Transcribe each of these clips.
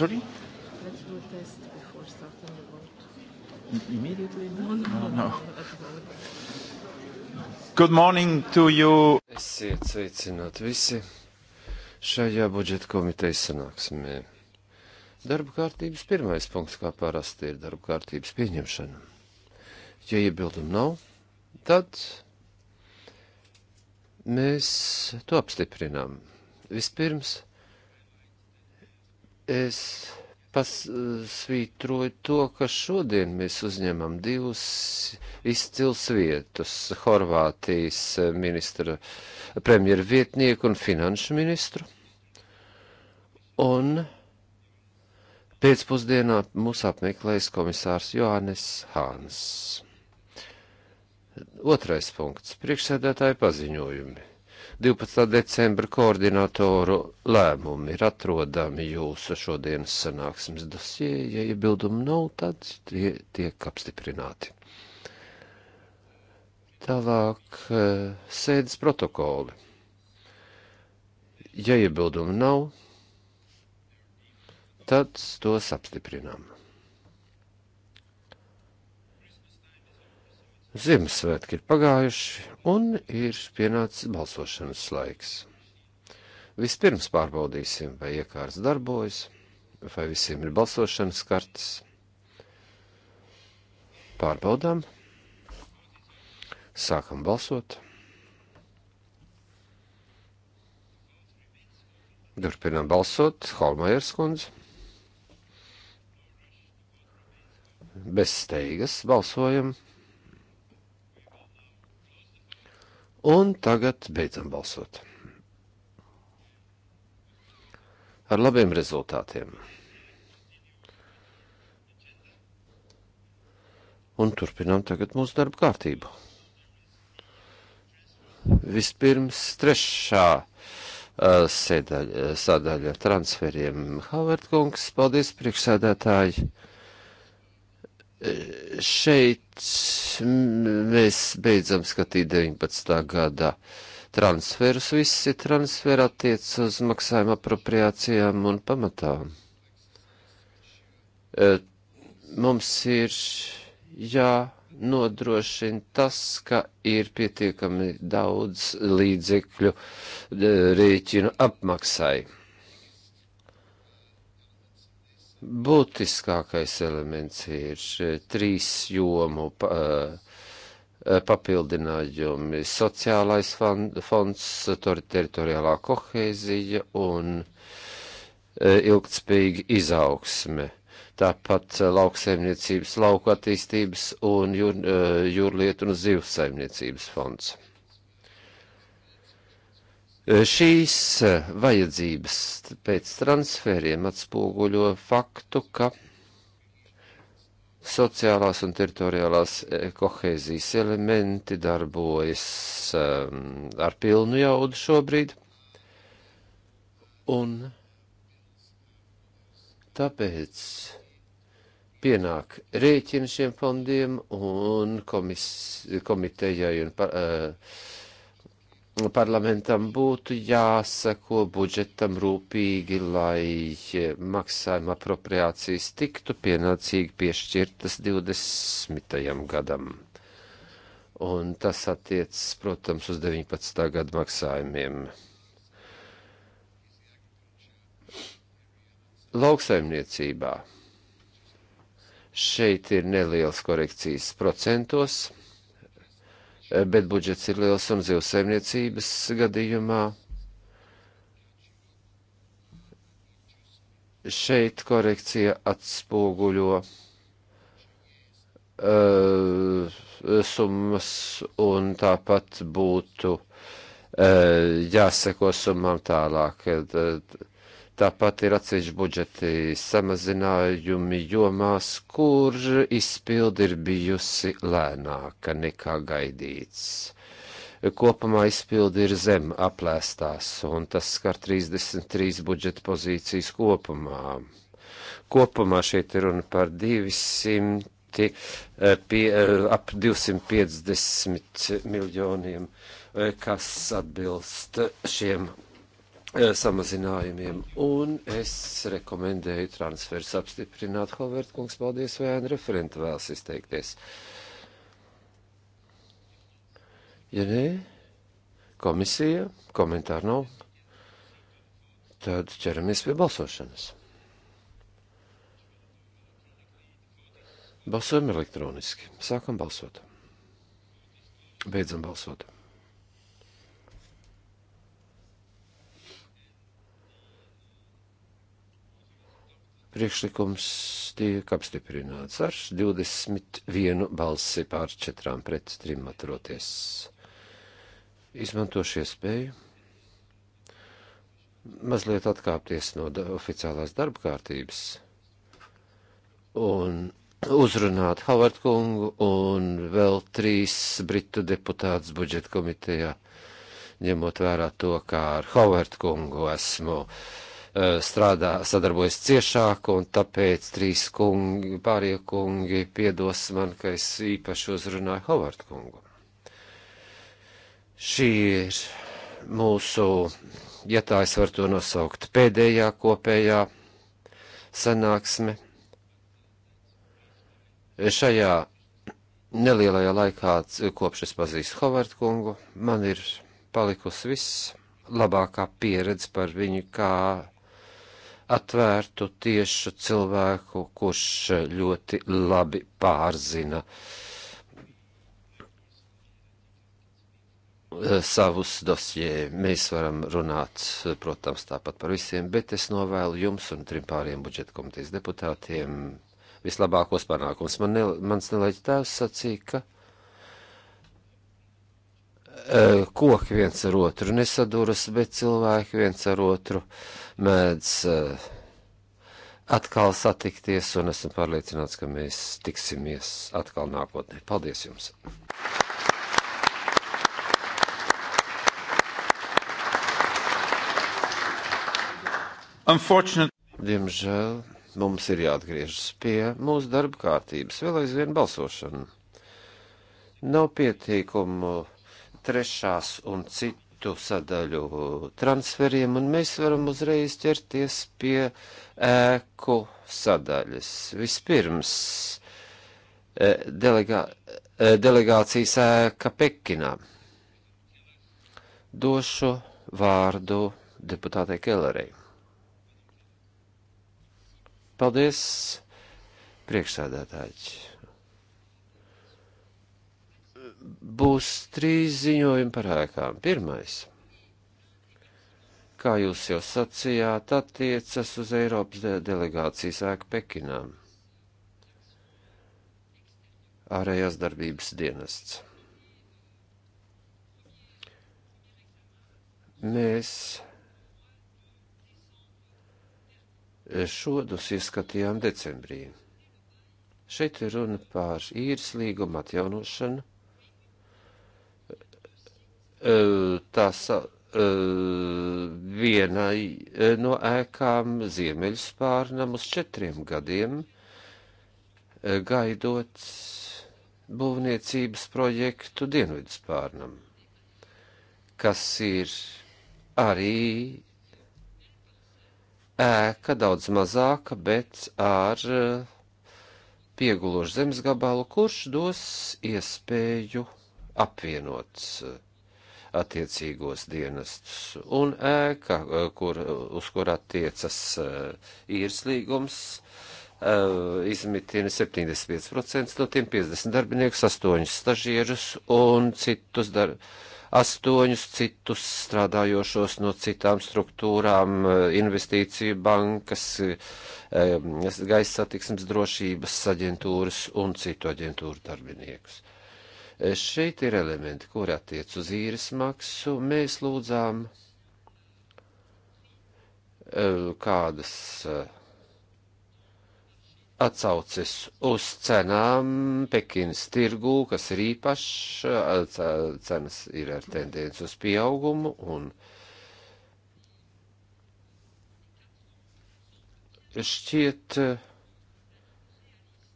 Sorry? Let's do a test before starting the vote. I immediately? No, no, no. no, no. no. Good morning to you. Esiet sveicināti visi šajā budžeta komitejas sanāksmē. Darba kārtības pirmais punkts, kā parasti, ir darba kārtības pieņemšana. Ja iebildumu nav, tad mēs to apstiprinām. Vispirms Es pasvītroju to, ka šodien mēs uzņemam divus izcils vietus - Horvātijas ministra, premjera vietnieku un finanšu ministru. Un pēcpusdienā mūs apmeklēs komisārs Johannes Hāns. Otrais punkts - priekšsēdētāja paziņojumi. 12. decembra koordinatoru lēmumi ir atrodami jūsu šodienas sanāksmes dosie. Ja iebildumi nav, tad tie tiek apstiprināti. Tālāk eh, sēdes protokoli. Ja iebildumi nav, tad tos apstiprinām. Ziemassvētki ir pagājuši un ir pienācis balsošanas laiks. Vispirms pārbaudīsim, vai iekārts darbojas, vai visiem ir balsošanas kartes. Pārbaudām, sākam balsot. Turpinām balsot, Holmajers kundze. Bez steigas balsojam. Un tagad beidzam balsot. Ar labiem rezultātiem. Un turpinām tagad mūsu darba kārtību. Vispirms trešā uh, sēdaļa, sadaļa transferiem. Havard kungs, paldies priekšsēdētāji! Šeit mēs beidzam skatīt 19. gadā transferus. Visi transferi attiec uz maksājuma apropriācijām un pamatām. E, mums ir jānodrošina tas, ka ir pietiekami daudz līdzekļu e, rēķinu apmaksai būtiskākais elements ir e, trīs jomu pa, e, e, papildinājumi - sociālais fonds, teritoriālā kohēzija un ilgtspīga izaugsme. Tāpat lauksaimniecības, lauku attīstības un jūr, jūrlietu un zivsaimniecības fonds. Šīs eh, vajadzības pēc transferiem atspoguļo faktu, ka sociālās un teritoriālās eh, kohēzijas elementi darbojas um, ar pilnu jaudu šobrīd. Un tāpēc pienāk rēķini šiem fondiem un komis, komitejai un par, uh, parlamentam būtu jāsako budžetam rūpīgi, lai maksājuma apropriācijas tiktu pienācīgi piešķirtas 20. gadam. Un tas attiecas, protams, uz 19. gadu maksājumiem. Lauksaimniecībā šeit ir nelielas korekcijas procentos Eh, bet budžets ir liels un zivsaimniecības gadījumā. Šeit korekcija atspoguļo uh, summas un tāpat būtu uh, jāseko summām tālāk. Tad, uh, Tāpat ir atsevišķi budžeti samazinājumi jomās, kur izpildi ir bijusi lēnāka nekā gaidīts. Kopumā izpildi ir zem aplēstās, un tas skar 33 budžeta pozīcijas kopumā. Kopumā šeit ir runa par 200 citi eh, pie, eh, ap 250 miljoniem, eh, kas atbilst šiem Eh, samazinājumiem, un es rekomendēju transfers apstiprināt. Hovert kungs, paldies, vai Aina referenta vēlas izteikties. Ja nē, komisija, komentāru nav, tad ķeramies pie balsošanas. Balsojam elektroniski. Sākam balsot. Beidzam balsot. Priekšlikums tiek apstiprināts ar 21 balsi pār 4 pret 3 atroties. Izmantošu iespēju mazliet atkāpties no da oficiālās darba kārtības un uzrunāt Havard kungu un vēl trīs britu deputātus budžeta komitejā, ņemot vērā to, kā ar Havard kungu esmu uh, Eh, strādā, sadarbojas ciešāk, un tāpēc trīs kungi, pārie kungi piedos man, ka es īpaši uzrunāju Hovardu kungu. Šī ir mūsu, ja tā es varu to nosaukt, pēdējā kopējā sanāksme. Šajā nelielajā laikā, kopš es pazīstu Hovardu kungu, man ir palikusi viss labākā pieredze par viņu kā atvērtu tiešu cilvēku, kurš ļoti labi pārzina eh, savus dosjē. Mēs varam runāt, protams, tāpat par visiem, bet es novēlu jums un trim pāriem budžeta komitejas deputātiem vislabākos panākums. Man ne, mans nelaiķi tēvs sacīja, ka Eh, koki viens ar otru nesaduras, bet cilvēki viens ar otru mēdz eh, atkal satikties, un esmu pārliecināts, ka mēs tiksimies atkal nākotnē. Paldies jums! Diemžēl mums ir jāatgriežas pie mūsu darba kārtības, vēl aizvien balsošana. Nav pietiekumu trešās un citu sadaļu transferiem, un mēs varam uzreiz ķerties pie ēku sadaļas. Vispirms e, delegā, e, delegācijas ēka Pekinā. Došu vārdu deputātei Kellerei. Paldies, priekšsēdētāji! būs trīs ziņojumi par ēkām. Pirmais, kā jūs jau sacījāt, attiecas uz Eiropas de delegācijas ēku Pekinām. Ārējās darbības dienests. Mēs šodus ieskatījām decembrī. Šeit ir runa par īres līguma atjaunošanu tās vienai no ēkām ziemeļspārnam uz četriem gadiem, gaidot būvniecības projektu dienvidspārnam, kas ir arī ēka daudz mazāka, bet ar piegulošu zemes gabalu, kurš dos iespēju apvienot attiecīgos dienestus. Un ēka, eh, kur, uz kur attiecas eh, īres līgums, eh, izmitina 75% no tiem 50 darbiniekus, 8 stažierus un citus dar, 8 citus strādājošos no citām struktūrām, investīciju bankas, gaisa satiksmes drošības aģentūras un citu aģentūru darbiniekus. Šeit ir elementi, kur attiec uz īres maksu. Mēs lūdzām e, kādas e, atsauces uz cenām Pekinas tirgū, kas ir īpašs, e, cenas ir ar tendenci uz pieaugumu un šķiet uh,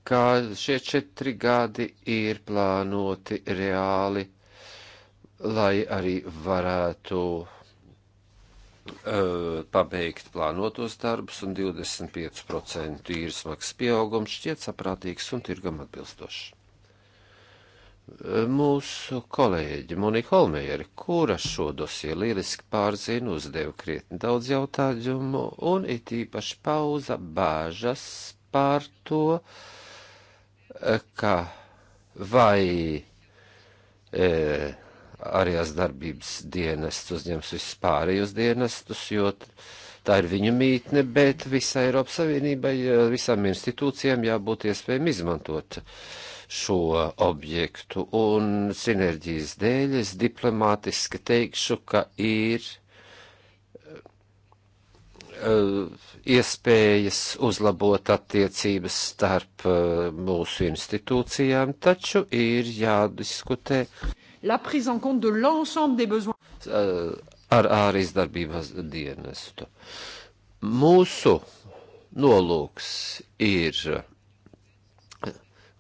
ka šie četri gadi ir plānoti reāli, lai arī varētu uh, pabeigt plānotos darbus, un 25% ir smags pieaugums šķiet saprātīgs un tirgam atbilstošs. Mūsu kolēģi Monika Holmēra, kura šo dosie lieliski pārzina, uzdeva krietni daudz jautājumu, un it īpaši pauza bāžas pār to, uh, ka vai e, ārējās darbības dienests uzņems visus pārējos dienestus, jo tā ir viņu mītne, bet visai Eiropas Savienībai, e, visām institūcijām jābūt iespējami izmantot šo objektu. Un sinerģijas dēļ es diplomātiski teikšu, ka ir Eh, iespējas uzlabot attiecības starp eh, mūsu institūcijām, taču ir jādiskutē eh, ar ārizdarbības dienestu. Mūsu nolūks ir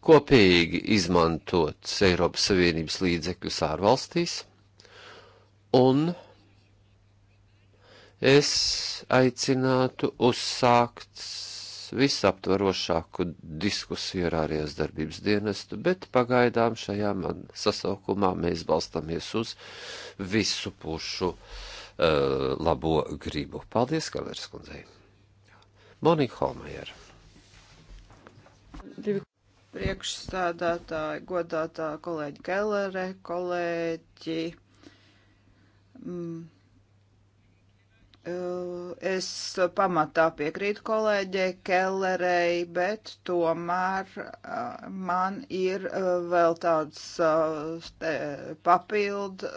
kopīgi izmantot Eiropas Savienības līdzekļus ārvalstīs un es aicinātu uzsākt visaptvarošāku diskusiju ar ārējās darbības dienestu, bet pagaidām šajā man sasaukumā mēs balstamies uz visu pušu uh, labo gribu. Paldies, Kalers kundzei! Monika Holmajer. Priekšstādātāji, godātā kolēģi Kellere, kolēģi. Mm Eh, es pamatā piekrītu kolēģei Kellerei, bet tomēr eh, man ir eh, vēl tāds te, papildu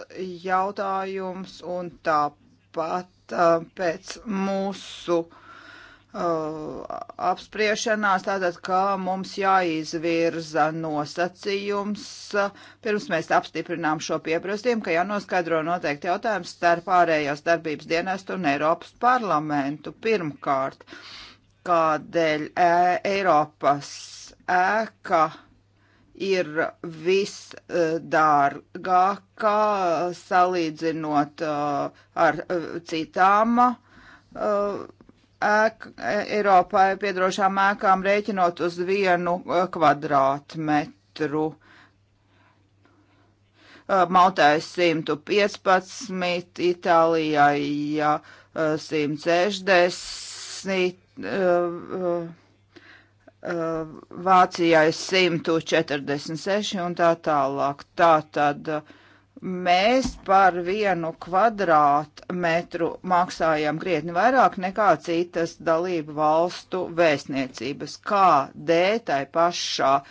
jautājums un tāpat pēc mūsu uh, Uh, apspriešanās, tātad, ka mums jāizvirza nosacījums, uh, pirms mēs apstiprinām šo pieprasījumu, ka jānoskaidro noteikti jautājums starp pārējās darbības dienestu un Eiropas parlamentu. Pirmkārt, kādēļ e Eiropas ēka ir visdārgākā salīdzinot uh, ar citām ēk, e, Eiropai piedrošām ēkām rēķinot uz vienu e, kvadrātmetru. Maltai 115, Itālijai 160, Vācijai 146 un tā tālāk. Tā tad. Uh, mēs par vienu kvadrātmetru maksājam krietni vairāk nekā citas dalību valstu vēstniecības. Kādēļ tai pašā uh,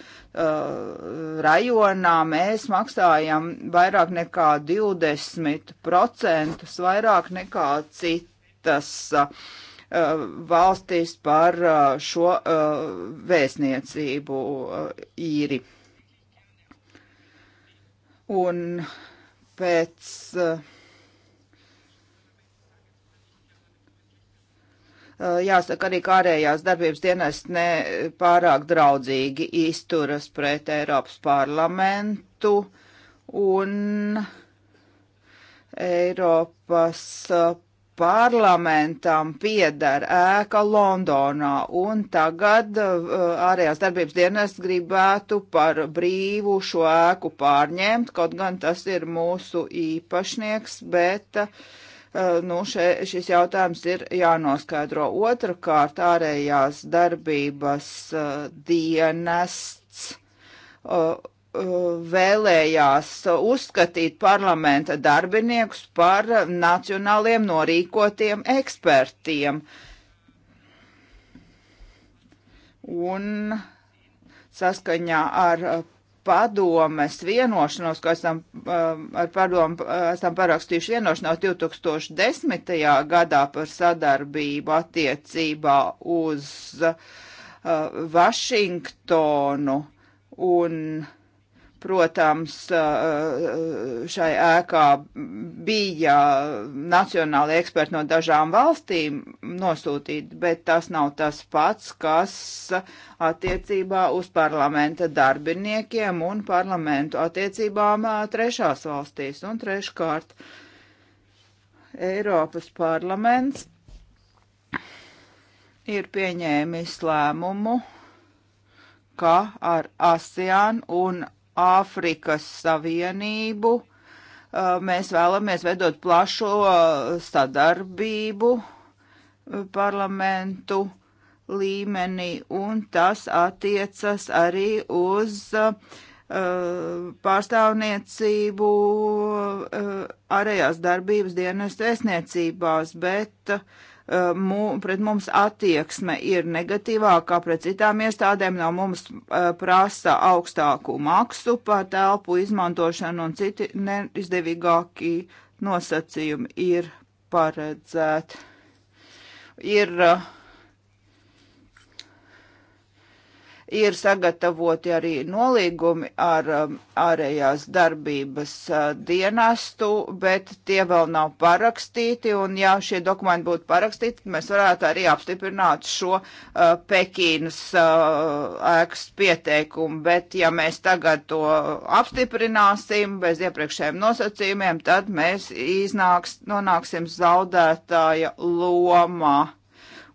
rajonā mēs maksājam vairāk nekā 20% vairāk nekā citas uh, valstīs par uh, šo uh, vēstniecību uh, īri. Un uh, pēc eh, eh, jāsaka, arī kārējās darbības dienas ne pārāk draudzīgi izturas pret Eiropas parlamentu un Eiropas eh, parlamentam pieder ēka Londonā, un tagad uh, ārējās darbības dienas gribētu par brīvu šo ēku pārņemt, kaut gan tas ir mūsu īpašnieks, bet uh, nu, še, šis jautājums ir jānoskaidro. Otrakārt, ārējās darbības uh, dienests. Uh, vēlējās uzskatīt parlamenta darbiniekus par nacionāliem norīkotiem ekspertiem. Un saskaņā ar padomes vienošanos, ko esam um, ar padomu esam parakstījuši vienošanos 2010. gadā par sadarbību attiecībā uz uh, Vašingtonu un protams, šai ēkā bija nacionāli eksperti no dažām valstīm nosūtīti, bet tas nav tas pats, kas attiecībā uz parlamenta darbiniekiem un parlamentu attiecībām trešās valstīs. Un treškārt, Eiropas parlaments ir pieņēmis lēmumu ka ar ASEAN un Āfrikas Savienību. Uh, mēs vēlamies veidot plašo uh, sadarbību uh, parlamentu līmenī, un tas attiecas arī uz pārstāvniecību ārējās darbības dienas vēstniecībās, bet uh, Eh, mū, pret mums attieksme ir negatīvākā pret citām iestādēm, no mums eh, prasa augstāku maksu par telpu izmantošanu un citi neizdevīgākie nosacījumi ir paredzēti. Ir uh, Ir sagatavoti arī nolīgumi ar um, ārējās darbības uh, dienestu, bet tie vēl nav parakstīti, un ja šie dokumenti būtu parakstīti, mēs varētu arī apstiprināt šo uh, Pekīnas uh, ēkas pieteikumu, bet ja mēs tagad to apstiprināsim bez iepriekšējiem nosacījumiem, tad mēs iznāks, nonāksim zaudētāja lomā.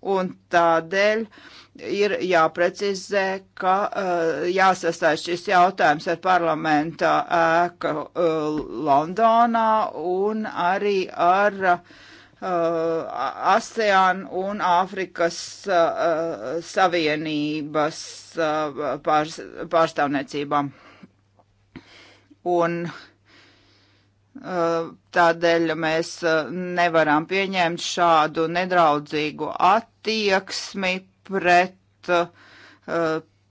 Un tādēļ uh, ir jāprecizē, ka uh, jāsastāst šis jautājums ar parlamenta ēku uh, Londonā un arī ar uh, ASEAN un Āfrikas uh, Savienības uh, pārs, pārstāvniecībām. Un uh, Tādēļ mēs nevaram pieņemt šādu nedraudzīgu attieksmi pret uh,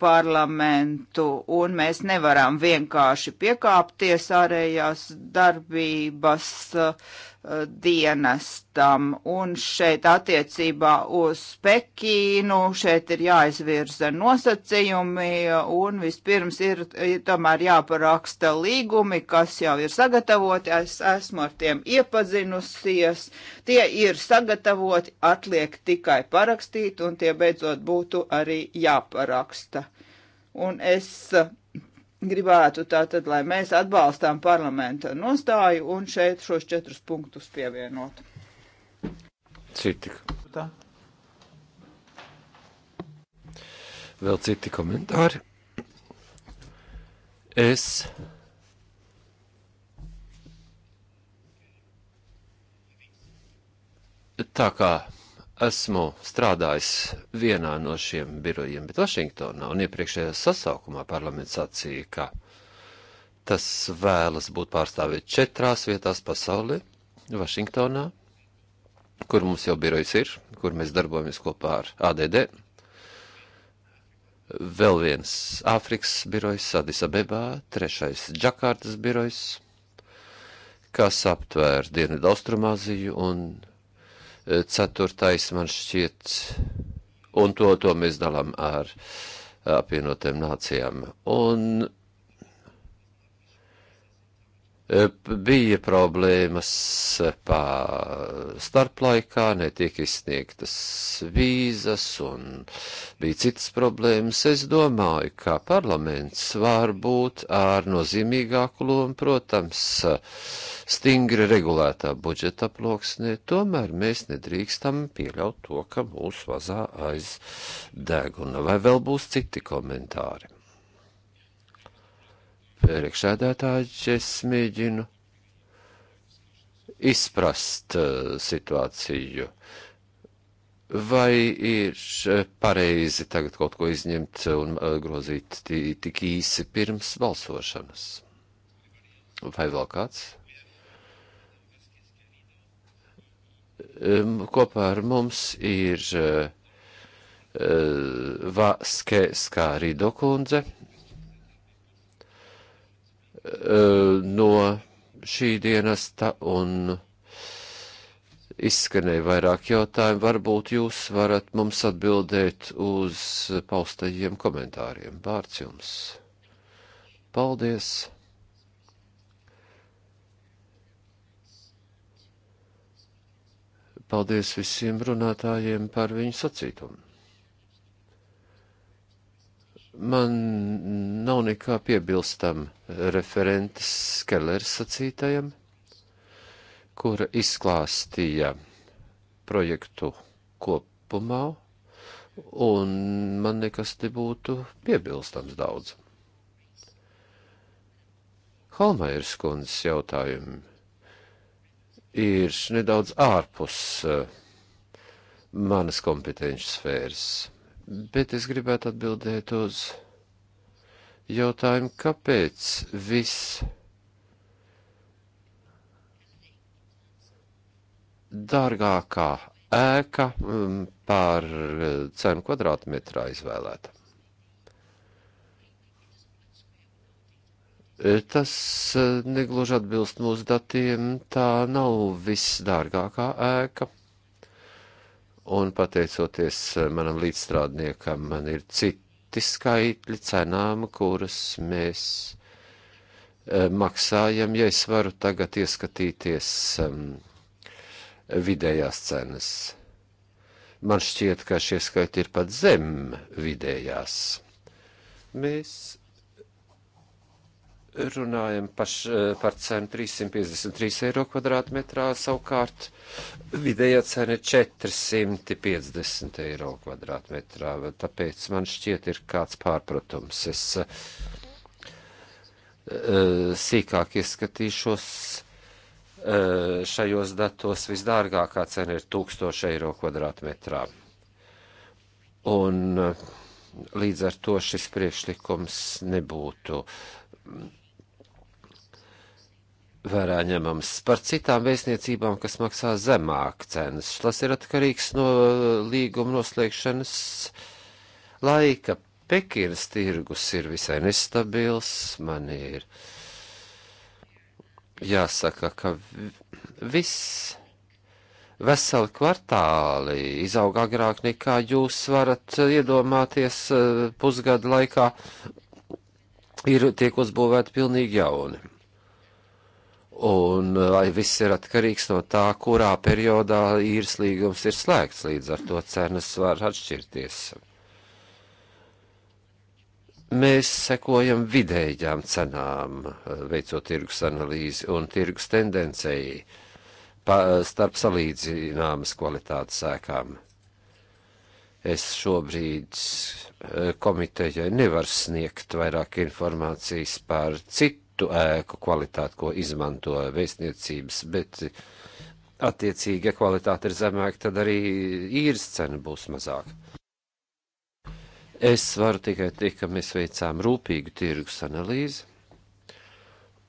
parlamentu, un mēs nevaram vienkārši piekāpties ārējās darbības uh, dienestam. Un šeit attiecībā uz Pekīnu šeit ir jāizvirza nosacījumi un vispirms ir, ir tomēr jāparaksta līgumi, kas jau ir sagatavoti. Es esmu ar tiem iepazinusies. Tie ir sagatavoti, atliek tikai parakstīt un tie beidzot būtu arī jāparaksta. Un es gribētu tātad, lai mēs atbalstām parlamenta nostāju un šeit šos četrus punktus pievienot. Citi. Tā. Vēl citi komentāri. Es tā kā esmu strādājis vienā no šiem birojiem, bet Vašingtonā un iepriekšējā sasaukumā parlaments sacīja, ka tas vēlas būt pārstāvēt četrās vietās pasaulē - Vašingtonā, kur mums jau birojas ir, kur mēs darbojamies kopā ar ADD. Vēl viens Āfrikas birojs, Adisabebā, trešais Džakārtas birojs, kas aptvēr Dienvidu Austrumāziju un Ceturtais man šķiet, un to, to mēs dalām ar apvienotiem nācijām. Un Eh, bija problēmas eh, pā starplaikā, netiek izsniegtas vīzas un bija citas problēmas. Es domāju, ka parlaments var būt ar nozīmīgāku lomu, protams, stingri regulētā budžeta aploksnē, tomēr mēs nedrīkstam pieļaut to, ka mūs vazā aiz deguna. Vai vēl būs citi komentāri? priekšēdētāji, es mēģinu izprast eh, situāciju. Vai ir pareizi tagad kaut ko izņemt un eh, grozīt tik īsi pirms balsošanas? Vai vēl kāds? Kopā ar mums ir eh, Vaske Skārīdo kundze no šī dienesta un izskanēja vairāk jautājumu. Varbūt jūs varat mums atbildēt uz paustajiem komentāriem. Vārds jums. Paldies! Paldies visiem runātājiem par viņu sacītumu. Man nav nekā piebilstam referentes Skelers sacītajam, kura izklāstīja projektu kopumā, un man nekas nebūtu piebilstams daudz. Halmairs kundzes jautājumi ir nedaudz ārpus eh, manas kompetenci sfēras bet es gribētu atbildēt uz jautājumu, kāpēc viss dārgākā ēka mm, par eh, cenu kvadrātmetrā izvēlēta. Eh, tas eh, negluži atbilst mūsu datiem, tā nav viss dārgākā ēka un pateicoties eh, manam līdzstrādniekam, man ir citi skaitļi cenām, kuras mēs eh, maksājam, ja es varu tagad ieskatīties um, vidējās cenas. Man šķiet, ka šie skaitļi ir pat zem vidējās. Mēs runājam paš, eh, par cenu 353 eiro kvadrātmetrā, savukārt vidējā cena ir 450 eiro kvadrātmetrā, tāpēc man šķiet ir kāds pārpratums. Es uh, sīkāk ieskatīšos uh, šajos datos, visdārgākā cena ir 1000 eiro kvadrātmetrā. Un uh, līdz ar to šis priekšlikums nebūtu vērā ņemams. Par citām vēstniecībām, kas maksā zemāk cenas, tas ir atkarīgs no eh, līguma noslēgšanas laika. Pekinas tirgus ir visai nestabils, man ir jāsaka, ka viss veseli kvartāli izaug agrāk nekā jūs varat eh, iedomāties eh, pusgada laikā, ir tiek uzbūvēti pilnīgi jauni un lai viss ir atkarīgs no tā, kurā periodā īres līgums ir slēgts, līdz ar to cenas var atšķirties. Mēs sekojam vidējām cenām, veicot tirgus analīzi un tirgus tendencei pa, starp salīdzināmas kvalitātes sēkām. Es šobrīd eh, komitejai nevaru sniegt vairāk informācijas par citu citu ēku kvalitāti, ko izmanto vēstniecības, bet attiecīgi, ja kvalitāte ir zemāka, tad arī īres cena būs mazāka. Es varu tikai teikt, ka mēs veicām rūpīgu tirgus analīzi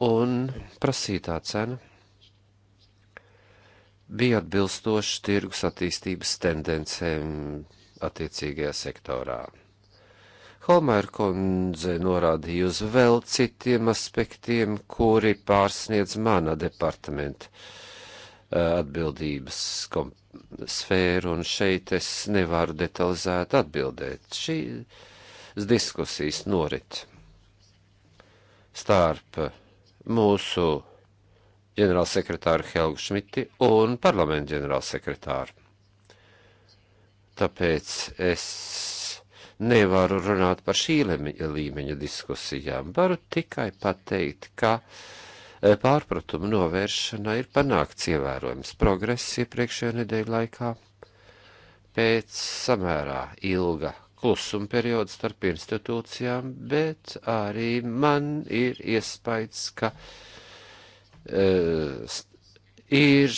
un prasītā cena bija atbilstoša tirgus attīstības tendencēm attiecīgajā sektorā. Holmēra kundze norādīja uz vēl citiem aspektiem, kuri pārsniedz mana departamenta eh, atbildības sfēru, un šeit es nevaru detalizēt atbildēt. Šīs diskusijas norit starp mūsu ģenerālsekretāru Helgu Šmiti un parlamentu ģenerālsekretāru. Tāpēc es nevaru runāt par šī līmeņa diskusijām. Varu tikai pateikt, ka e, pārpratumu novēršanā ir panākts ievērojams progress iepriekšējā nedēļa laikā pēc samērā ilga klusuma perioda starp institūcijām, bet arī man ir iespējas, ka uh, ir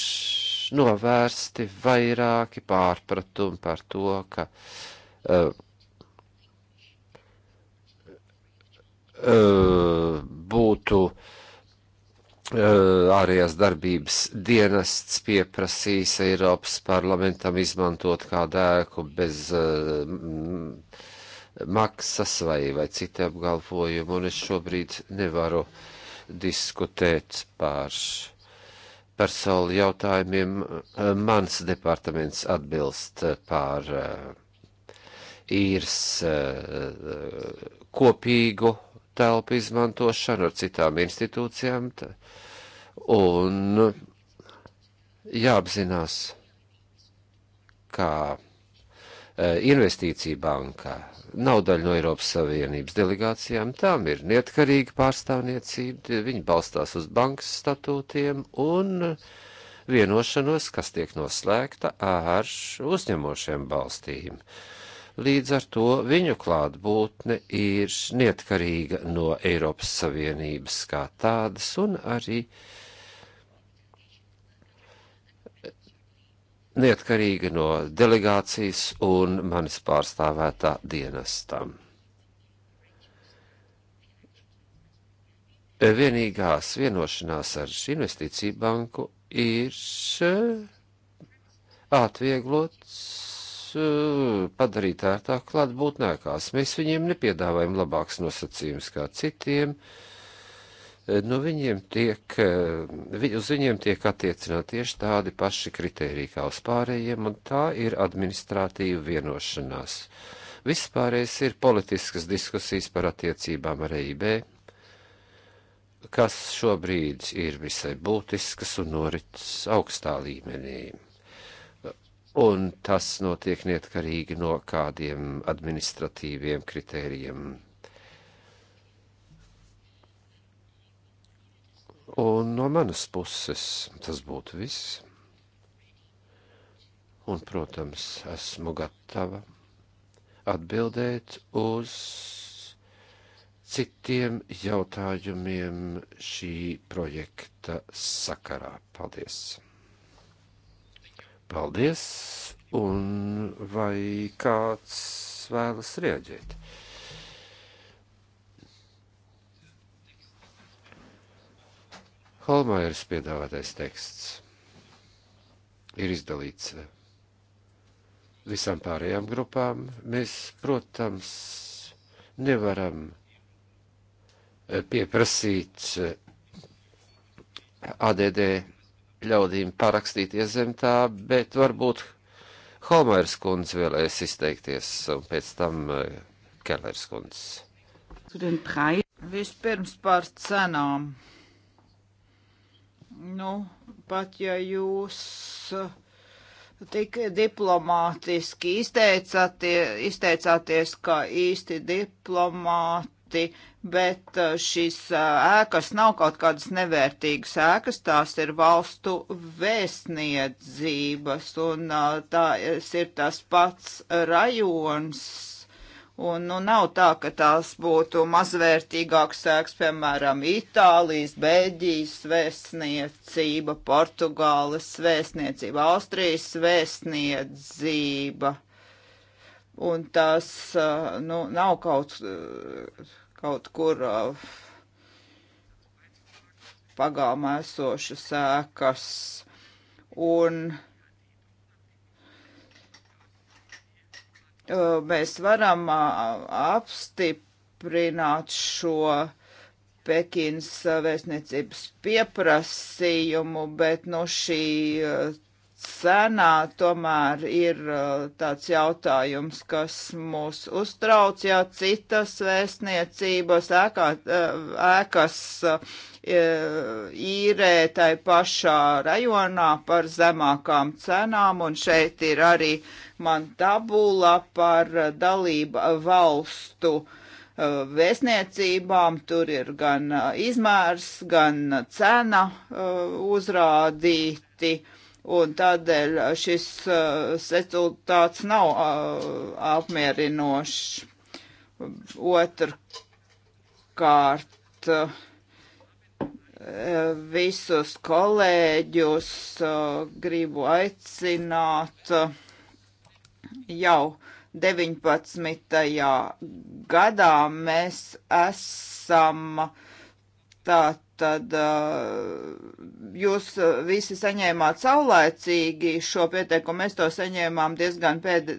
novērsti vairāki pārpratumi par to, ka uh, Eh, būtu eh, ārējās darbības dienests pieprasījis Eiropas parlamentam izmantot kādu ēku bez eh, maksas vai, vai citu apgalvojumu, un es šobrīd nevaru diskutēt par personu jautājumiem. Mans departaments atbilst par īres kopīgu telpu izmantošanu ar citām institūcijām. Un jāapzinās, kā e, investīcija bankā nav daļa no Eiropas Savienības delegācijām, tām ir neatkarīga pārstāvniecība, viņi balstās uz bankas statūtiem un vienošanos, kas tiek noslēgta ar uzņemošiem balstīm. Uh, Līdz ar to viņu klātbūtne ir neatkarīga no Eiropas Savienības kā tādas un arī neatkarīga no delegācijas un manis pārstāvētā dienestam. vienīgās vienošanās ar investīciju banku ir atvieglots Eh, padarīt ērtāk klātbūtnēkās. Mēs viņiem nepiedāvājam labāks nosacījums kā citiem. Eh, nu, viņiem tiek, eh, viņ, uz viņiem tiek attiecināti tieši tādi paši kriteriji kā uz pārējiem, un tā ir administratīva vienošanās. Vispārējais ir politiskas diskusijas par attiecībām ar EIB, kas šobrīd ir visai būtiskas un norits augstā līmenī un tas notiek neatkarīgi no kādiem administratīviem kritērijiem. Un no manas puses tas būtu viss. Un, protams, esmu gatava atbildēt uz citiem jautājumiem šī projekta sakarā. Paldies! Paldies! Un vai kāds vēlas rieģēt? Holmairs piedāvātais teksts ir izdalīts visām pārējām grupām. Mēs, protams, nevaram eh, pieprasīt eh, ADD ļaudīm parakstīties zem tā, bet varbūt Homērs kundze vēlēs izteikties, un pēc tam eh, Kellers kundze. Vispirms par cenām. Nu, pat ja jūs eh, tik diplomātiski izteicāties, izteicāties kā īsti diplomāti, pamati, bet uh, šīs uh, ēkas nav kaut kādas nevērtīgas ēkas, tās ir valstu vēstniedzības, un uh, tās ir tas pats rajons. Un, nu, nav tā, ka tās būtu mazvērtīgākas sēks, piemēram, Itālijas, Beļģijas vēstniecība, Portugāles vēstniecība, Austrijas vēstniecība un tas nu, nav kaut kaut kur uh, pagalmā esošas ēkas un uh, mēs varam uh, apstiprināt šo Pekīnas vēstniecības pieprasījumu, bet nu šī uh, cenā tomēr ir uh, tāds jautājums, kas mūs uztrauc, ja citas vēstniecības ēkā, uh, ēkas uh, īrē tai pašā rajonā par zemākām cenām, un šeit ir arī man tabula par dalību valstu vēstniecībām. Tur ir gan izmērs, gan cena uzrādīti un tādēļ šis uh, rezultāts nav uh, apmierinošs. Otrkārt, uh, visus kolēģus uh, gribu aicināt uh, jau 19. gadā mēs esam tā tad jūs visi saņēmāt saulēcīgi šo pieteikumu. Mēs to saņēmām diezgan pēd,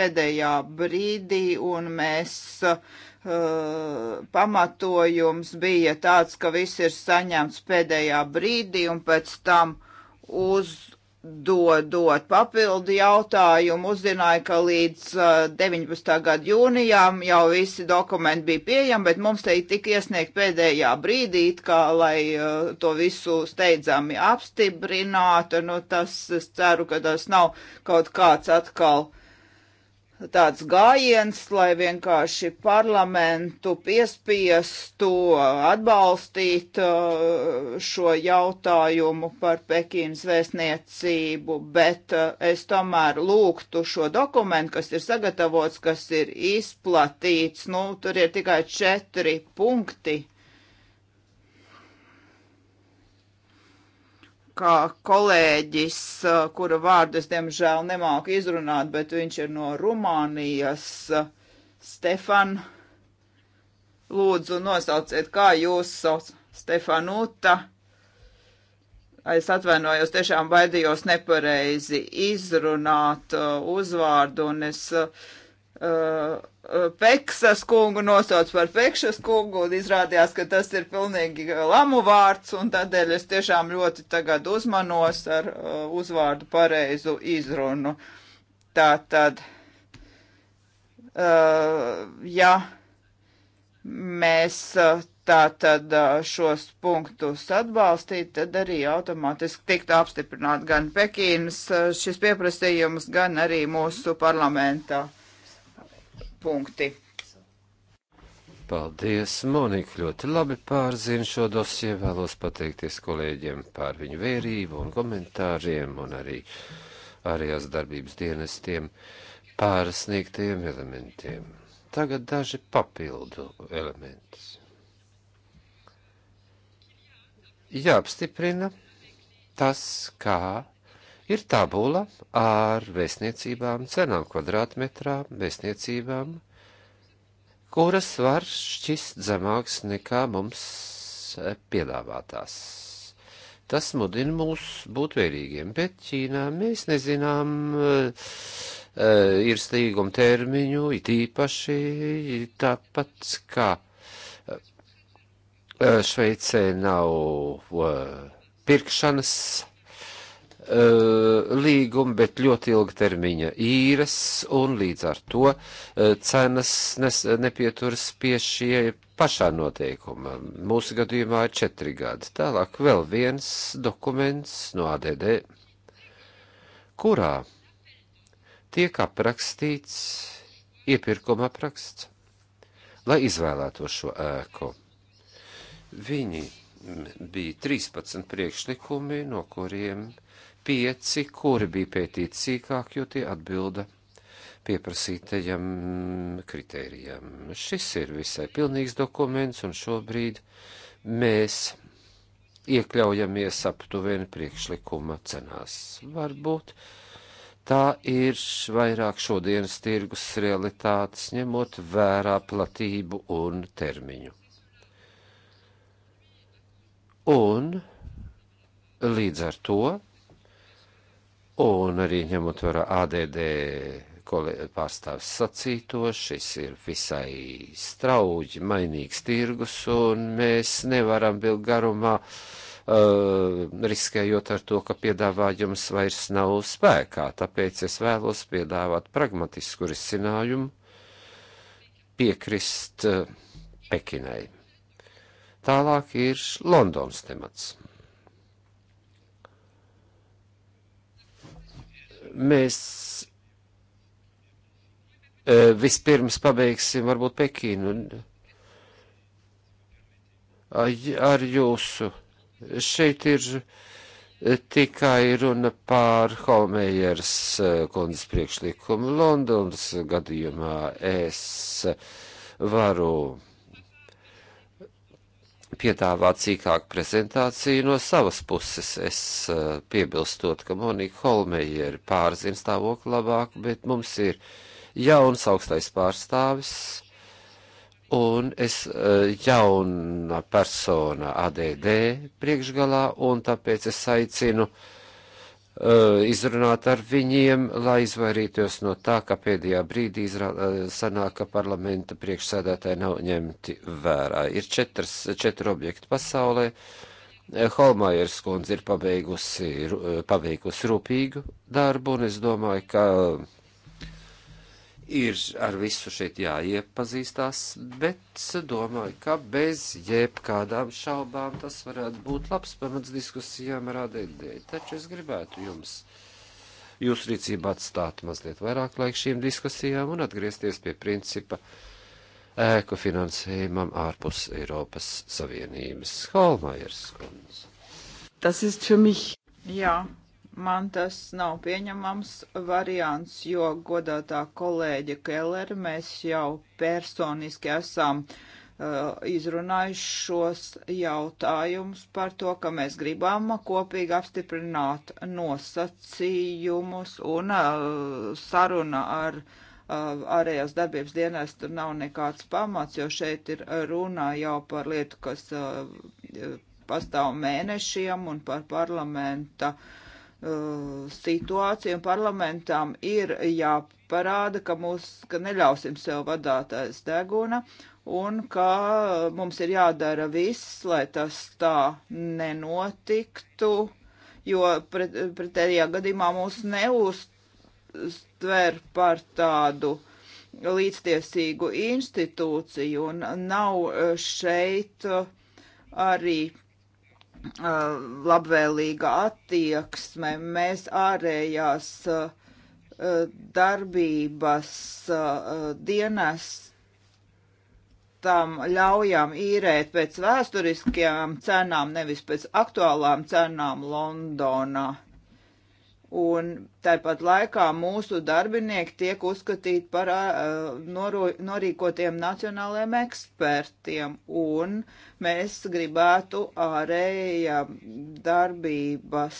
pēdējā brīdī, un mēs Uh, pamatojums bija tāds, ka viss ir saņemts pēdējā brīdī un pēc tam uz, Dodot papildu jautājumu, uzzināja, ka līdz uh, 19. gada jūnijām jau visi dokumenti bija pieejami, bet mums te tika iesniegt pēdējā brīdī, kā lai uh, to visu steidzami apstiprinātu. Nu, tas, es ceru, ka tas nav kaut kāds atkal tāds gājiens, lai vienkārši parlamentu piespiestu atbalstīt uh, šo jautājumu par Pekīnas vēstniecību, bet uh, es tomēr lūgtu šo dokumentu, kas ir sagatavots, kas ir izplatīts, nu, tur ir tikai četri punkti kā kolēģis, kura vārdu es diemžēl nemāku izrunāt, bet viņš ir no Rumānijas, Stefan. Lūdzu, nosauciet, kā jūs sauc Stefanuta. Es atvainojos, tiešām baidījos nepareizi izrunāt uzvārdu, un es uh, Uh, Peksas kungu nosauc par Pekšas kungu un izrādījās, ka tas ir pilnīgi lamu vārds un tādēļ es tiešām ļoti tagad uzmanos ar uh, uzvārdu pareizu izrunu. Tā tad, uh, ja mēs uh, tā tad uh, šos punktus atbalstīt, tad arī automātiski tiktu apstiprināt gan Pekīnas uh, šis pieprasījums, gan arī mūsu parlamentā punkti. Paldies, Monika ļoti labi pārzina šo dosie. Vēlos pateikties kolēģiem par viņu vērību un komentāriem un arī ārējās darbības dienestiem pārsniegtajiem elementiem. Tagad daži papildu elementi. Jāapstiprina tas, kā Ir tabula ar vēstniecībām, cenām kvadrātmetrā, vēstniecībām, kuras var šķist zemāks nekā mums eh, piedāvātās. Tas mudina mūs būt vērīgiem, bet Ķīnā mēs nezinām, eh, eh, ir stīguma termiņu, it īpaši tāpat kā Šveicē nav pirkšanas Eh, līgumi, bet ļoti ilgtermiņa īres, un līdz ar to eh, cenas nes, nepieturas pie šie pašā noteikuma. Mūsu gadījumā ir četri gadi. Tālāk vēl viens dokuments no ADD, kurā tiek aprakstīts iepirkuma apraksts, lai izvēlēto šo ēku. Viņi bija 13 priekšlikumi, no kuriem uh, pieci, kuri bija pētīti sīkāk, jo tie atbilda pieprasītajam kritērijam. Šis ir visai pilnīgs dokuments, un šobrīd mēs iekļaujamies aptuveni priekšlikuma cenās. Varbūt tā ir vairāk šodienas tirgus realitātes, ņemot vērā platību un termiņu. Un līdz ar to Un arī ņemot vērā ADD pārstāvis sacīto, šis ir visai strauji mainīgs tirgus, un mēs nevaram vilkt garumā, uh, riskējot ar to, ka piedāvājums vairs nav spēkā. Tāpēc es vēlos piedāvāt pragmatisku risinājumu piekrist uh, Pekinai. Tālāk ir Londons temats. Mēs e, vispirms pabeigsim varbūt Pekīnu ar jūsu. Šeit ir e, tikai runa pār Holmējers e, kundzes priekšlikumu Londons gadījumā. Es varu piedāvā cīkāku prezentāciju no savas puses. Es eh, piebilstot, ka Monika Holmejeri pārzina stāvokli labāk, bet mums ir jauns augstais pārstāvis. Un es eh, jauna persona ADD priekšgalā, un tāpēc es aicinu uh, Uh, izrunāt ar viņiem, lai izvairītos no tā, ka pēdējā brīdī izrā, uh, sanāk, ka parlamenta priekšsēdētāji nav ņemti vērā. Ir četras, četri objekti pasaulē. Uh, Holmajers kundze ir pabeigusi, pabeigusi rūpīgu darbu, un es domāju, ka ir ar visu šeit jāiepazīstās, bet domāju, ka bez jebkādām šaubām tas varētu būt labs pamats diskusijām ar ADD. Taču es gribētu jums, jūsu rīcību atstāt mazliet vairāk laika šīm diskusijām un atgriezties pie principa ēku finansējumam ārpus Eiropas Savienības. Holmajers kundze. Tas ir für mich. Jā, Man tas nav pieņemams variants, jo godātā kolēģa Keller mēs jau personiski esam uh, izrunājuši šos jautājumus par to, ka mēs gribam kopīgi apstiprināt nosacījumus un uh, saruna ar uh, ārējās darbības dienas tur nav nekāds pamats, jo šeit ir runā jau par lietu, kas uh, pastāv mēnešiem un par parlamenta uh, Uh, situāciju, un parlamentam ir jāparāda, ka, mūs, ka neļausim sev vadāt aiz deguna, un ka mums ir jādara viss, lai tas tā nenotiktu, jo pret, pretējā gadījumā mūs neuztver par tādu līdztiesīgu institūciju, un nav uh, šeit uh, arī labvēlīga attieksme. Mēs ārējās darbības dienas tam ļaujam īrēt pēc vēsturiskajām cenām, nevis pēc aktuālām cenām Londonā. Un tāpat laikā mūsu darbinieki tiek uzskatīti par uh, noru, norīkotiem nacionāliem ekspertiem, un mēs gribētu ārēja darbības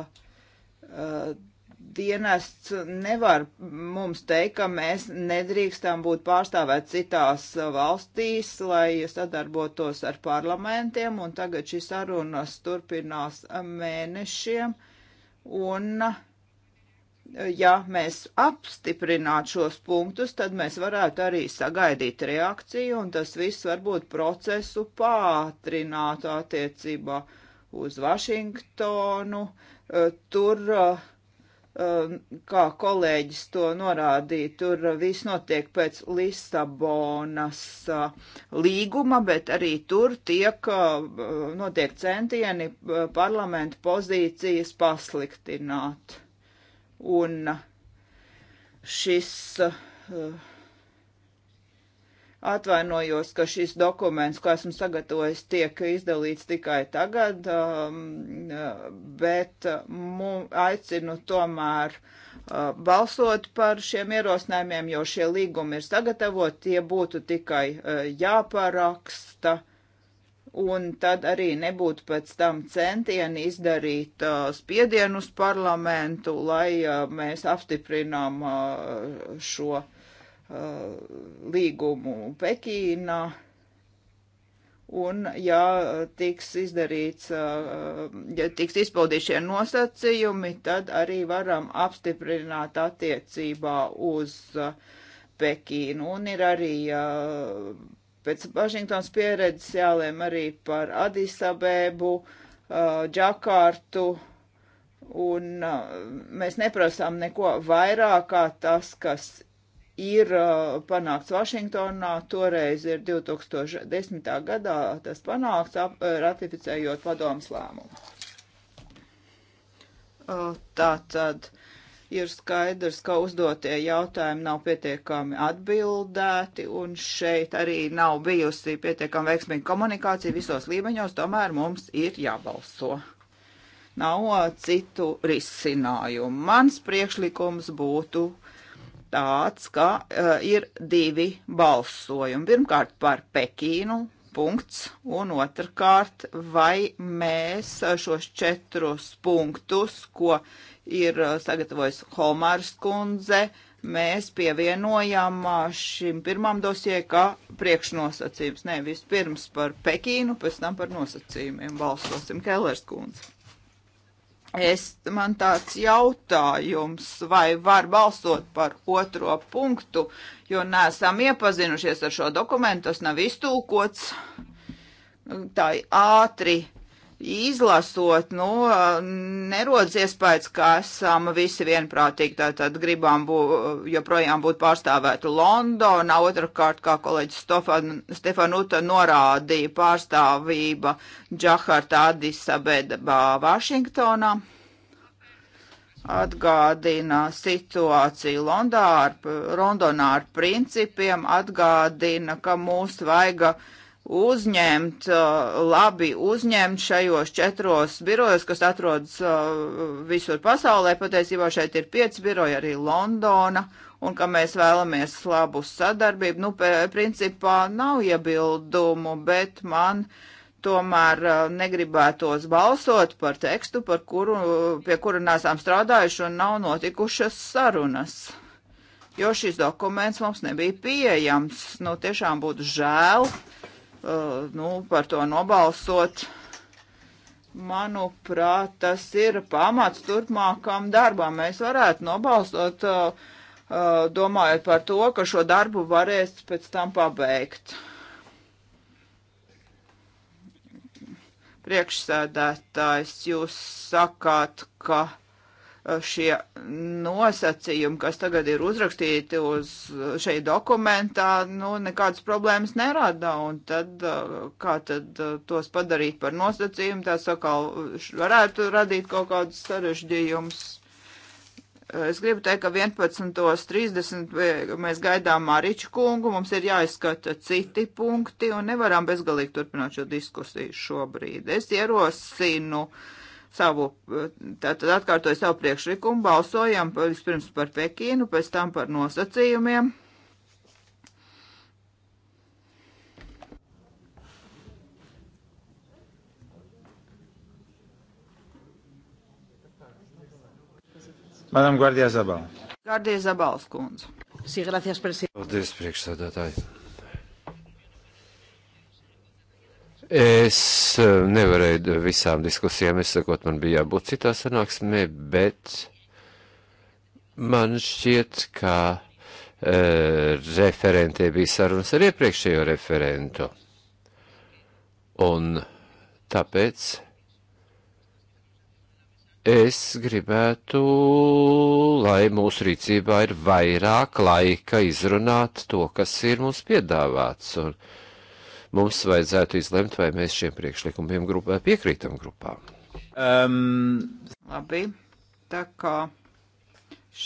uh, dienests nevar mums teikt, ka mēs nedrīkstam būt pārstāvēt citās valstīs, lai sadarbotos ar parlamentiem, un tagad šīs sarunas turpinās mēnešiem. Uh, Un, ja mēs apstiprinātu šos punktus, tad mēs varētu arī sagaidīt reakciju, un tas viss varbūt procesu pātrinātu attiecībā uz Vašingtonu. Tur uh, Um, kā kolēģis to norādīja, tur viss notiek pēc Lisabonas uh, līguma, bet arī tur tiek, uh, notiek centieni uh, parlamentu pozīcijas pasliktināt. Un šis uh, Atvainojos, ka šis dokuments, ko esmu sagatavojis, tiek izdalīts tikai tagad, um, bet uh, aicinu tomēr uh, balsot par šiem ierosinājumiem, jo šie līgumi ir sagatavoti, tie būtu tikai uh, jāparaksta. Un tad arī nebūtu pēc tam centieni izdarīt uh, spiedienus parlamentu, lai uh, mēs apstiprinām uh, šo uh, Uh, līgumu Pekīnā. Un, ja tiks izdarīts, uh, ja tiks izpildīti šie nosacījumi, tad arī varam apstiprināt attiecībā uz uh, Pekīnu. Un ir arī pēc Vašingtons pieredzes jālēm arī par Adisabēbu, Džakārtu, un mēs neprasām neko vairāk kā tas, kas ir uh, panākts Vašingtonā, toreiz ir 2010. gadā tas panākts, ap, uh, ratificējot padomas lēmumu. Tā tad ir skaidrs, ka uzdotie jautājumi nav pietiekami atbildēti, un šeit arī nav bijusi pietiekami veiksmīga komunikācija visos līmeņos, tomēr mums ir jābalso. Nav citu risinājumu. Mans priekšlikums būtu uh, tāds, ka uh, ir divi balsojumi. Pirmkārt par Pekīnu, punkts, un otrkārt, vai mēs šos četrus punktus, ko ir eh, sagatavojis Homārs kundze, mēs pievienojam eh, šim pirmam dosie kā priekšnosacījums. Nē, vispirms par Pekīnu, pēc tam par nosacījumiem balsosim Kellers kundze. Es, man tāds jautājums, vai var balsot par otro punktu, jo nesam iepazinušies ar šo dokumentu, tas nav iztūkots. Tā ātri izlasot, nu, nerodas iespējas, ka esam visi vienprātīgi, tātad gribam bū, joprojām būt pārstāvētu Londonā, otrkārt, kā kolēģis Stefanuta norādīja, pārstāvība Džakartā, Adisabedabā, Vašingtonā. Atgādina situāciju Londā ar, Londonā ar principiem, atgādina, ka mūs vaiga uh, uzņemt, uh, labi uzņemt šajos četros birojos, kas atrodas uh, visur pasaulē. Patiesībā šeit ir pieci biroji, arī Londona, un ka mēs vēlamies labu sadarbību. Nu, principā nav iebildumu, bet man tomēr uh, negribētos balsot par tekstu, par kuru, pie kura nesam strādājuši un nav notikušas sarunas. Jo šis dokuments mums nebija pieejams. Nu, tiešām būtu žēl, uh, Uh, nu, par to nobalsot. Manuprāt, tas ir pamats turpmākam darbam. Mēs varētu nobalsot, uh, uh, domājot par to, ka šo darbu varēs pēc tam pabeigt. Priekšsēdētājs, jūs sakāt, ka Eh, šie nosacījumi, kas tagad ir uzrakstīti uz šeit dokumentā, nu, nekādas problēmas nerada, un tad, eh, kā tad eh, tos padarīt par nosacījumu, tā sakal, varētu radīt kaut kādus sarežģījumus. Es gribu teikt, ka 11.30 mēs gaidām Mariču kungu, mums ir jāizskata citi punkti, un nevaram bezgalīgi turpināt šo diskusiju šobrīd. Es ierosinu. Uh, savu, tātad atkārtoju savu priekšlikumu, balsojam vispirms par Pekīnu, pēc tam par nosacījumiem. Madam Guardia Zabal. Guardia Zabals kundze. Sī, gracias, presidente. Paldies, priekšsēdētāji. Es eh, nevarēju visām diskusijām, es sakot, man bija jābūt citā sanāksmē, bet man šķiet, ka e, referentē bija sarunas ar iepriekšējo referentu. Un tāpēc es gribētu, lai mūsu rīcībā ir vairāk laika izrunāt to, kas ir mums piedāvāts. Un, mums vajadzētu izlemt, vai mēs šiem priekšlikumiem grupā, piekrītam grupā. Um, labi, tā kā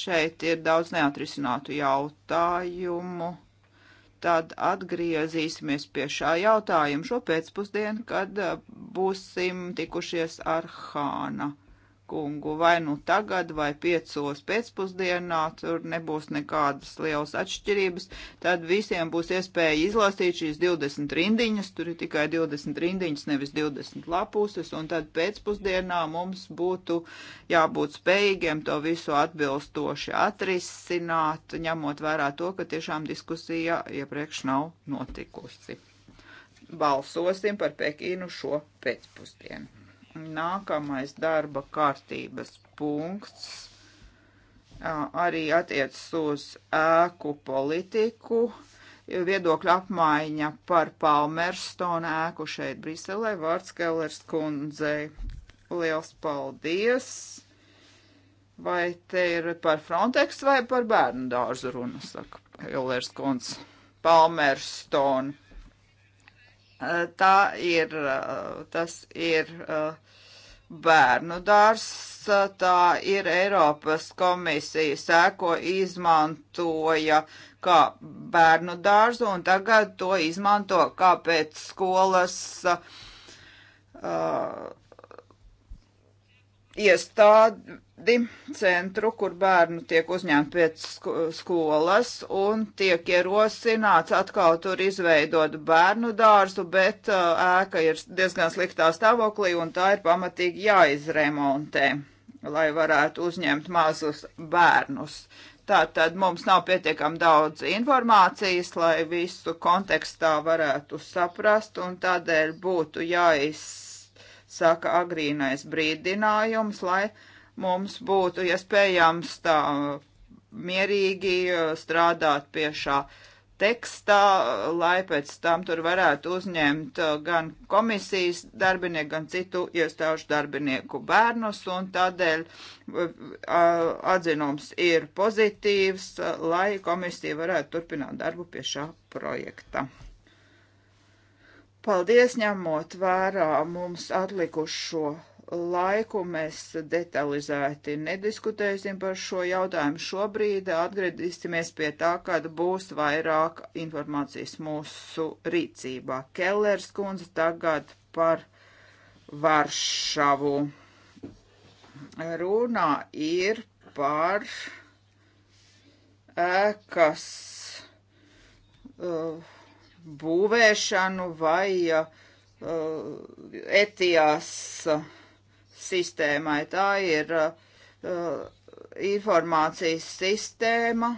šeit ir daudz neatrisinātu jautājumu, tad atgriezīsimies pie šā jautājuma šo pēcpusdienu, kad uh, būsim tikušies ar Hāna kungu vai nu tagad, vai piecos pēcpusdienā, tur nebūs nekādas lielas atšķirības, tad visiem būs iespēja izlasīt šīs 20 rindiņas, tur ir tikai 20 rindiņas, nevis 20 lapuses, un tad pēcpusdienā mums būtu jābūt spējīgiem to visu atbilstoši atrisināt, ņemot vērā to, ka tiešām diskusija iepriekš nav notikusi. Balsosim par Pekīnu šo pēcpusdienu. Nākamais darba kārtības punkts arī attiecas uz ēku politiku. Viedokļa apmaiņa par Palmerstonu ēku šeit Briselē vārds Kellers kundzei. Liels paldies! Vai te ir par Frontex vai par bērnu dārzu runa, saka Kellers kundze. Palmerstonu. Tā ir, tas ir uh, bērnu dārs. Tā ir Eiropas komisija sēko izmantoja kā bērnu dārzu un tagad to izmanto kā pēc skolas uh, iestādi centru, kur bērnu tiek uzņemti pēc skolas un tiek ierosināts atkal tur izveidot bērnu dārzu, bet uh, ēka ir diezgan sliktā stāvoklī un tā ir pamatīgi jāizremontē, lai varētu uzņemt mazus bērnus. Tātad mums nav pietiekami daudz informācijas, lai visu kontekstā varētu saprast, un tādēļ būtu jāiz saka agrīnais brīdinājums, lai mums būtu iespējams ja tā mierīgi uh, strādāt pie šā tekstā, lai pēc tam tur varētu uzņemt uh, gan komisijas darbinieku, gan citu iestāžu darbinieku bērnus, un tādēļ uh, atzinums ir pozitīvs, lai komisija varētu turpināt darbu pie šā projekta. Paldies, ņemot vērā mums atlikušo laiku. Mēs detalizēti nediskutēsim par šo jautājumu šobrīd. Atgriezīsimies pie tā, kad būs vairāk informācijas mūsu rīcībā. Kellers kundze tagad par Varšavu. Runā ir par ēkas. Uh, būvēšanu vai uh, uh etijās uh, sistēmai. Tā ir uh, uh, informācijas sistēma,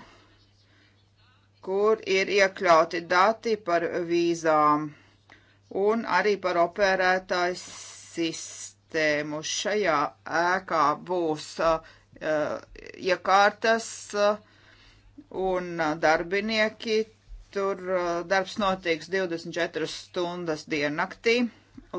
kur ir iekļauti dati par vīzām un arī par operētāju sistēmu. Šajā ēkā būs uh, iekārtas un darbinieki Tur uh, darbs notiks 24 stundas diennaktī,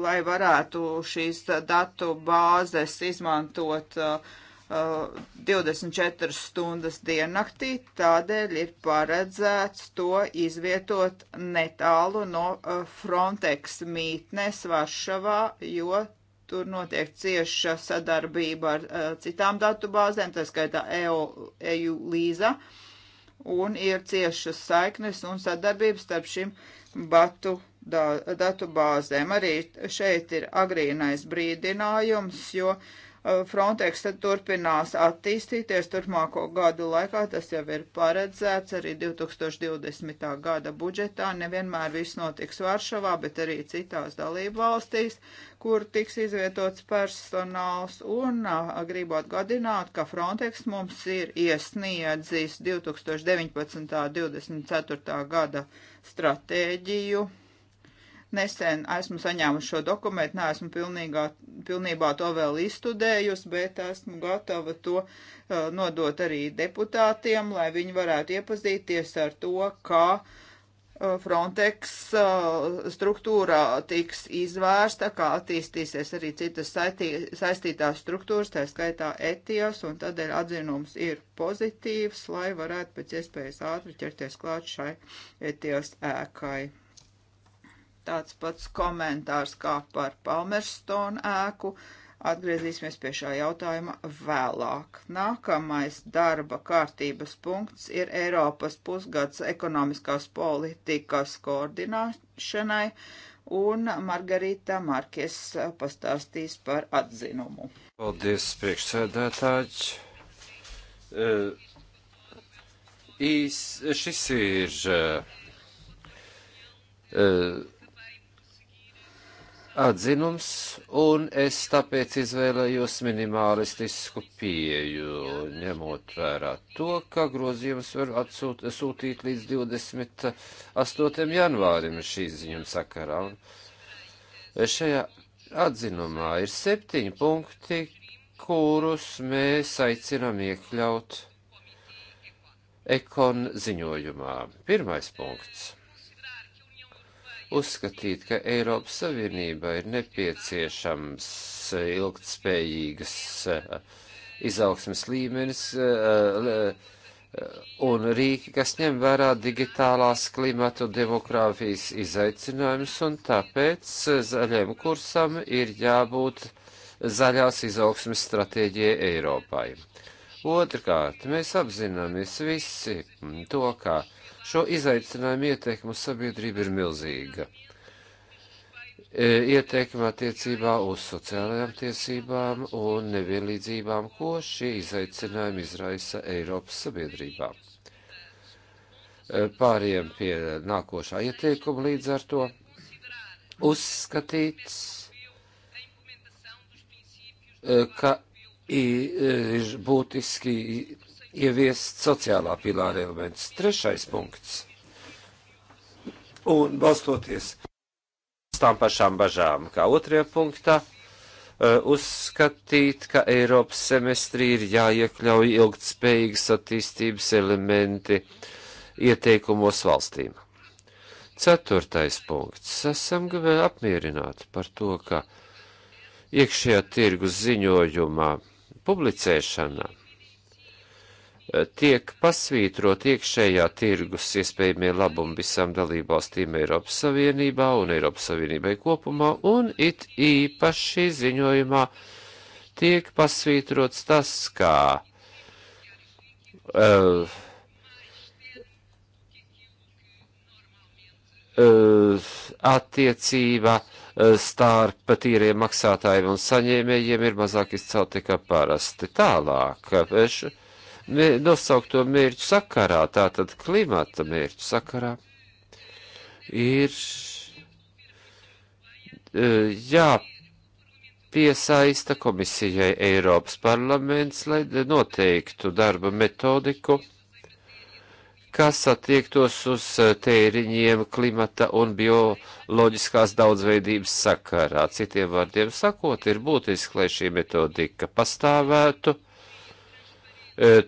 lai varētu šīs datu bāzes izmantot uh, 24 uh, stundas diennaktī, tādēļ ir paredzēts to izvietot netālu no uh, Frontex mītnes Varšavā, jo tur notiek cieša sadarbība ar citām datubāzēm, tā skaitā EU, EU Līza. EU un ir ciešas saiknes un sadarbības starp šim batu da, datu bāzēm. Arī šeit ir agrīnais brīdinājums, jo Eh, Frontex tad turpinās attīstīties turpmāko gadu laikā, tas jau ir paredzēts arī 2020. gada budžetā. Nevienmēr viss notiks Varšavā, bet arī citās dalību valstīs, kur tiks izvietots personāls. Un eh, gribu atgādināt, ka Frontex mums ir iesniedzis 2019. 24. gada stratēģiju Nesen esmu saņēmusi šo dokumentu, neesmu pilnīgā, pilnībā to vēl izstudējusi, bet esmu gatava to uh, nodot arī deputātiem, lai viņi varētu iepazīties ar to, kā uh, Frontex uh, struktūrā tiks izvērsta, kā attīstīsies arī citas saitī, saistītās struktūras, tā skaitā etijas, un tādēļ atzinums ir pozitīvs, lai varētu pēc iespējas ātri ķerties klāt šai etijas ēkai tāds pats komentārs kā par Palmerstonu ēku. Atgriezīsimies pie šā jautājuma vēlāk. Nākamais darba kārtības punkts ir Eiropas pusgads ekonomiskās politikas koordināšanai, un Margarita Markes pastāstīs par atzinumu. Paldies, priekšsēdētāji! Eh, īs, šis ir uh, atzinums, un es tāpēc izvēlējos minimalistisku pieju, ņemot vērā to, ka grozījums var atsūt, sūtīt līdz 28. janvārim šī ziņuma sakarā. Un šajā atzinumā ir septiņi punkti, kurus mēs aicinām iekļaut ekon ziņojumā. Pirmais punkts uzskatīt, ka Eiropas Savienībā ir nepieciešams ilgtspējīgas eh, izaugsmes līmenis eh, eh, un rīki, kas ņem vērā digitālās klimatu demogrāfijas izaicinājumus, un tāpēc zaļiem kursam ir jābūt zaļās izaugsmes stratēģijai Eiropai. Otrkārt, mēs apzināmies visi to, ka uh, Šo izaicinājumu ietekmu sabiedrība ir milzīga. E, Ietekme attiecībā uz sociālajām tiesībām un nevienlīdzībām, ko šie izaicinājumi izraisa Eiropas sabiedrībā. E, pāriem pie nākošā ieteikuma līdz ar to uzskatīts, e, ka ir būtiski ieviest sociālā pilāra elements. Trešais punkts. Un balstoties tām pašām bažām, kā otrajā punktā, eh, uzskatīt, ka Eiropas semestrī ir jāiekļauj ilgtspējīgas attīstības elementi ieteikumos valstīm. Ceturtais punkts. Esam apmierināti par to, ka iekšējā tirgus ziņojumā publicēšana tiek pasvītrot iekšējā tirgus iespējamie labumi visām dalībvalstīm Eiropas Savienībā un Eiropas Savienībai kopumā, un it īpaši ziņojumā tiek pasvītrots tas, kā uh, eh, uh, eh, attiecība eh, starp tīriem maksātājiem un saņēmējiem ir mazāk izcelti kā parasti. Tālāk. Uh, nosaukto mērķu sakarā, tātad klimata mērķu sakarā, ir e, jāpiesaista komisijai Eiropas parlaments, lai noteiktu darba metodiku, kas attiektos uz tēriņiem klimata un bioloģiskās daudzveidības sakarā. Citiem vārdiem sakot, ir būtiski, lai šī metodika pastāvētu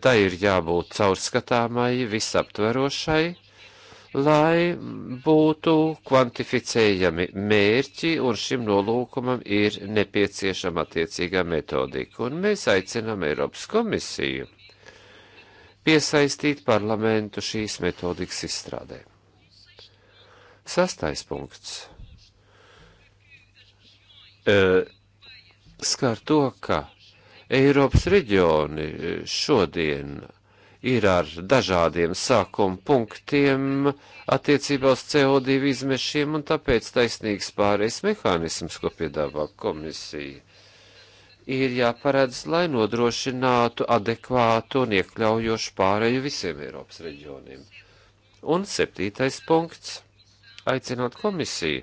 tai ir jābūt caurskatāmai, visaptverošai, lai būtu kvantificējami mērķi, un šim nolūkumam ir nepieciešama attiecīgā metodika. Un mēs aicinām Eiropas komisiju piesaistīt parlamentu šīs metodikas izstrādē. Sastais punkts. E, skar to, ka Eiropas reģioni šodien ir ar dažādiem sākuma punktiem attiecībā uz CO2 izmešiem, un tāpēc taisnīgs pārējais mehānisms, ko piedāvā komisija, ir jāparedz, lai nodrošinātu adekvātu un iekļaujošu pārēju visiem Eiropas reģioniem. Un septītais punkts - aicināt komisiju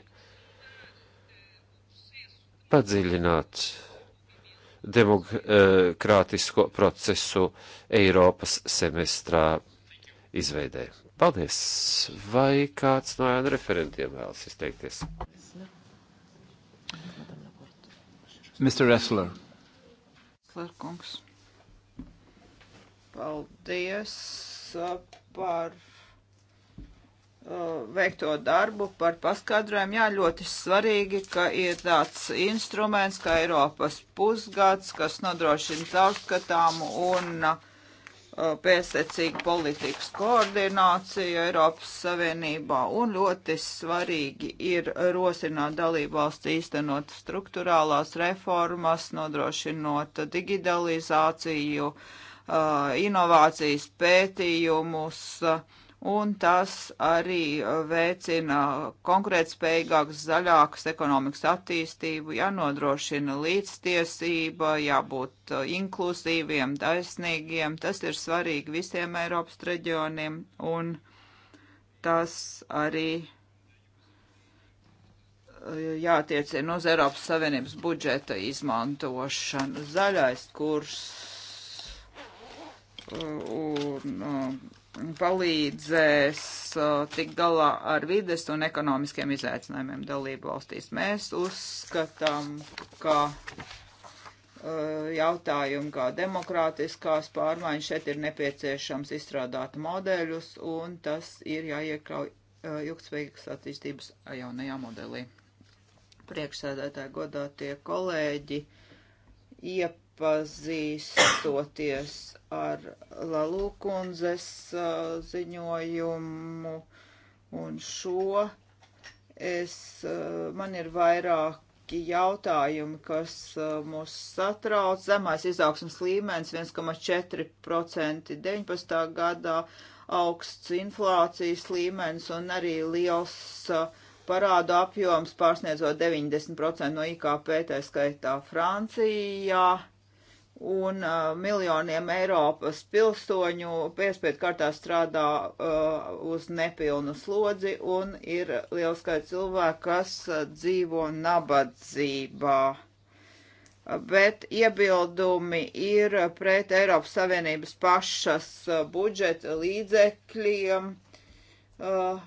padziļināt demokrātisko procesu Eiropas semestrā izveidē. Paldies! Vai kāds no ēnu referentiem vēlas izteikties? Mr. Ressler. Klerkungs. Paldies uh, par Uh, veikto darbu par paskaidrojumu. Jā, ļoti svarīgi, ka ir tāds instruments kā Eiropas pusgads, kas nodrošina caurskatāmu un uh, pēcsecīgu politikas koordināciju Eiropas Savienībā. Un ļoti svarīgi ir rosināt dalībvalsts īstenot struktūrālās reformas, nodrošinot digitalizāciju, uh, inovācijas pētījumus, un tas arī uh, veicina konkurētspējīgākas, zaļākas ekonomikas attīstību, jānodrošina līdztiesība, jābūt uh, inklusīviem, taisnīgiem. Tas ir svarīgi visiem Eiropas reģioniem, un tas arī uh, jātiecina uz Eiropas Savienības budžeta izmantošanu. Zaļais kurs un um, palīdzēs uh, tik galā ar vides un ekonomiskiem izaicinājumiem dalību valstīs. Mēs uzskatām, ka uh, jautājumu kā demokrātiskās pārmaiņas šeit ir nepieciešams izstrādāt modeļus, un tas ir jāiekļauj uh, ilgspējīgas attīstības jaunajā modelī. Priekšsēdētāji godātie kolēģi, iep iepazīstoties ar Lalūkundzes ziņojumu un šo, es, man ir vairāki jautājumi, kas mūs satrauc. Zemais izaugsmas līmenis 1,4% 19. gadā, augsts inflācijas līmenis un arī liels parādu apjoms pārsniedzot 90% no IKP, tā skaitā Francijā un uh, miljoniem Eiropas pilsoņu piespiedu kārtā strādā uh, uz nepilnu slodzi un ir liels skaits cilvēku, kas uh, dzīvo nabadzībā. Uh, bet iebildumi ir pret Eiropas Savienības pašas uh, budžeta līdzekļiem. Uh,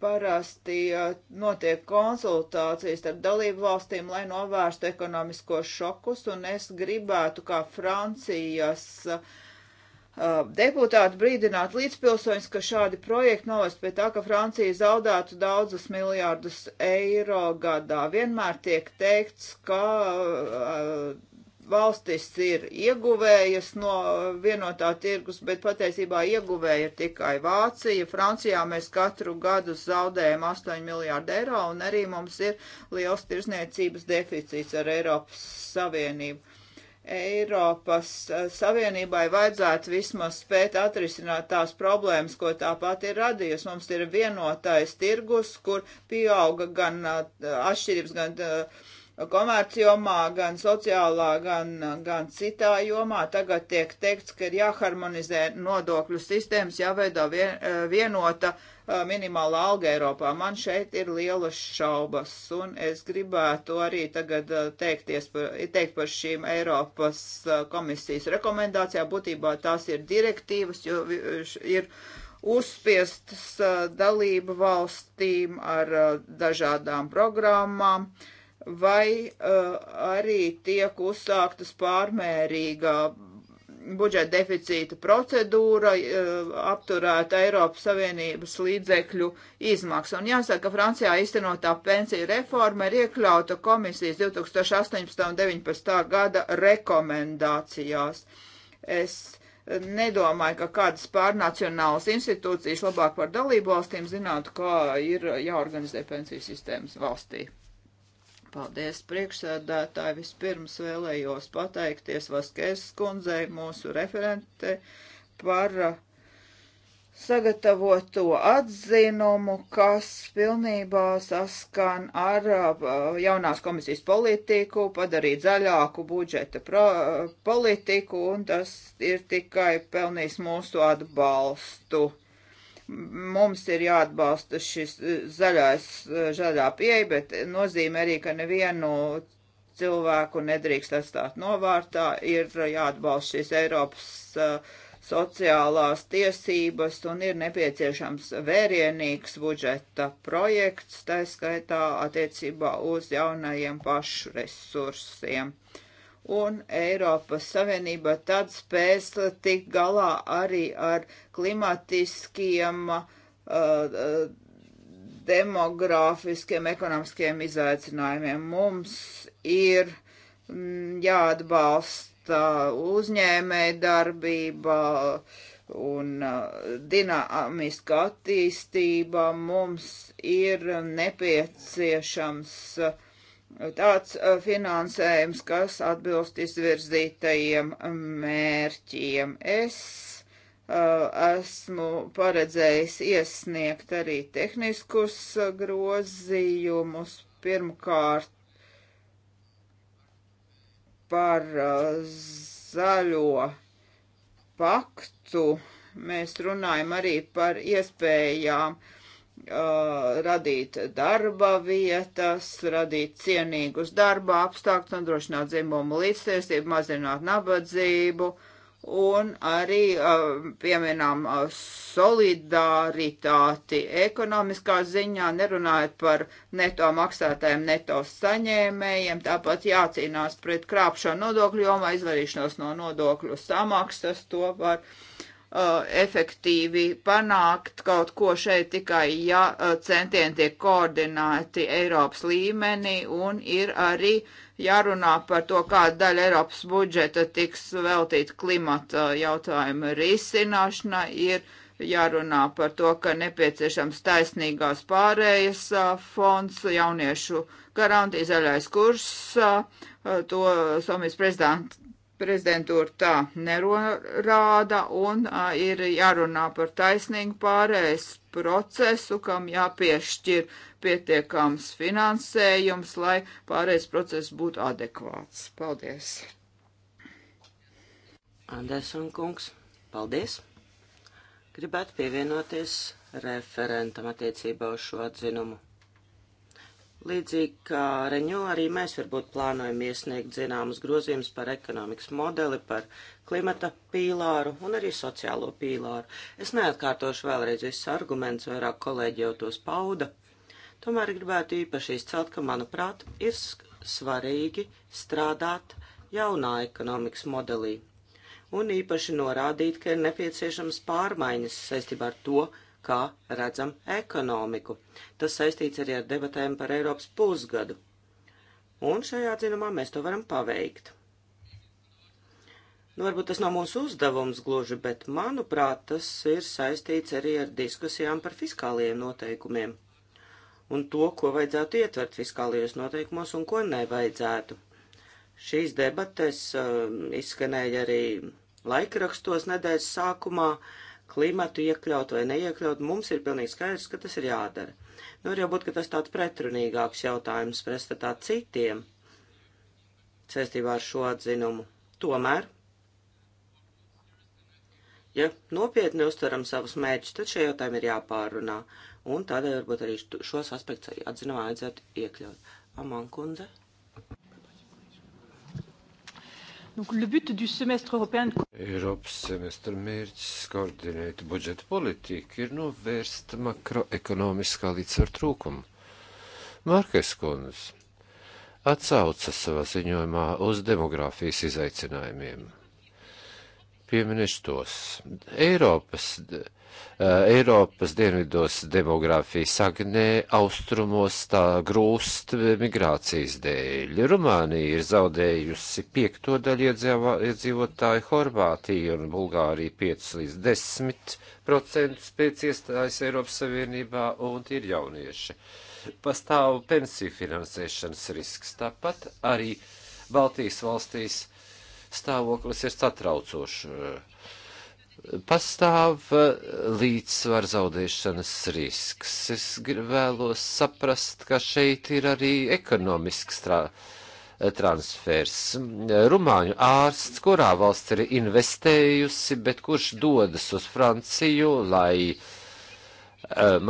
parasti notiek konsultācijas ar dalību valstīm, lai novērstu ekonomiskos šokus, un es gribētu kā Francijas uh, deputāti brīdināt līdzpilsoņus, ka šādi projekti novest pie tā, ka Francija zaudētu daudzus miljārdus eiro gadā. Vienmēr tiek teikts, ka uh, valstis ir ieguvējas no vienotā tirgus, bet patiesībā ieguvēja ir tikai Vācija. Francijā mēs katru gadu zaudējam 8 miljārdu eiro, un arī mums ir liels tirzniecības deficīts ar Eiropas Savienību. Eiropas eh, Savienībai vajadzētu vismaz spēt atrisināt tās problēmas, ko tā pati ir radījusi. Mums ir vienotais tirgus, kur pieauga gan eh, atšķirības, gan uh, komercjomā, gan sociālā, gan, gan citā jomā. Tagad tiek teikts, ka ir jāharmonizē nodokļu sistēmas, jāveido vien, eh, vienota eh, minimāla alga Eiropā. Man šeit ir lielas šaubas, un es gribētu arī tagad eh, teikties par, teikt par šīm Eiropas komisijas rekomendācijām. Būtībā tās ir direktīvas, jo ir uzspiestas dalību valstīm ar dažādām programmām. Uh, vai uh, arī tiek uzsāktas pārmērīgā budžeta deficīta procedūra, uh, apturēta Eiropas Savienības līdzekļu izmaksa. Un jāsaka, ka Francijā iztenotā pensija reforma ir iekļauta komisijas 2018. un 2019. gada rekomendācijās. Es nedomāju, ka kādas pārnacionālas institūcijas labāk par dalību valstīm zinātu, kā ir jāorganizē pensiju sistēmas valstī. Paldies, priekšsēdētāji. Vispirms vēlējos pateikties Vaskēs skundzei, mūsu referente, par uh, sagatavoto atzinumu, kas pilnībā saskan ar uh, jaunās komisijas politiku, padarīt zaļāku budžeta pro, uh, politiku, un tas ir tikai pelnījis mūsu atbalstu. Mums ir jāatbalsta šis e, zaļais, e, zaļā pieeja, bet nozīmē arī, ka nevienu cilvēku nedrīkst atstāt novārtā, ir jāatbalsta šīs Eiropas uh, sociālās tiesības un ir nepieciešams vērienīgs budžeta projekts, tā skaitā attiecībā uz jaunajiem pašu resursiem. Uh, un Eiropas Savienība tad spēs tikt galā arī ar klimatiskiem, uh, uh, demogrāfiskiem, ekonomiskiem izaicinājumiem. Mums ir mm, jāatbalsta uzņēmēja darbība un uh, dinamiska attīstība. Mums ir nepieciešams uh, tāds finansējums, kas atbilst izvirzītajiem mērķiem. Es uh, esmu paredzējis iesniegt arī tehniskus grozījumus pirmkārt par uh, zaļo paktu. Mēs runājam arī par iespējām uh, Uh, radīt darba vietas, radīt cienīgus darba apstākļus, nodrošināt dzimumu līdztiesību, mazināt nabadzību un arī uh, pieminām uh, solidaritāti ekonomiskā ziņā, nerunājot par neto maksātājiem, neto saņēmējiem, tāpat jācīnās pret krāpšanu nodokļu jomā, izvarīšanos no nodokļu samaksas, to var uh, efektīvi panākt kaut ko šeit tikai, ja uh, centieni tiek koordinēti Eiropas līmenī un ir arī jārunā par to, kāda daļa Eiropas budžeta tiks veltīta klimata uh, jautājuma risināšanai. Ir, jārunā par to, ka nepieciešams taisnīgās pārējas uh, fonds, jauniešu garantija, zaļais kurs. A, uh, to Somijas prezident, prezidentūra tā nerāda un a, ir jārunā par taisnīgu pārējais procesu, kam jāpiešķir pietiekams finansējums, lai pārējais process būtu adekvāts. Paldies! Anderson kungs, paldies! Gribētu pievienoties referentam attiecībā uz šo atzinumu. Līdzīgi kā Reņo, arī mēs varbūt plānojam iesniegt zināmas grozījumus par ekonomikas modeli, par klimata pīlāru un arī sociālo pīlāru. Es neatkārtošu vēlreiz visus argumentus, vairāk kolēģi jau tos pauda. Tomēr gribētu īpaši izcelt, ka, manuprāt, ir svarīgi strādāt jaunā ekonomikas modelī. Un īpaši norādīt, ka ir nepieciešams pārmaiņas saistībā ar to, kā redzam ekonomiku. Tas saistīts arī ar debatēm par Eiropas pusgadu. Un šajā dzinumā mēs to varam paveikt. Nu, varbūt tas nav mūsu uzdevums gluži, bet, manuprāt, tas ir saistīts arī ar diskusijām par fiskālajiem noteikumiem un to, ko vajadzētu ietvert fiskālajos noteikumos un ko nevajadzētu. Šīs debates uh, izskanēja arī laikrakstos nedēļas sākumā, uh, klimatu iekļaut vai neiekļaut, mums ir pilnīgi skaidrs, ka tas ir jādara. Nu, var jau būt, ka tas tāds pretrunīgāks jautājums prestatā citiem saistībā ar šo atzinumu. Tomēr, ja nopietni uztveram savus mērķus, tad šie jautājumi ir jāpārunā, un tādēļ varbūt arī šos aspektus arī atzinumā vajadzētu iekļaut. Amankundze. kundze. Donc, le but du semestre européen... Eiropas semestra mērķis koordinēt budžeta politiku ir novērst makroekonomiskā līdzsvar trūkumu. Mārkais Kunis atsauca savā ziņojumā uz demogrāfijas izaicinājumiem pieminēšu tos. Eiropas, eh, Eiropas dienvidos demografija sagnē, austrumos tā grūst migrācijas dēļ. Rumānija ir zaudējusi piekto daļu iedzīvotāju, Horvātija un Bulgārija 5 līdz 10 procentus pēc iestājas Eiropas Savienībā, un tie ir jaunieši. Pastāv pensiju finansēšanas risks, tāpat arī Baltijas valstīs stāvoklis ir satraucošs. Pastāv eh, līdzsvar zaudēšanas risks. Es vēlos saprast, ka šeit ir arī ekonomisks strādājums transfers. Rumāņu ārsts, kurā valsts ir investējusi, bet kurš dodas uz Franciju, lai uh,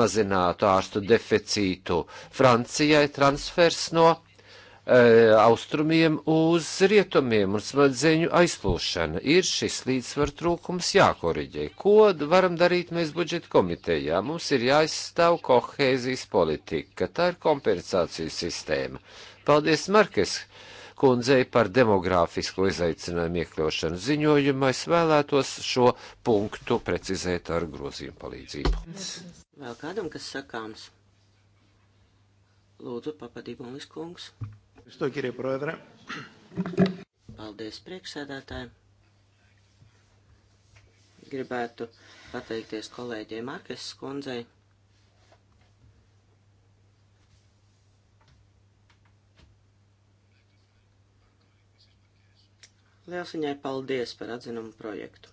mazinātu ārstu deficītu Francijai, transfers no uh, Eh, austrumiem uz rietumiem un smadzeņu aizplūšana. Ir šis līdzsvar trūkums jākoriģē. Ko varam darīt mēs budžeta komitejā? Mums ir jāizstāv kohēzijas politika. Tā ir kompensācijas sistēma. Paldies, Markes! Kundzei par demogrāfisko izaicinājumu iekļaušanu ziņojumā es vēlētos šo punktu precizēt ar grozījumu palīdzību. Vēl kādam, kas sakāms? Lūdzu, papadību un viskungs. kungs. Što, kirie proedre? Paldies, priekšsēdētāji. Gribētu pateikties kolēģiem Markeses kundzei. Liels viņai paldies par atzinumu projektu.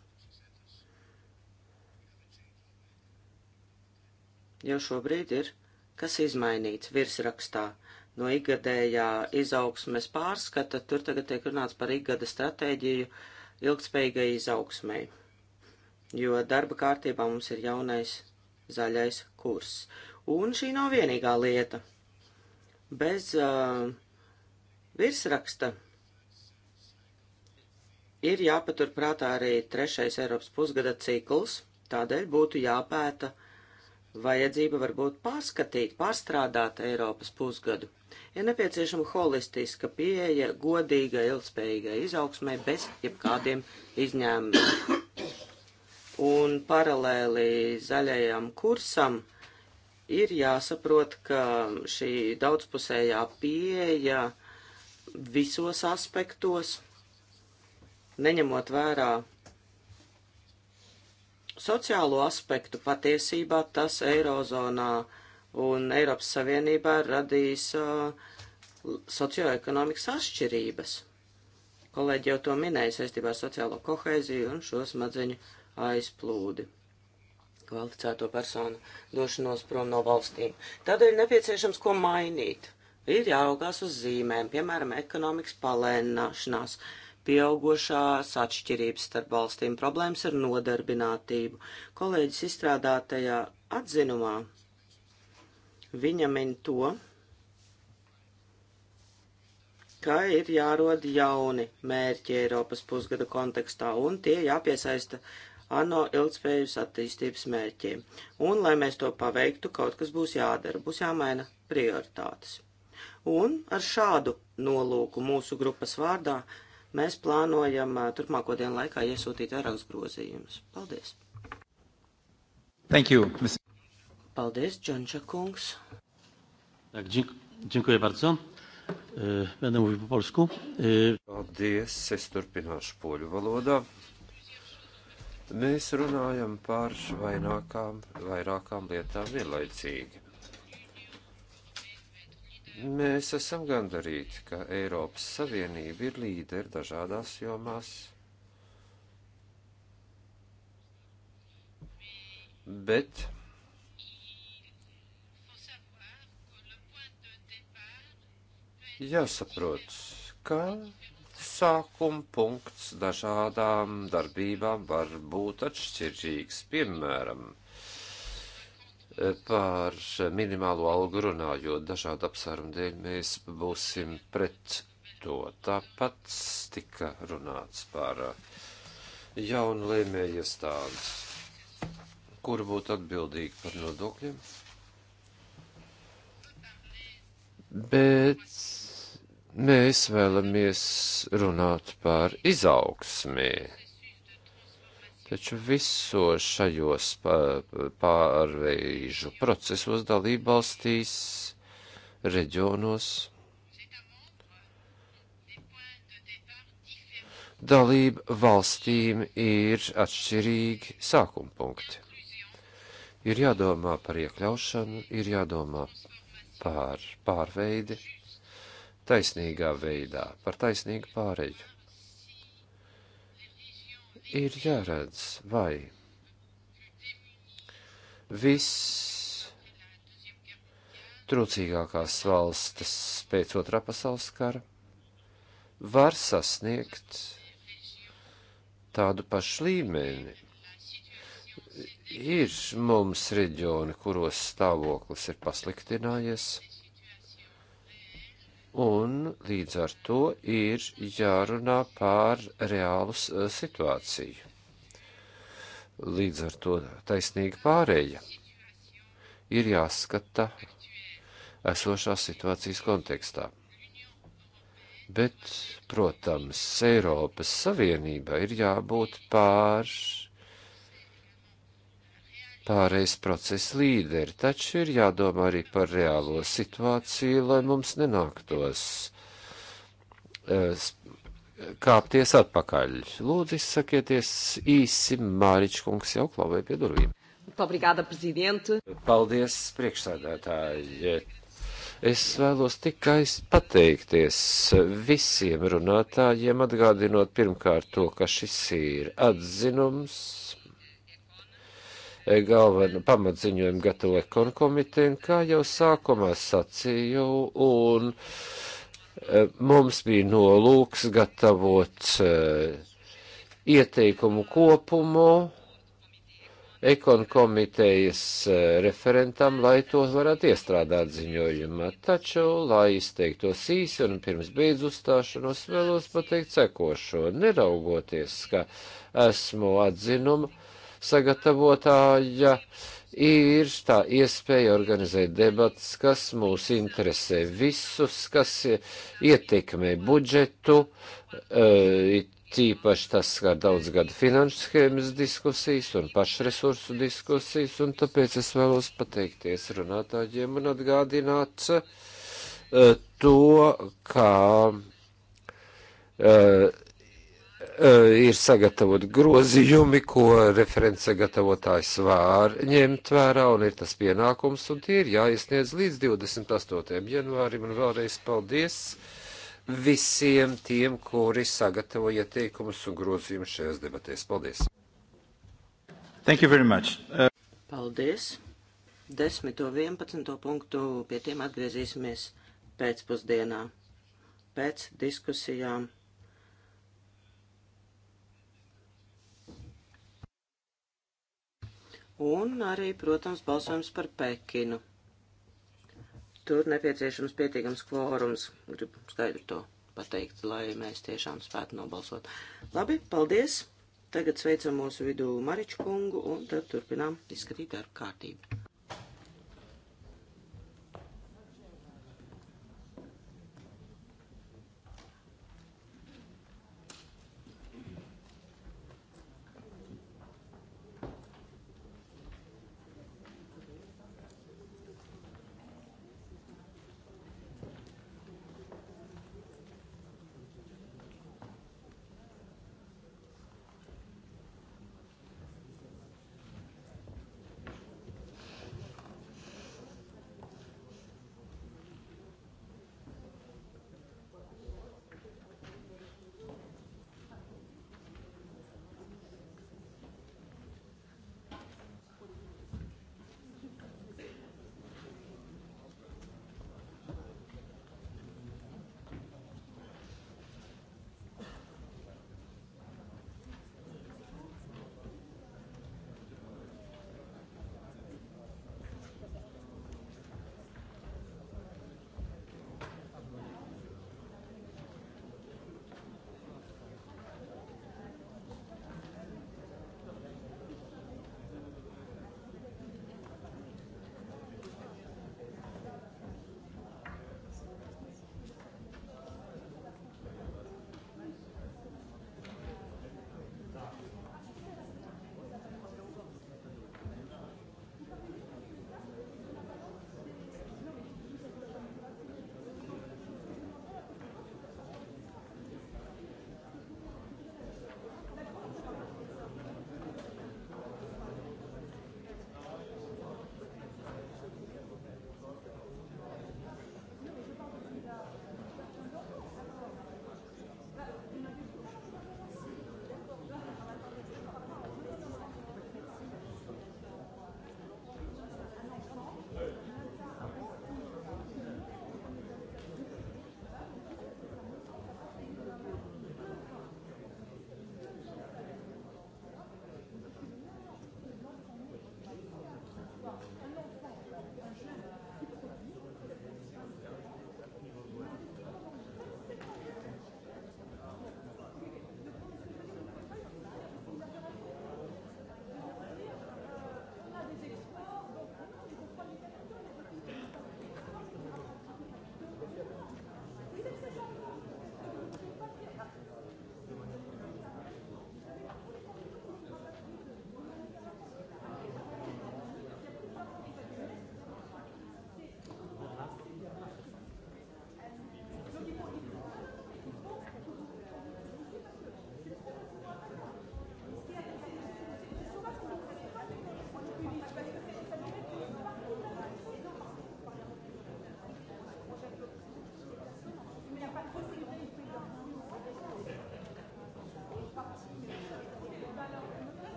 Jau šobrīd ir kas izmainīts virsrakstā no ikgadējā izaugsmes pārskata, tur tagad tiek runāts par ikgada stratēģiju ilgspējīgai izaugsmai, jo darba kārtībā mums ir jaunais zaļais kurs. Un šī nav vienīgā lieta. Bez uh, virsraksta ir jāpaturprātā arī trešais Eiropas pusgada cikls, tādēļ būtu jāpēta vajadzība varbūt pārskatīt, pārstrādāt Eiropas pusgadu. Ir ja nepieciešama holistiska pieeja, godīga, ilgspējīga izaugsmē bez jebkādiem izņēmumiem. Un paralēli zaļajam kursam ir jāsaprot, ka šī daudzpusējā pieeja visos aspektos, neņemot vērā sociālo aspektu patiesībā tas Eirozonā un Eiropas Savienībā radīs uh, socioekonomikas atšķirības. Kolēģi jau to minēja saistībā ar sociālo kohēziju un šo smadzeņu aizplūdi kvalificēto personu došanos prom no valstīm. Tādēļ nepieciešams ko mainīt. Ir jāaugās uz zīmēm, piemēram, ekonomikas palēnināšanās. Uh, Pieaugušās atšķirības starp valstīm problēmas ar nodarbinātību. Kolēģis izstrādātajā atzinumā viņa min to, ka ir jārod jauni mērķi Eiropas pusgada kontekstā un tie jāpiesaista ANO ilgspējas attīstības mērķiem. Un, lai mēs to paveiktu, kaut kas būs jādara, būs jāmaina prioritātes. Un ar šādu nolūku mūsu grupas vārdā mēs plānojam turpmāko dienu laikā iesūtīt vairākus grozījumus. Paldies! Thank you. Ms. Paldies, Džonča kungs. Tak, dziękuję bardzo. E, będę mówił po polsku. E, Paldies, es turpināšu poļu valodā. Mēs runājam par vairākām, vairākām lietām vienlaicīgi. Mēs esam gandarīti, ka Eiropas Savienība ir līderi dažādās jomās, bet jāsaprot, ka sākuma punkts dažādām darbībām var būt atšķirīgs, piemēram, Pār minimālo algu runājot, dažādu apsvērumu dēļ mēs būsim pret to. Tāpat tika runāts par uh, jaunu lēmēju iestādes, kur būtu atbildīgi par nodokļiem. Bet mēs vēlamies runāt par izaugsmē Taču visos šajos pārveižu procesos dalībvalstīs, reģionos, dalība valstīm ir atšķirīgi sākuma punkti. Ir jādomā par iekļaušanu, ir jādomā par pārveidi, taisnīgā veidā, par taisnīgu pāreju ir jāredz, vai viss trūcīgākās valstis pēc otrā pasaules kara var sasniegt tādu pašu līmeni. Ir mums reģioni, kuros stāvoklis ir pasliktinājies Un līdz ar to ir jārunā pār reālu eh, situāciju. Līdz ar to taisnīga pārēja ir jāskata esošās situācijas kontekstā. Bet, protams, Eiropas Savienība ir jābūt pār pārējais procesa līderi, taču ir jādomā arī par reālo situāciju, lai mums nenāktos eh, kāpties atpakaļ. Lūdzu, izsakieties īsi, Māričkungs jau klauvē pie durvīm. Obrigada, prezidente. Paldies, priekšsādātāji. Es vēlos tikai pateikties visiem runātājiem, atgādinot pirmkārt to, ka šis ir atzinums galvenu pamatziņojumu gatavo ekonu komiteju, kā jau sākumā sacīju, un e, mums bija nolūks gatavot e, ieteikumu kopumu ekonu komitejas e, referentam, lai tos varētu iestrādāt ziņojumā. Taču, lai izteiktos īsi un pirms beidz uzstāšanos, vēlos pateikt sekošo, neraugoties, ka esmu atzinumu sagatavotāja ir tā iespēja organizēt debatas, kas mūs interesē visus, kas ietekmē budžetu, eh, tīpaši tas skar daudz gadu finanšu schēmas diskusijas un pašresursu diskusijas, un tāpēc es vēlos pateikties runātājiem un atgādināt eh, to, kā Eh, ir sagatavot grozījumi, ko referents sagatavotājs var ņemt vērā, un ir tas pienākums, un tie ir jāiesniedz līdz 28. janvārim, un vēlreiz paldies visiem tiem, kuri sagatavoja teikumus un grozījumus šajās debatēs. Paldies! Thank you very much. Uh... Paldies! 10. un 11. punktu pie tiem atgriezīsimies pēcpusdienā, pēc diskusijām. Un arī, protams, balsojums par Pekinu. Tur nepieciešams pietiekams kvorums, gribu skaidru to pateikt, lai mēs tiešām spētu nobalsot. Labi, paldies! Tagad sveicam mūsu vidū Mariču kungu un tad turpinām izskatīt darba kārtību.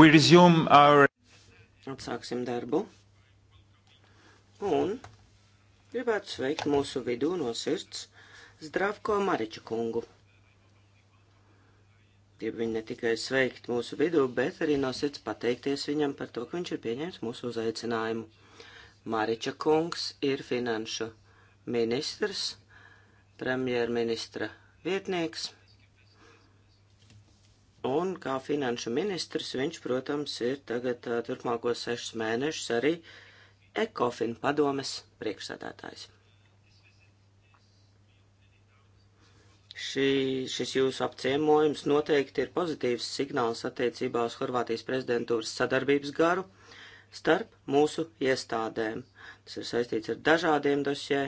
We resume our. Atsāksim darbu. Un gribētu sveikt mūsu vidū no sirds Zdravko Mariču kungu. Gribu viņu ne tikai sveikt mūsu vidū, bet arī no sirds pateikties viņam par to, ka viņš ir pieņēmis mūsu uzaicinājumu. Mariča kungs ir finanšu ministrs, premjerministra vietnieks Un kā finanšu ministrs, viņš, protams, ir tagad turpmāko sešus mēnešus arī ECOFIN padomes priekšsēdētājs. Šī, šis jūsu apciemojums noteikti ir pozitīvs signāls attiecībā uz Horvātijas prezidentūras sadarbības garu starp mūsu iestādēm. Tas ir saistīts ar dažādiem dosjē,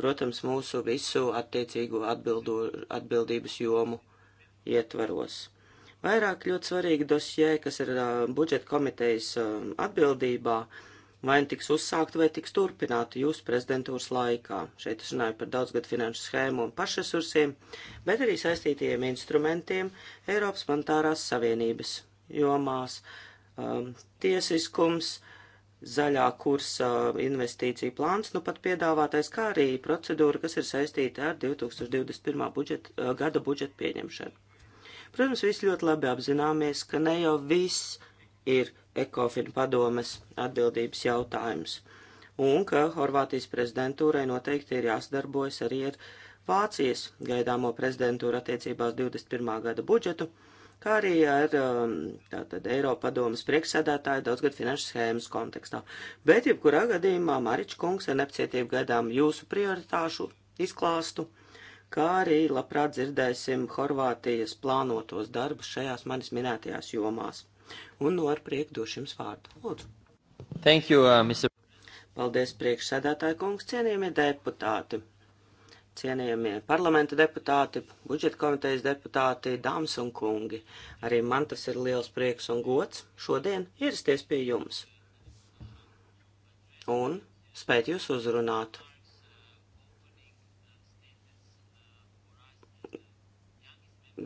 protams, mūsu visu attiecīgo atbildu, atbildības jomu ietvaros. Vairāk ļoti svarīgi dosjē, kas ir budžeta komitejas atbildībā, vai nu tiks uzsākta vai tiks turpināta jūsu prezidentūras laikā. Šeit es runāju par daudzgad finanšu schēmu un pašresursiem, bet arī saistītajiem instrumentiem Eiropas monetārās savienības jomās um, tiesiskums, zaļā kursa investīcija plāns, nu pat piedāvātais, kā arī procedūra, kas ir saistīta ar 2021. Budžet, gada budžetu pieņemšanu. Protams, visi ļoti labi apzināmies, ka ne jau viss ir ekofina padomes atbildības jautājums, un ka Horvātijas prezidentūrai noteikti ir jāsadarbojas arī ar Vācijas gaidāmo prezidentūru attiecībās 21. gada budžetu, kā arī ar um, tātad Eiropadomas priekšsēdētāju daudzgad finanšu schēmas kontekstā. Bet, jebkurā gadījumā, Mariča kungs ar nepacietību gaidām jūsu prioritāšu izklāstu kā arī labprāt dzirdēsim Horvātijas plānotos darbus šajās manis minētajās jomās. Un no ar prieku došu jums vārdu. Lūdzu. Thank you, uh, Mr. Paldies, priekšsēdētāji kungs, cienījamie deputāti, cienījamie parlamenta deputāti, budžeta komitejas deputāti, dāmas un kungi. Arī man tas ir liels prieks un gods šodien ierasties pie jums. Un spēt jūs uzrunāt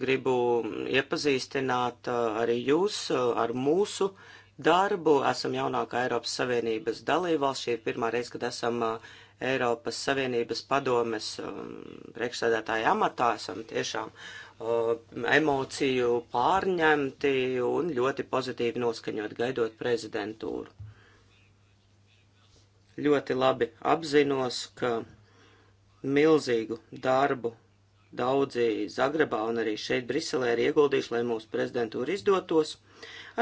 gribu iepazīstināt uh, arī jūs uh, ar mūsu darbu. Esam jaunākā Eiropas Savienības dalībvalsts. Šī ir pirmā reize, kad esam uh, Eiropas Savienības padomes um, priekšsēdētāja amatā. Esam tiešām emociju pārņemti un ļoti pozitīvi noskaņot gaidot prezidentūru. Ļoti labi apzinos, ka milzīgu darbu Daudzi Zagrebā un arī šeit Briselē ir ieguldījuši, lai mūsu prezidentūra izdotos.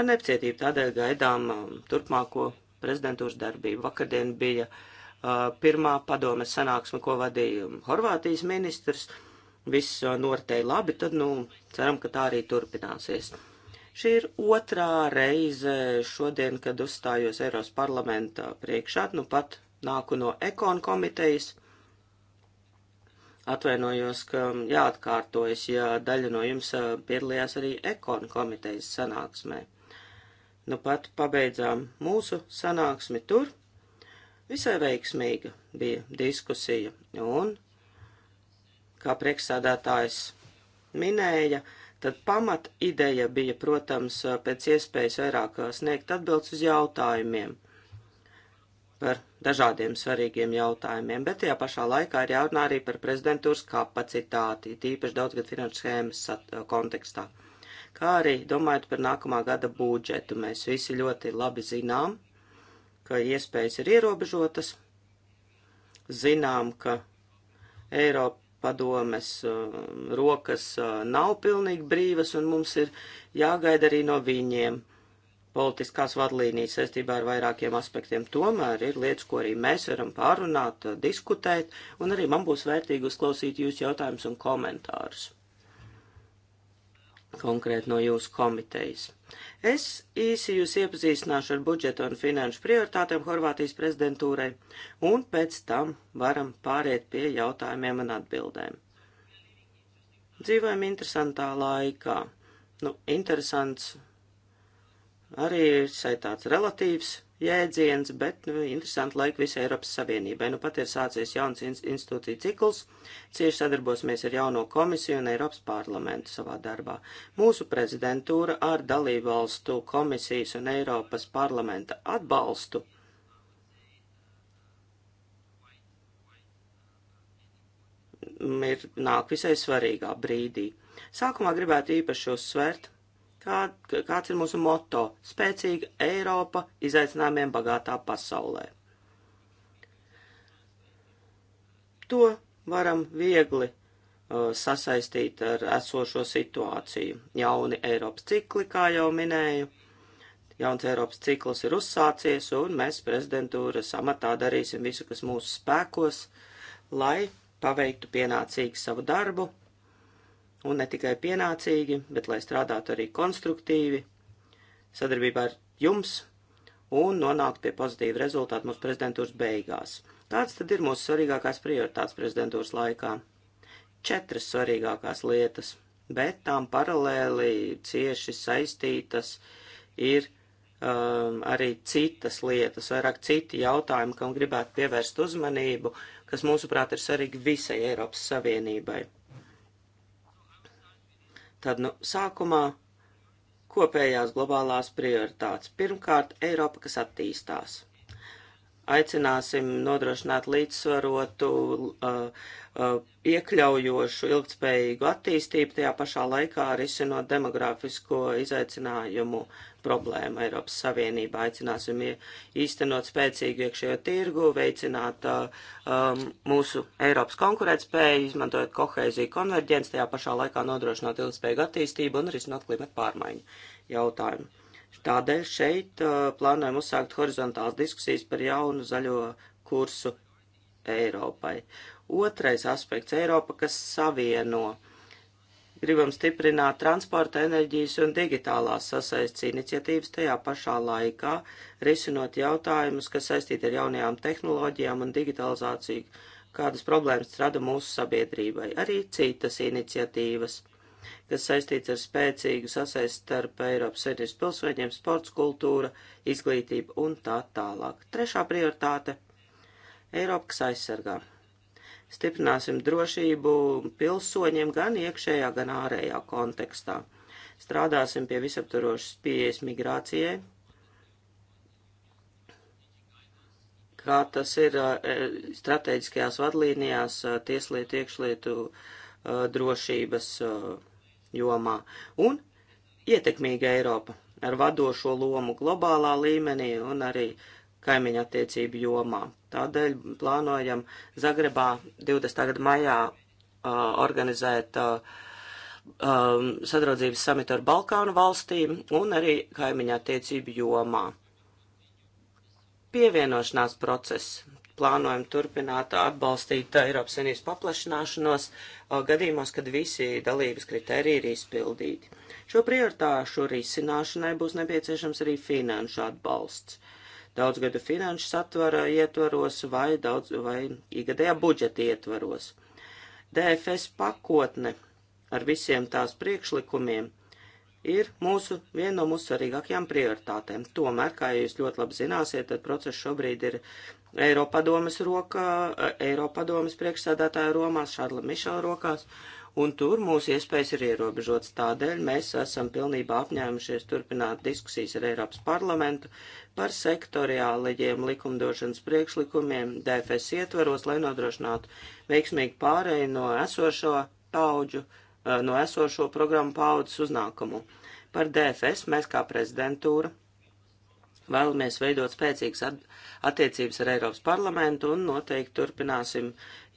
Ar nepacietību tādēļ gaidām um, turpmāko prezidentūras darbību. Vakardien bija uh, pirmā padomes sanāksme, ko vadīja um, Horvātijas ministrs. Viss uh, noritēja labi, tad, nu, ceram, ka tā arī turpināsies. Šī ir otrā reize šodien, kad uzstājos Eiros parlamenta priekšā, nu pat nāku no ekonu komitejas. Atvainojos, ka jāatkārtojas, ja daļa no jums piedalījās arī ekonu komitejas sanāksmē. Nu pat pabeidzām mūsu sanāksmi tur. Visai veiksmīga bija diskusija un, kā priekšsādātājs minēja, tad pamat ideja bija, protams, pēc iespējas vairāk sniegt atbildes uz jautājumiem – par dažādiem svarīgiem jautājumiem, bet tajā pašā laikā ir jārunā arī par prezidentūras kapacitāti, tīpaši daudzgad finanšu schēmas eh, kontekstā. Kā arī domājot par nākamā gada budžetu, mēs visi ļoti labi zinām, ka iespējas ir ierobežotas, zinām, ka Eiropa padomes eh, rokas eh, nav pilnīgi brīvas, un mums ir jāgaida arī no viņiem politiskās vadlīnijas saistībā ar vairākiem aspektiem. Tomēr ir lietas, ko arī mēs varam pārunāt, diskutēt, un arī man būs vērtīgi uzklausīt jūsu jautājumus un komentārus konkrēti no jūsu komitejas. Es īsi jūs iepazīstināšu ar budžetu un finanšu prioritātēm Horvātijas prezidentūrai, un pēc tam varam pāriet pie jautājumiem un atbildēm. Dzīvojam interesantā laikā. Nu, interesants arī ir tāds relatīvs jēdziens, bet nu, interesanti laika visai Eiropas Savienībai. Nu, pat ir sācies jauns institūcija cikls, cieši sadarbosimies ar jauno komisiju un Eiropas parlamentu savā darbā. Mūsu prezidentūra ar dalībvalstu komisijas un Eiropas parlamenta atbalstu. Ir nāk visai svarīgā brīdī. Sākumā gribētu īpaši uzsvērt, Kā, kāds ir mūsu moto? Spēcīga Eiropa izaicinājumiem bagātā pasaulē. To varam viegli uh, sasaistīt ar esošo situāciju. Jauni Eiropas cikli, kā jau minēju, jauns Eiropas cikls ir uzsācies, un mēs prezidentūra samatā darīsim visu, kas mūsu spēkos, lai paveiktu pienācīgi savu darbu un ne tikai pienācīgi, bet lai strādātu arī konstruktīvi, sadarbībā ar jums un nonākt pie pozitīva rezultāta mūsu prezidentūras beigās. Tāds tad ir mūsu svarīgākās prioritātes prezidentūras laikā. Četras svarīgākās lietas, bet tām paralēli cieši saistītas ir um, arī citas lietas, vairāk citi jautājumi, kam gribētu pievērst uzmanību, kas mūsuprāt ir svarīgi visai Eiropas Savienībai. Tad, nu, sākumā kopējās globālās prioritātes. Pirmkārt, Eiropa, kas attīstās aicināsim nodrošināt līdzsvarotu, uh, uh, iekļaujošu, ilgtspējīgu attīstību, tajā pašā laikā risinot demografisko izaicinājumu problēmu Eiropas Savienībā. Aicināsim īstenot spēcīgu iekšējo tirgu, veicināt uh, um, mūsu Eiropas konkurētspēju, izmantojot kohēziju konverģents, tajā pašā laikā nodrošinot ilgtspējīgu attīstību un risinot klimatu pārmaiņu jautājumu. Tādēļ šeit uh, plānojam uzsākt horizontāls diskusijas par jaunu zaļo kursu Eiropai. Otrais aspekts - Eiropa, kas savieno. Gribam stiprināt transporta, enerģijas un digitālās sasaistes iniciatīvas tajā pašā laikā, risinot jautājumus, kas saistīti ar jaunajām tehnoloģijām un digitalizāciju, kādas problēmas rada mūsu sabiedrībai. Arī citas iniciatīvas kas saistīts ar spēcīgu sasaist starp Eiropas Savienības pilsoņiem, sports, kultūra, izglītība un tā tālāk. Trešā prioritāte - Eiropa, kas aizsargā. Stiprināsim drošību pilsoņiem gan iekšējā, gan ārējā kontekstā. Strādāsim pie visaptvarošas pieejas migrācijai, kā tas ir eh, strateģiskajās vadlīnijās eh, tieslietu iekšlietu eh, drošības jomā, un ietekmīga Eiropa ar vadošo lomu globālā līmenī un arī kaimiņa attiecību jomā. Tādēļ plānojam Zagrebā 20. gada maijā uh, organizēt uh, um, sadraudzības samitu ar Balkānu valstīm un arī kaimiņa attiecību jomā. Pievienošanās process plānojam turpināt atbalstīt Eiropas Savienības paplašināšanos gadījumos, kad visi dalības kriteriji ir izpildīti. Šo prioritāšu risināšanai būs nepieciešams arī finanšu atbalsts. Daudzgadu finanšu satvara ietvaros vai, daudz, vai igadējā budžeta ietvaros. DFS pakotne ar visiem tās priekšlikumiem ir mūsu viena no mūsu svarīgākajām prioritātēm. Tomēr, kā jūs ļoti labi zināsiet, tad process šobrīd ir Eiropadomas rokā, Eiropadomas priekšsēdētāja Romās, Šarla Mišela rokās, un tur mūsu iespējas ir ierobežotas. Tādēļ mēs esam pilnībā apņēmušies turpināt diskusijas ar Eiropas parlamentu par sektoriālajiem likumdošanas priekšlikumiem DFS ietveros, lai nodrošinātu veiksmīgu pārēju no esošo paudžu, eh, no esošo programmu paudzes uz nākamo. Par DFS mēs kā prezidentūra vēlamies veidot spēcīgas attiecības ar Eiropas parlamentu un noteikti turpināsim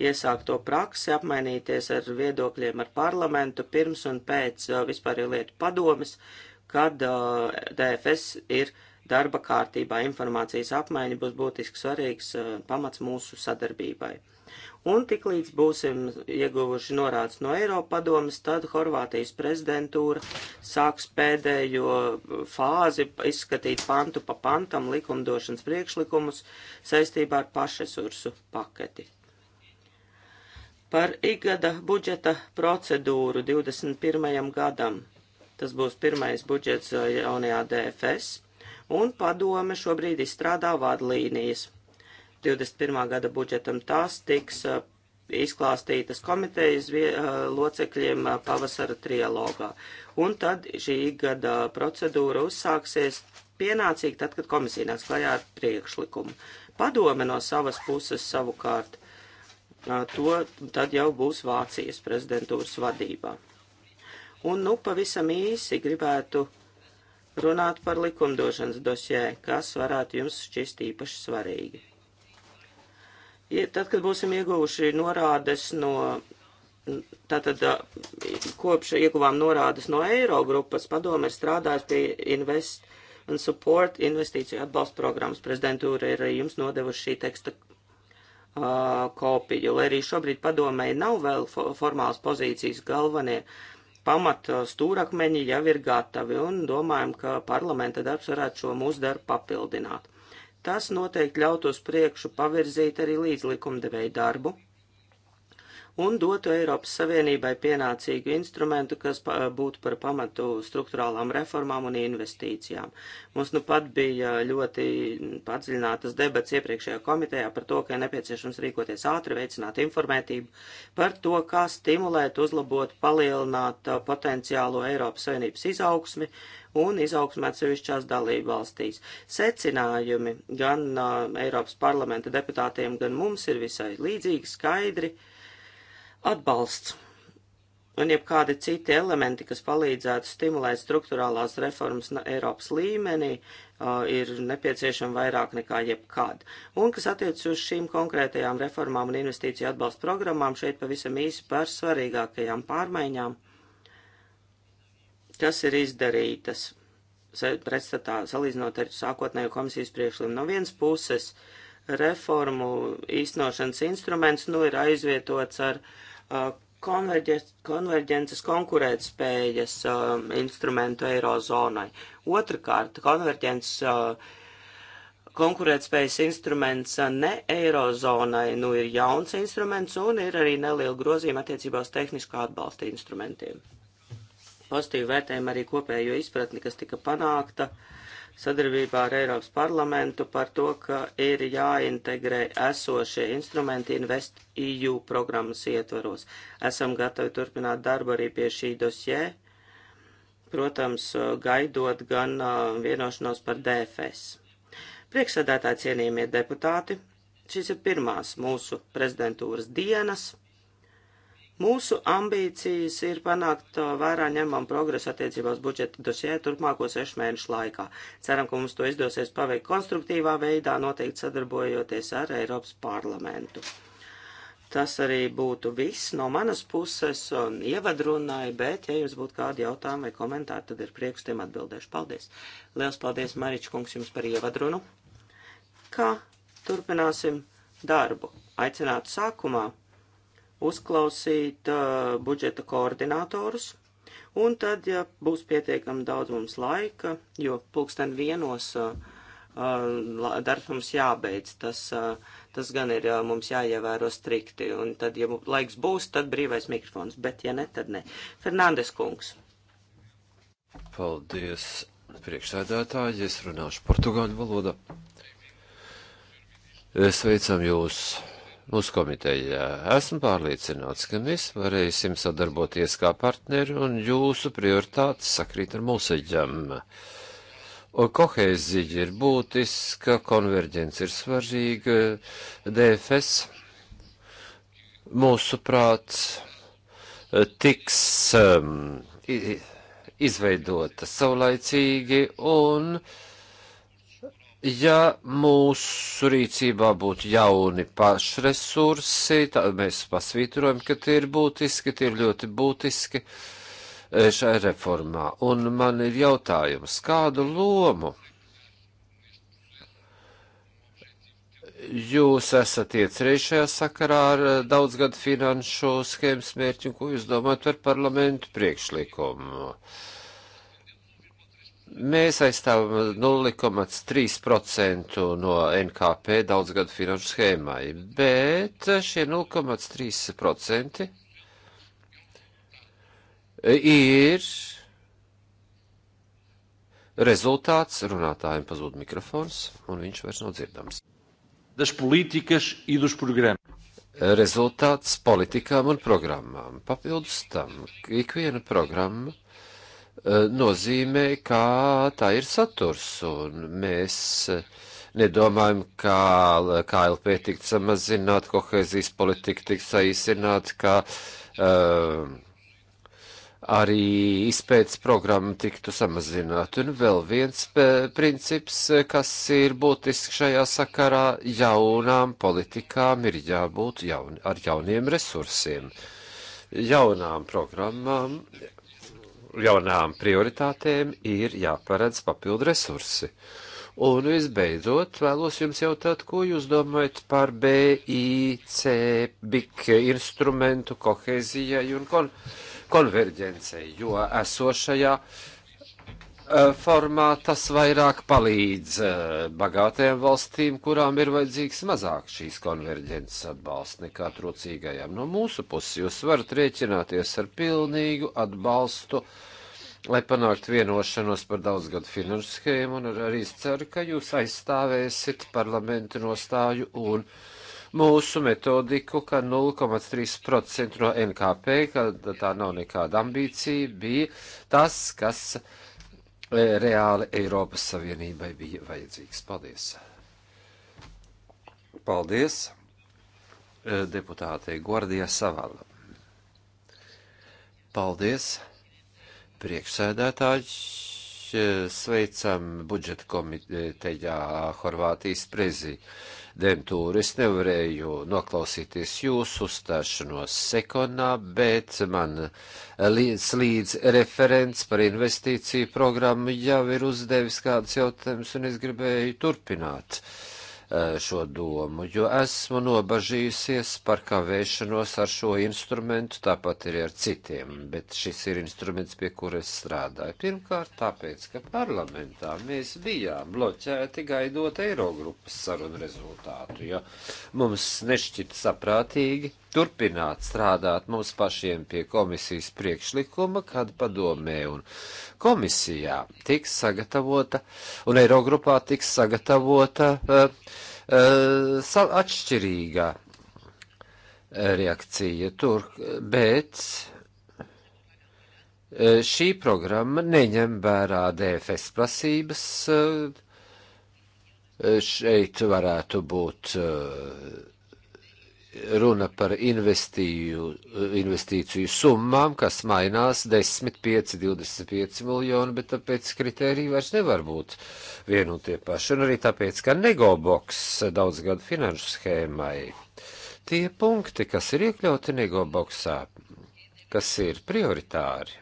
iesākto praksi, apmainīties ar viedokļiem ar parlamentu pirms un pēc vispārējo lietu padomes, kad uh, DFS ir darba kārtībā. Informācijas apmaiņa būs būtiski svarīgs uh, pamats mūsu sadarbībai un tiklīdz būsim ieguvuši norādes no Eiropadomas, tad Horvātijas prezidentūra sāks pēdējo fāzi izskatīt pantu pa pantam likumdošanas priekšlikumus saistībā ar pašresursu paketi. Par igada budžeta procedūru 21. gadam. Tas būs pirmais budžets uh, jaunajā DFS, un padome šobrīd izstrādā vadlīnijas 21. gada budžetam tās tiks uh, izklāstītas komitejas uh, locekļiem uh, pavasara trialogā. Un tad šī gada procedūra uzsāksies pienācīgi tad, kad komisija nāks klajā ar priekšlikumu. Padome no savas puses savukārt to tad jau būs Vācijas prezidentūras vadībā. Un nu pavisam īsi gribētu runāt par likumdošanas dosjē, kas varētu jums šķist īpaši svarīgi. Tad, kad būsim ieguvuši norādes no, tātad kopš ieguvām norādes no Eirogrupas, padome ir strādājis pie Invest and Support investīciju atbalsta programmas. Prezidentūra ir jums nodevuši šī teksta uh, kopiju, lai arī šobrīd padomēji nav vēl fo formālas pozīcijas galvenie pamata stūrakmeņi jau ir gatavi un domājam, ka parlamenta darbs varētu šo mūsu darbu papildināt. Tas noteikti ļautu uz priekšu pavirzīt arī līdzlikumdevēju darbu un dotu Eiropas Savienībai pienācīgu instrumentu, kas pa, būtu par pamatu struktūrālām reformām un investīcijām. Mums nu pat bija ļoti padziļinātas debats iepriekšējā komitejā par to, ka ir nepieciešams rīkoties ātri, veicināt informētību par to, kā stimulēt, uzlabot, palielināt potenciālo Eiropas Savienības izaugsmi un izaugsmē atsevišķās dalību valstīs. Secinājumi gan uh, Eiropas parlamenta deputātiem, gan mums ir visai līdzīgi, skaidri atbalsts. Un jebkādi citi elementi, kas palīdzētu stimulēt struktūrālās reformas Eiropas līmenī, uh, ir nepieciešami vairāk nekā jebkad. Un kas attiec uz šīm konkrētajām reformām un investīciju atbalsta programmām, šeit pavisam īsi par svarīgākajām pārmaiņām kas ir izdarītas pretstatā salīdzinot ar sākotnējo komisijas priekšlikumu. No vienas puses reformu īstenošanas instruments nu ir aizvietots ar uh, konverģences konkurētspējas uh, instrumentu eirozonai. Otrakārt, konverģences uh, konkurētspējas instruments ne eirozonai nu ir jauns instruments un ir arī neliela grozījuma attiecībā uz tehniskā atbalsta instrumentiem. Pozitīvi vērtējam arī kopējo izpratni, kas tika panākta sadarbībā ar Eiropas parlamentu par to, ka ir jāintegrē esošie instrumenti Invest EU programmas ietvaros. Esam gatavi turpināt darbu arī pie šī dosjē, protams, gaidot gan uh, vienošanos par DFS. Priekšsēdētāji cienījamie deputāti, šis ir pirmās mūsu prezidentūras dienas. Mūsu ambīcijas ir panākt vērā ņemam progresu attiecībās budžeta dosjē turpmāko sešu mēnešu laikā. Ceram, ka mums to izdosies paveikt konstruktīvā veidā, noteikti sadarbojoties ar Eiropas parlamentu. Tas arī būtu viss no manas puses un ievadrunāja, bet, ja jums būtu kādi jautājumi vai komentāri, tad ir prieks tiem atbildēšu. Paldies! Liels paldies, Mariča kungs, jums par ievadrunu! Kā turpināsim darbu? Aicinātu sākumā uzklausīt uh, budžeta koordinatorus, un tad, ja būs pietiekami daudz mums laika, jo pulksten vienos uh, uh, darbs mums jābeidz, tas, uh, tas gan ir uh, mums jāievēro strikti, un tad, ja laiks būs, tad brīvais mikrofons, bet ja ne, tad ne. Fernandes kungs. Paldies, priekšsēdētāji, es runāšu portugāļu valodā. Sveicam jūs! mūsu komitejā. Esmu pārliecināts, ka mēs varēsim sadarboties kā partneri un jūsu prioritātes sakrīt ar mūseģam. Kohēzija ir būtiska, konverģence ir svarīga, DFS mūsu prāts tiks um, izveidota saulaicīgi un uh, ja mūsu rīcībā būtu jauni pašresursi, tad mēs pasvītrojam, ka tie ir būtiski, tie ir ļoti būtiski e, šai reformā. Un man ir jautājums, kādu lomu jūs esat iecerējuši šajā sakarā ar e, daudzgadu finanšu schēmas mērķi un ko jūs domājat par parlamentu priekšlikumu? Uh, Mēs aizstāvam 0,3% no NKP daudzgadu finanšu schēmai, bet šie 0,3% ir rezultāts. Runātājiem pazūd mikrofons, un viņš vairs nav dzirdams. Das politikas i dos programmas rezultāts politikām un programmām. Papildus tam, ikviena programma Eh, nozīmē, kā tā ir saturs, un mēs nedomājam, kā KLP tiks samazināt, kohēzijas politika tiks saīsināt, kā uh, eh, arī izpētes programma tiktu samazināta. Un vēl viens princips, kas ir būtisks šajā sakarā, jaunām politikām ir jābūt jaun, ar jauniem resursiem. Jaunām programmām jaunām prioritātēm ir jāparedz papildu resursi. Un visbeidzot, vēlos jums jautāt, ko jūs domājat par BIC, BIC instrumentu kohēzijai un kon konverģencei, jo esošajā uh, Eh, formā tas vairāk palīdz eh, bagātajām valstīm, kurām ir vajadzīgs mazāk šīs konverģences atbalsts nekā trūcīgajām. No mūsu puses jūs varat rēķināties ar pilnīgu atbalstu, lai panāktu vienošanos par daudzgadu finanšu schēmu, un arī es ceru, ka jūs aizstāvēsit parlamentu nostāju un mūsu metodiku, ka 0,3% no NKP, ka tā nav nekāda ambīcija, bija tas, kas E, reāli Eiropas Savienībai bija vajadzīgs. Paldies! Paldies e, deputātei Gordijai Savalam. Paldies, priekšsēdētāji. E, sveicam budžeta komitejā Horvātijas prezidiju Demtūru. Es nevarēju noklausīties jūsu uzstāšanos sekundā, bet man slīdz referents par investīciju programmu jau ir uzdevis kādus jautājumus, un es gribēju turpināt uh, šo domu, jo esmu nobažījusies par kavēšanos ar šo instrumentu, tāpat arī ar citiem, bet šis ir instruments, pie kura es strādāju. Pirmkārt, tāpēc, ka parlamentā mēs bijām bloķēti gaidot Eirogrupas sarunu rezultātu, jo mums nešķita saprātīgi turpināt strādāt mums pašiem pie komisijas priekšlikuma, kad padomē un komisijā tiks sagatavota un Eirogrupā tiks sagatavota uh, eh, uh, eh, atšķirīgā eh, reakcija tur, bet šī programma neņem vērā DFS prasības. Šeit varētu būt uh, runa par investīju, investīciju summām, kas mainās 10, 5, 25 miljoni, bet tāpēc kriteriji vairs nevar būt vien un tie paši. Un arī tāpēc, ka negoboks daudz gadu finanšu schēmai, tie punkti, kas ir iekļauti negoboksā, kas ir prioritāri,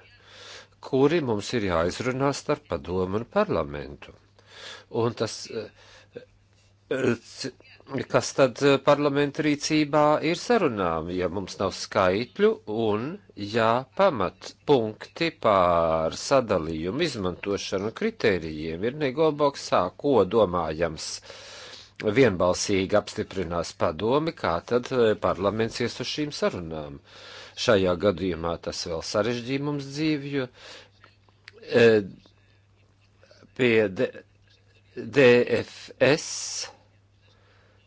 kuri mums ir jāizrunā starp padomu un parlamentu. Un tas. Uh, uh, kas tad eh, parlamenta rīcībā ir sarunām, ja mums nav skaitļu un ja pamat punkti pār sadalījumu izmantošanu kritērijiem ir negoboksā, ko domājams vienbalsīgi apstiprinās padomi, kā tad eh, parlaments ies uz šīm sarunām. Šajā gadījumā tas vēl sarežģīja mums dzīvi, jo e, pie D DFS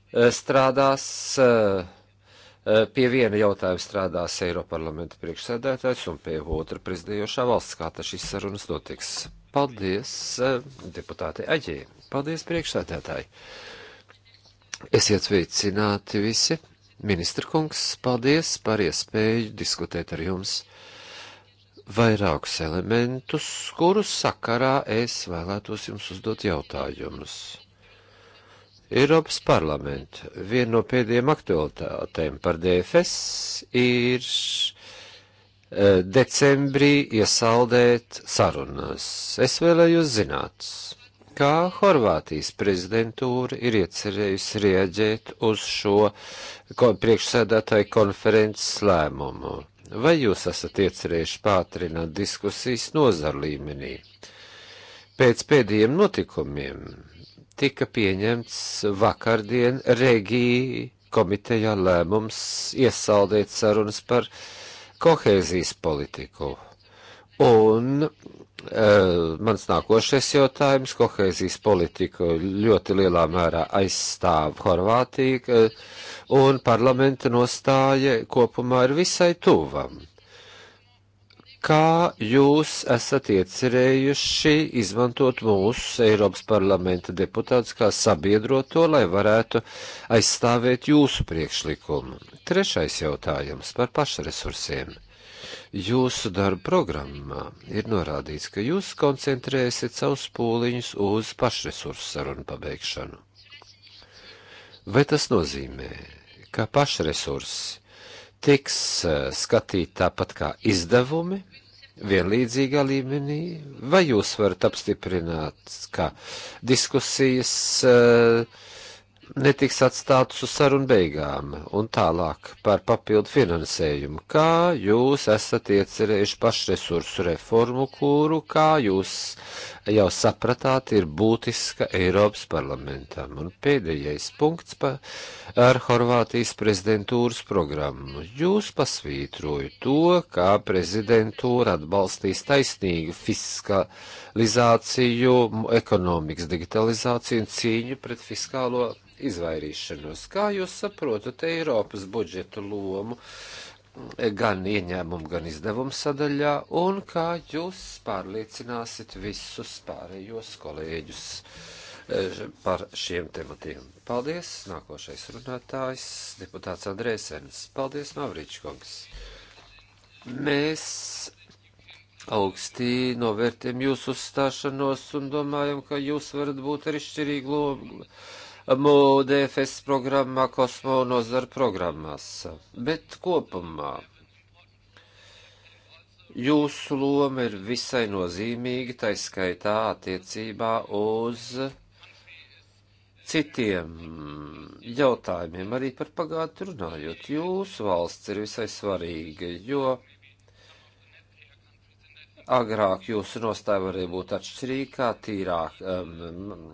Eh, strādās eh, eh, pie viena jautājuma strādās Eiroparlamenta priekšsēdētājs un pie otra prezidējošā valsts, kā tas šis sarunas notiks. Paldies, deputāti Aģē. Paldies, priekšsēdētāji. Esiet sveicināti visi. Ministra kungs, paldies par iespēju diskutēt ar jums vairākus elementus, kuru sakarā es vēlētos jums uzdot jautājumus. Eiropas parlamentu. Viena no pēdējiem aktualitātēm par DFS ir e, decembrī iesaldēt sarunas. Es vēlējos zināt, kā Horvātijas prezidentūra ir iecerējusi rieģēt uz šo priekšsēdētāju konferences lēmumu. Vai jūs esat iecerējuši pātrināt diskusijas nozaru līmenī? Pēc pēdējiem notikumiem tika pieņemts vakardien Regī komitejā lēmums iesaldēt sarunas par kohēzijas politiku. Un e, mans nākošais jautājums - kohēzijas politiku ļoti lielā mērā aizstāv Horvātija, e, un parlamenta nostāja kopumā ir visai tuvam. Kā jūs esat iecerējuši izmantot mūsu Eiropas parlamenta deputātus kā sabiedroto, lai varētu aizstāvēt jūsu priekšlikumu? Trešais jautājums par pašresursiem. Jūsu darba programmā ir norādīts, ka jūs koncentrēsiet savus pūliņus uz pašresursu sarunu pabeigšanu. Vai tas nozīmē, ka pašresursi tiks eh, skatīt tāpat kā izdevumi vienlīdzīgā līmenī, vai jūs varat apstiprināt, ka diskusijas uh, netiks atstātas uz sarunu beigām un tālāk par papildu finansējumu. Kā jūs esat iecerējuši pašresursu reformu, kuru, kā jūs jau sapratāt, ir būtiska Eiropas parlamentam? Un pēdējais punkts pa, ar Horvātijas prezidentūras programmu. Jūs pasvītroju to, kā prezidentūra atbalstīs taisnīgu fiskalizāciju, ekonomikas digitalizāciju un cīņu pret fiskālo izvairīšanos. Kā jūs saprotat Eiropas budžetu lomu gan ieņēmumu, gan izdevumu sadaļā, un kā jūs pārliecināsit visus pārējos kolēģus eh, par šiem tematiem? Paldies, nākošais runātājs, deputāts Andrēsens. Paldies, Mavričkungs. Mēs augstī novērtējam jūsu uzstāšanos un domājam, ka jūs varat būt arī šķirīgi lomu MUDFS programmā, kosmo nozara programmās. Bet kopumā jūsu loma ir visai nozīmīga, taiskaitā attiecībā uz citiem jautājumiem, arī par pagātni runājot. Jūsu valsts ir visai svarīga, jo agrāk jūsu nostāja varēja būt atšķirīgā, tīrāk, um,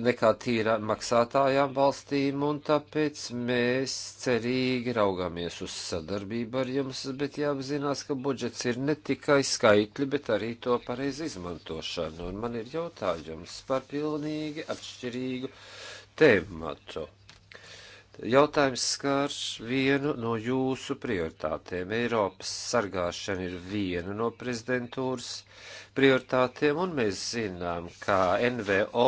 nekā tīra maksātājām valstīm, un tāpēc mēs cerīgi raugāmies uz sadarbību ar jums, bet jāapzinās, ka budžets ir ne tikai skaitļi, bet arī to pareizi izmantošana, un man ir jautājums par pilnīgi atšķirīgu tēmatu. Jautājums skar vienu no jūsu prioritātēm. Eiropas sargāšana ir viena no prezidentūras prioritātiem, un mēs zinām, ka NVO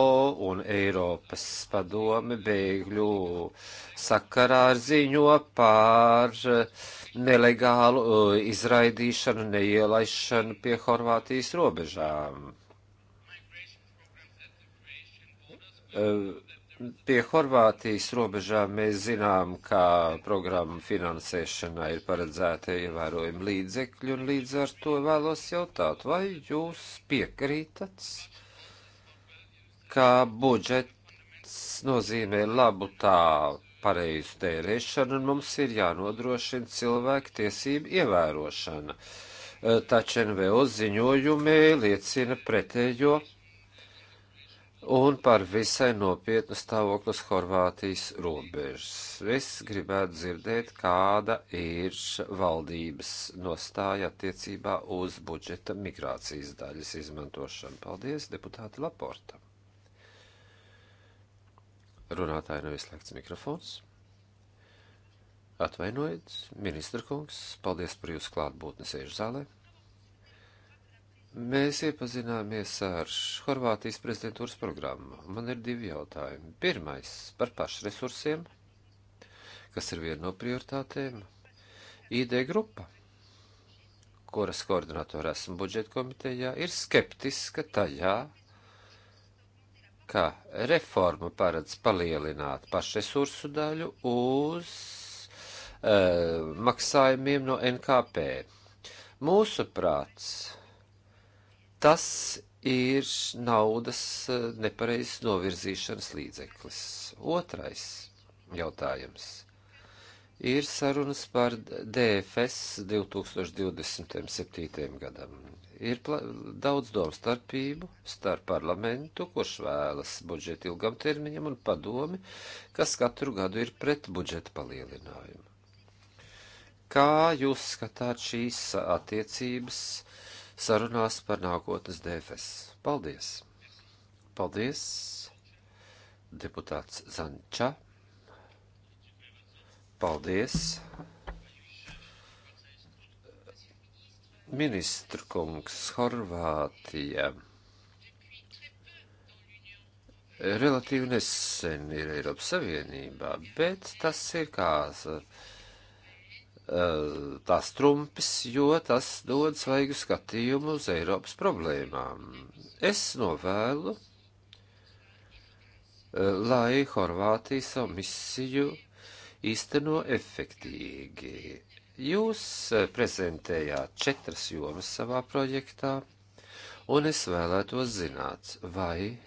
un Eiropas padome bēgļu sakarā ziņo par nelegālu uh, izraidīšanu, neielaišanu pie Horvātijas robežām. Uh, pie Horvātijas robežām mēs zinām, ka programmu finansēšanā ir paredzēta ievērojama līdzekļa, un līdz ar to vēlos jautāt, vai jūs piekrītat, ka budžets nozīmē labu tā pareizu tērēšanu, un mums ir jānodrošina cilvēku tiesību ievērošana. Taču NVO ziņojumi liecina pretējo. Jo un par visai nopietnu stāvoklis Horvātijas robežas. Es gribētu dzirdēt, kāda ir valdības nostāja attiecībā uz budžeta migrācijas daļas izmantošanu. Paldies, deputāti Laporta. Runātāji nav izslēgts mikrofons. Atvainojiet, ministra kungs, paldies par jūsu klātbūtni sēžu zālē. Mēs iepazināmies ar Horvātijas prezidentūras programmu. Man ir divi jautājumi. Pirmais par pašresursiem, kas ir viena no prioritātēm. ID grupa, kuras koordinatora esmu budžeta komitejā, ir skeptiska tajā, ka reforma paredz palielināt pašresursu daļu uz uh, maksājumiem no NKP. Mūsu prāts tas ir naudas eh, nepareizs novirzīšanas līdzeklis. Otrais jautājums ir sarunas par DFS 2027. gadam. Ir daudz domstarpību starp parlamentu, kurš vēlas budžetu ilgam termiņam, un padomi, kas katru gadu ir pret budžeta palielinājumu. Kā jūs skatāt šīs attiecības uh, sarunās par nākotnes DFS. Paldies! Paldies, deputāts Zanča! Paldies! Ministru kungs Horvātija relatīvi nesen ir Eiropas Savienībā, bet tas ir kāds. Uh, Eh, tā strumpis, jo tas dod svaigu skatījumu uz Eiropas problēmām. Es novēlu, eh, lai Horvātija savu misiju īsteno efektīvi. Jūs eh, prezentējāt četras jomas savā projektā, un es vēlētos zināt, vai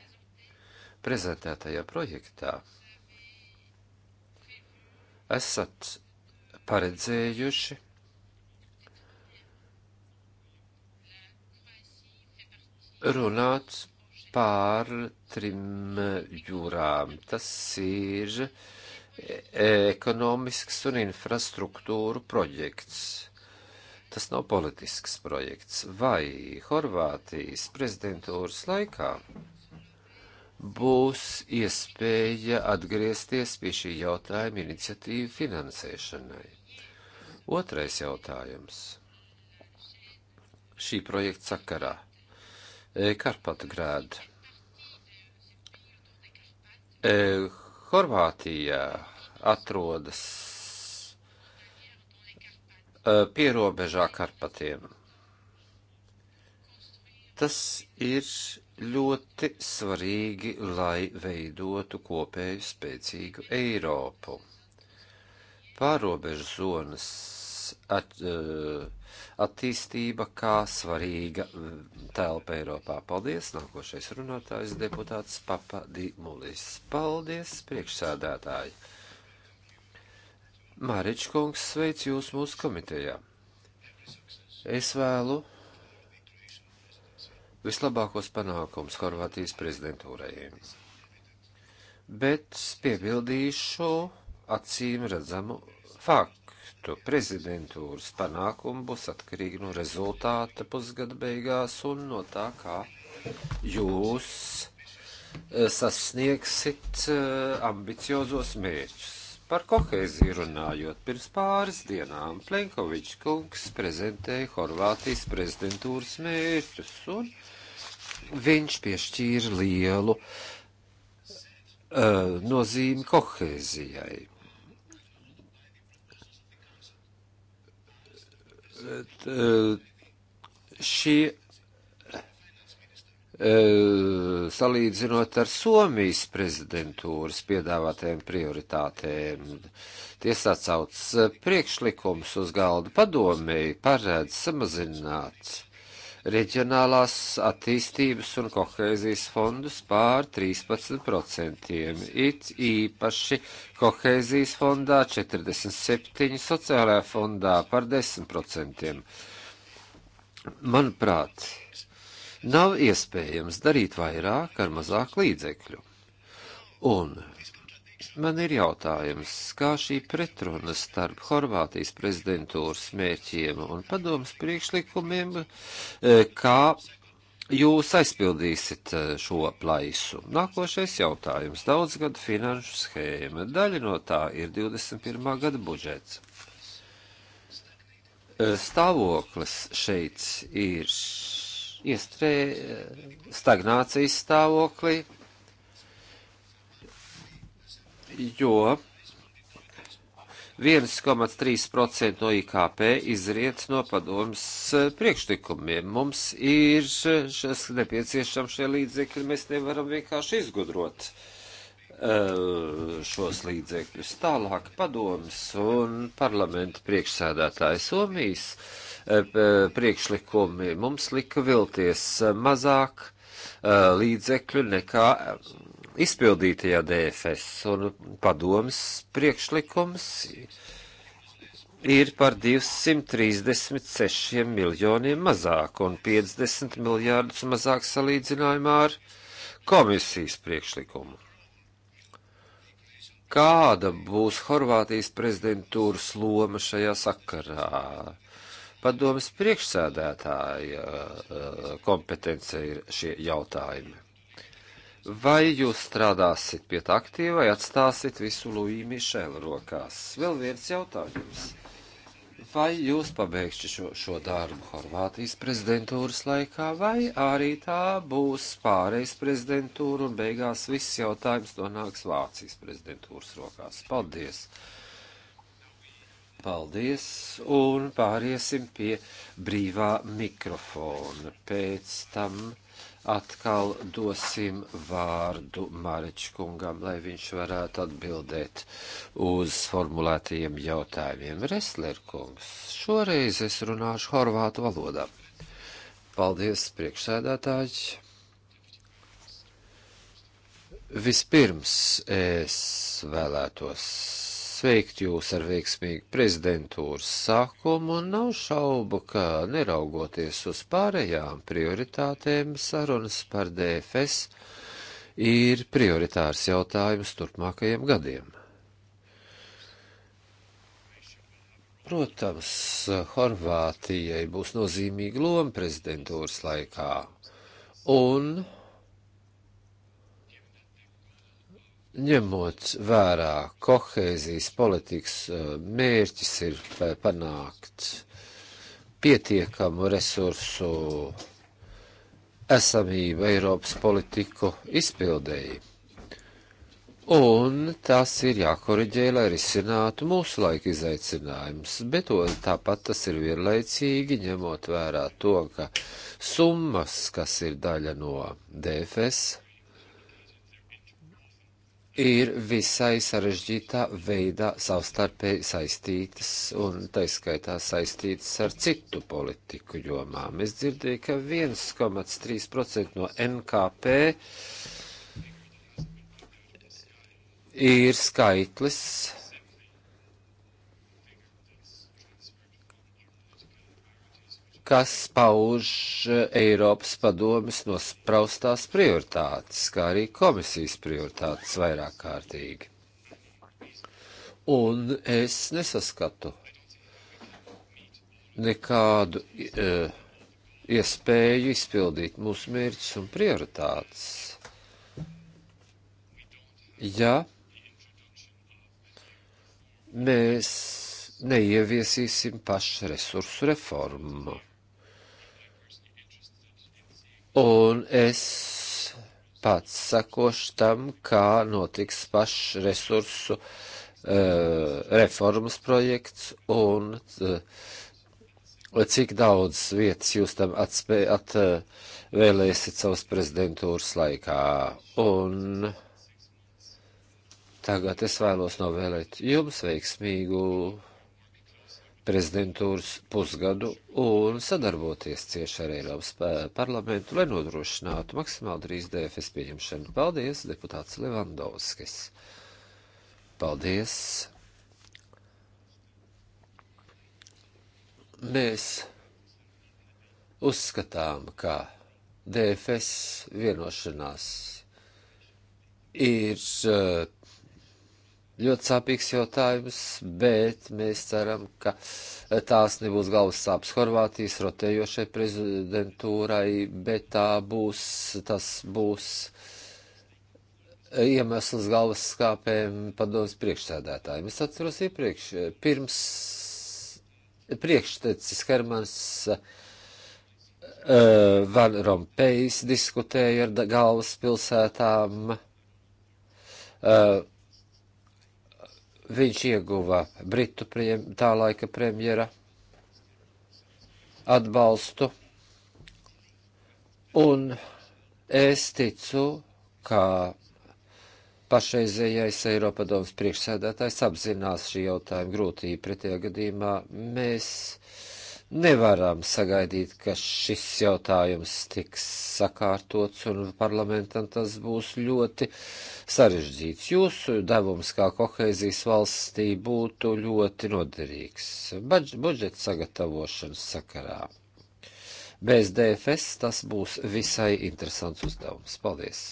prezentētajā projektā esat paredzējuši runāt pār trim jūrām. Tas ir ekonomisks un infrastruktūru projekts. Tas nav politisks projekts. Vai Horvātijas prezidentūras laikā būs iespēja atgriezties pie šī jautājuma iniciatīvu finansēšanai? Otrais jautājums. Šī projekta sakarā e, Karpatu grēda. E, Horvātijā atrodas e, pierobežā Karpatiem. Tas ir ļoti svarīgi, lai veidotu kopēju spēcīgu Eiropu. Pārobežu zonas at, eh, attīstība kā svarīga eh, telpa Eiropā. Paldies! Nākošais runātājs deputāts Papa Dimulis. Paldies, priekšsēdētāji! Maričkungs sveic jūs mūsu komitejā. Es vēlu vislabākos panākums Horvātijas prezidentūrai. Bet piebildīšu acīm redzamu faktu uzskatu, prezidentūras panākumi būs atkarīgi no rezultāta pusgada beigās un no tā, kā jūs eh, sasniegsit eh, ambiciozos mērķus. Par kohēziju runājot, pirms pāris dienām Plenkovičs kungs prezentēja Horvātijas prezidentūras mērķus, un viņš piešķīra lielu uh, nozīmi kohēzijai. Eh, šie eh, salīdzinot ar Somijas prezidentūras piedāvātajiem prioritātēm. Tiesā cauts eh, priekšlikums uz galda padomēji paredz samazināt reģionālās attīstības un kohēzijas fondus pār 13%, it īpaši kohēzijas fondā 47%, sociālajā fondā par 10%. Manuprāt, nav iespējams darīt vairāk ar mazāk līdzekļu. Un Man ir jautājums, kā šī pretruna starp Horvātijas prezidentūras mērķiem un padomas priekšlikumiem, e, kā jūs aizpildīsiet e, šo plaisu? Nākošais jautājums - daudzgadu finanšu schēma. Daļa no tā ir 21. gada budžets. E, stāvoklis šeit ir iestrē stagnācijas stāvoklī jo 1,3% no IKP izriet no padomas priekšlikumiem. Mums ir šis nepieciešams šie līdzekļi, mēs nevaram vienkārši izgudrot uh, šos līdzekļus. Tālāk padomas un parlamenta priekšsēdētāja Somijas uh, priekšlikumi mums lika vilties mazāk uh, līdzekļu nekā izpildītajā DFS un padomas priekšlikums ir par 236 miljoniem mazāk un 50 miljārdus mazāk salīdzinājumā ar komisijas priekšlikumu. Kāda būs Horvātijas prezidentūras loma šajā sakarā? Padomas priekšsēdētāja eh, kompetence ir šie jautājumi. Vai jūs strādāsit pie tā aktīva vai atstāsit visu Lūiju Mišēlu rokās? Vēl viens jautājums. Vai jūs pabeigšat šo, šo darbu Horvātijas prezidentūras laikā, vai arī tā būs pārējais prezidentūra un beigās viss jautājums nonāks Vācijas prezidentūras rokās? Paldies! Paldies! Un pāriesim pie brīvā mikrofona. Pēc tam atkal dosim vārdu Maričkungam, lai viņš varētu atbildēt uz formulētajiem jautājumiem. Reslerkungs, šoreiz es runāšu horvātu valodā. Paldies, priekšsēdētāji! Vispirms es vēlētos sveikt jūs ar veiksmīgu prezidentūras sākumu un nav šaubu, ka neraugoties uz pārējām prioritātēm sarunas par DFS ir prioritārs jautājums turpmākajiem gadiem. Protams, Horvātijai būs nozīmīga loma prezidentūras laikā, un ņemot vērā kohēzijas politikas eh, mērķis ir panākt pietiekamu resursu esamību Eiropas politiku izpildēji. Un tas ir jākoriģē, lai risinātu mūsu laika izaicinājumus, bet to, tāpat tas ir vienlaicīgi, ņemot vērā to, ka summas, kas ir daļa no DFS, ir visai sarežģītā veidā savstarpēji saistītas un taiskaitā saistītas ar citu politiku jomām. Es dzirdēju, ka 1,3% no NKP ir skaitlis, kas pauž eh, Eiropas padomis nospraustās prioritātes, kā arī komisijas prioritātes vairāk kārtīgi. Un es nesaskatu nekādu e, iespēju izpildīt mūsu mērķus un prioritātes. Ja mēs neieviesīsim pašresursu reformu. Un es pats sakošu tam, kā notiks pašs resursu uh, reformas projekts un uh, cik daudz vietas jūs tam atspē, atvēlēsiet savas prezidentūras laikā. Un tagad es vēlos novēlēt jums veiksmīgu prezidentūras pusgadu un sadarboties cieši ar Eiropas eh, parlamentu, lai nodrošinātu maksimāli drīz DFS pieņemšanu. Paldies, deputāts Levandovskis. Paldies. Mēs uzskatām, ka DFS vienošanās ir eh, ļoti sāpīgs jautājums, bet mēs ceram, ka tās nebūs galvas sāpes Horvātijas rotējošai prezidentūrai, bet tā būs, tas būs iemesls galvas skāpēm padomas priekšsēdētājiem. Es atceros iepriekš, pirms priekštecis Hermans uh, Van Rompējs diskutēja ar galvas pilsētām. Uh, viņš ieguva Britu priem, tā laika premjera atbalstu, un es ticu, ka pašreizējais Eiropadomas priekšsēdētājs apzinās šī jautājuma grūtību pretējā gadījumā. Mēs nevaram sagaidīt, ka šis jautājums tiks sakārtots un parlamentam tas būs ļoti sarežģīts. Jūsu devums kā kohēzijas valstī būtu ļoti noderīgs budžeta sagatavošanas sakarā. Bez DFS tas būs visai interesants uzdevums. Paldies!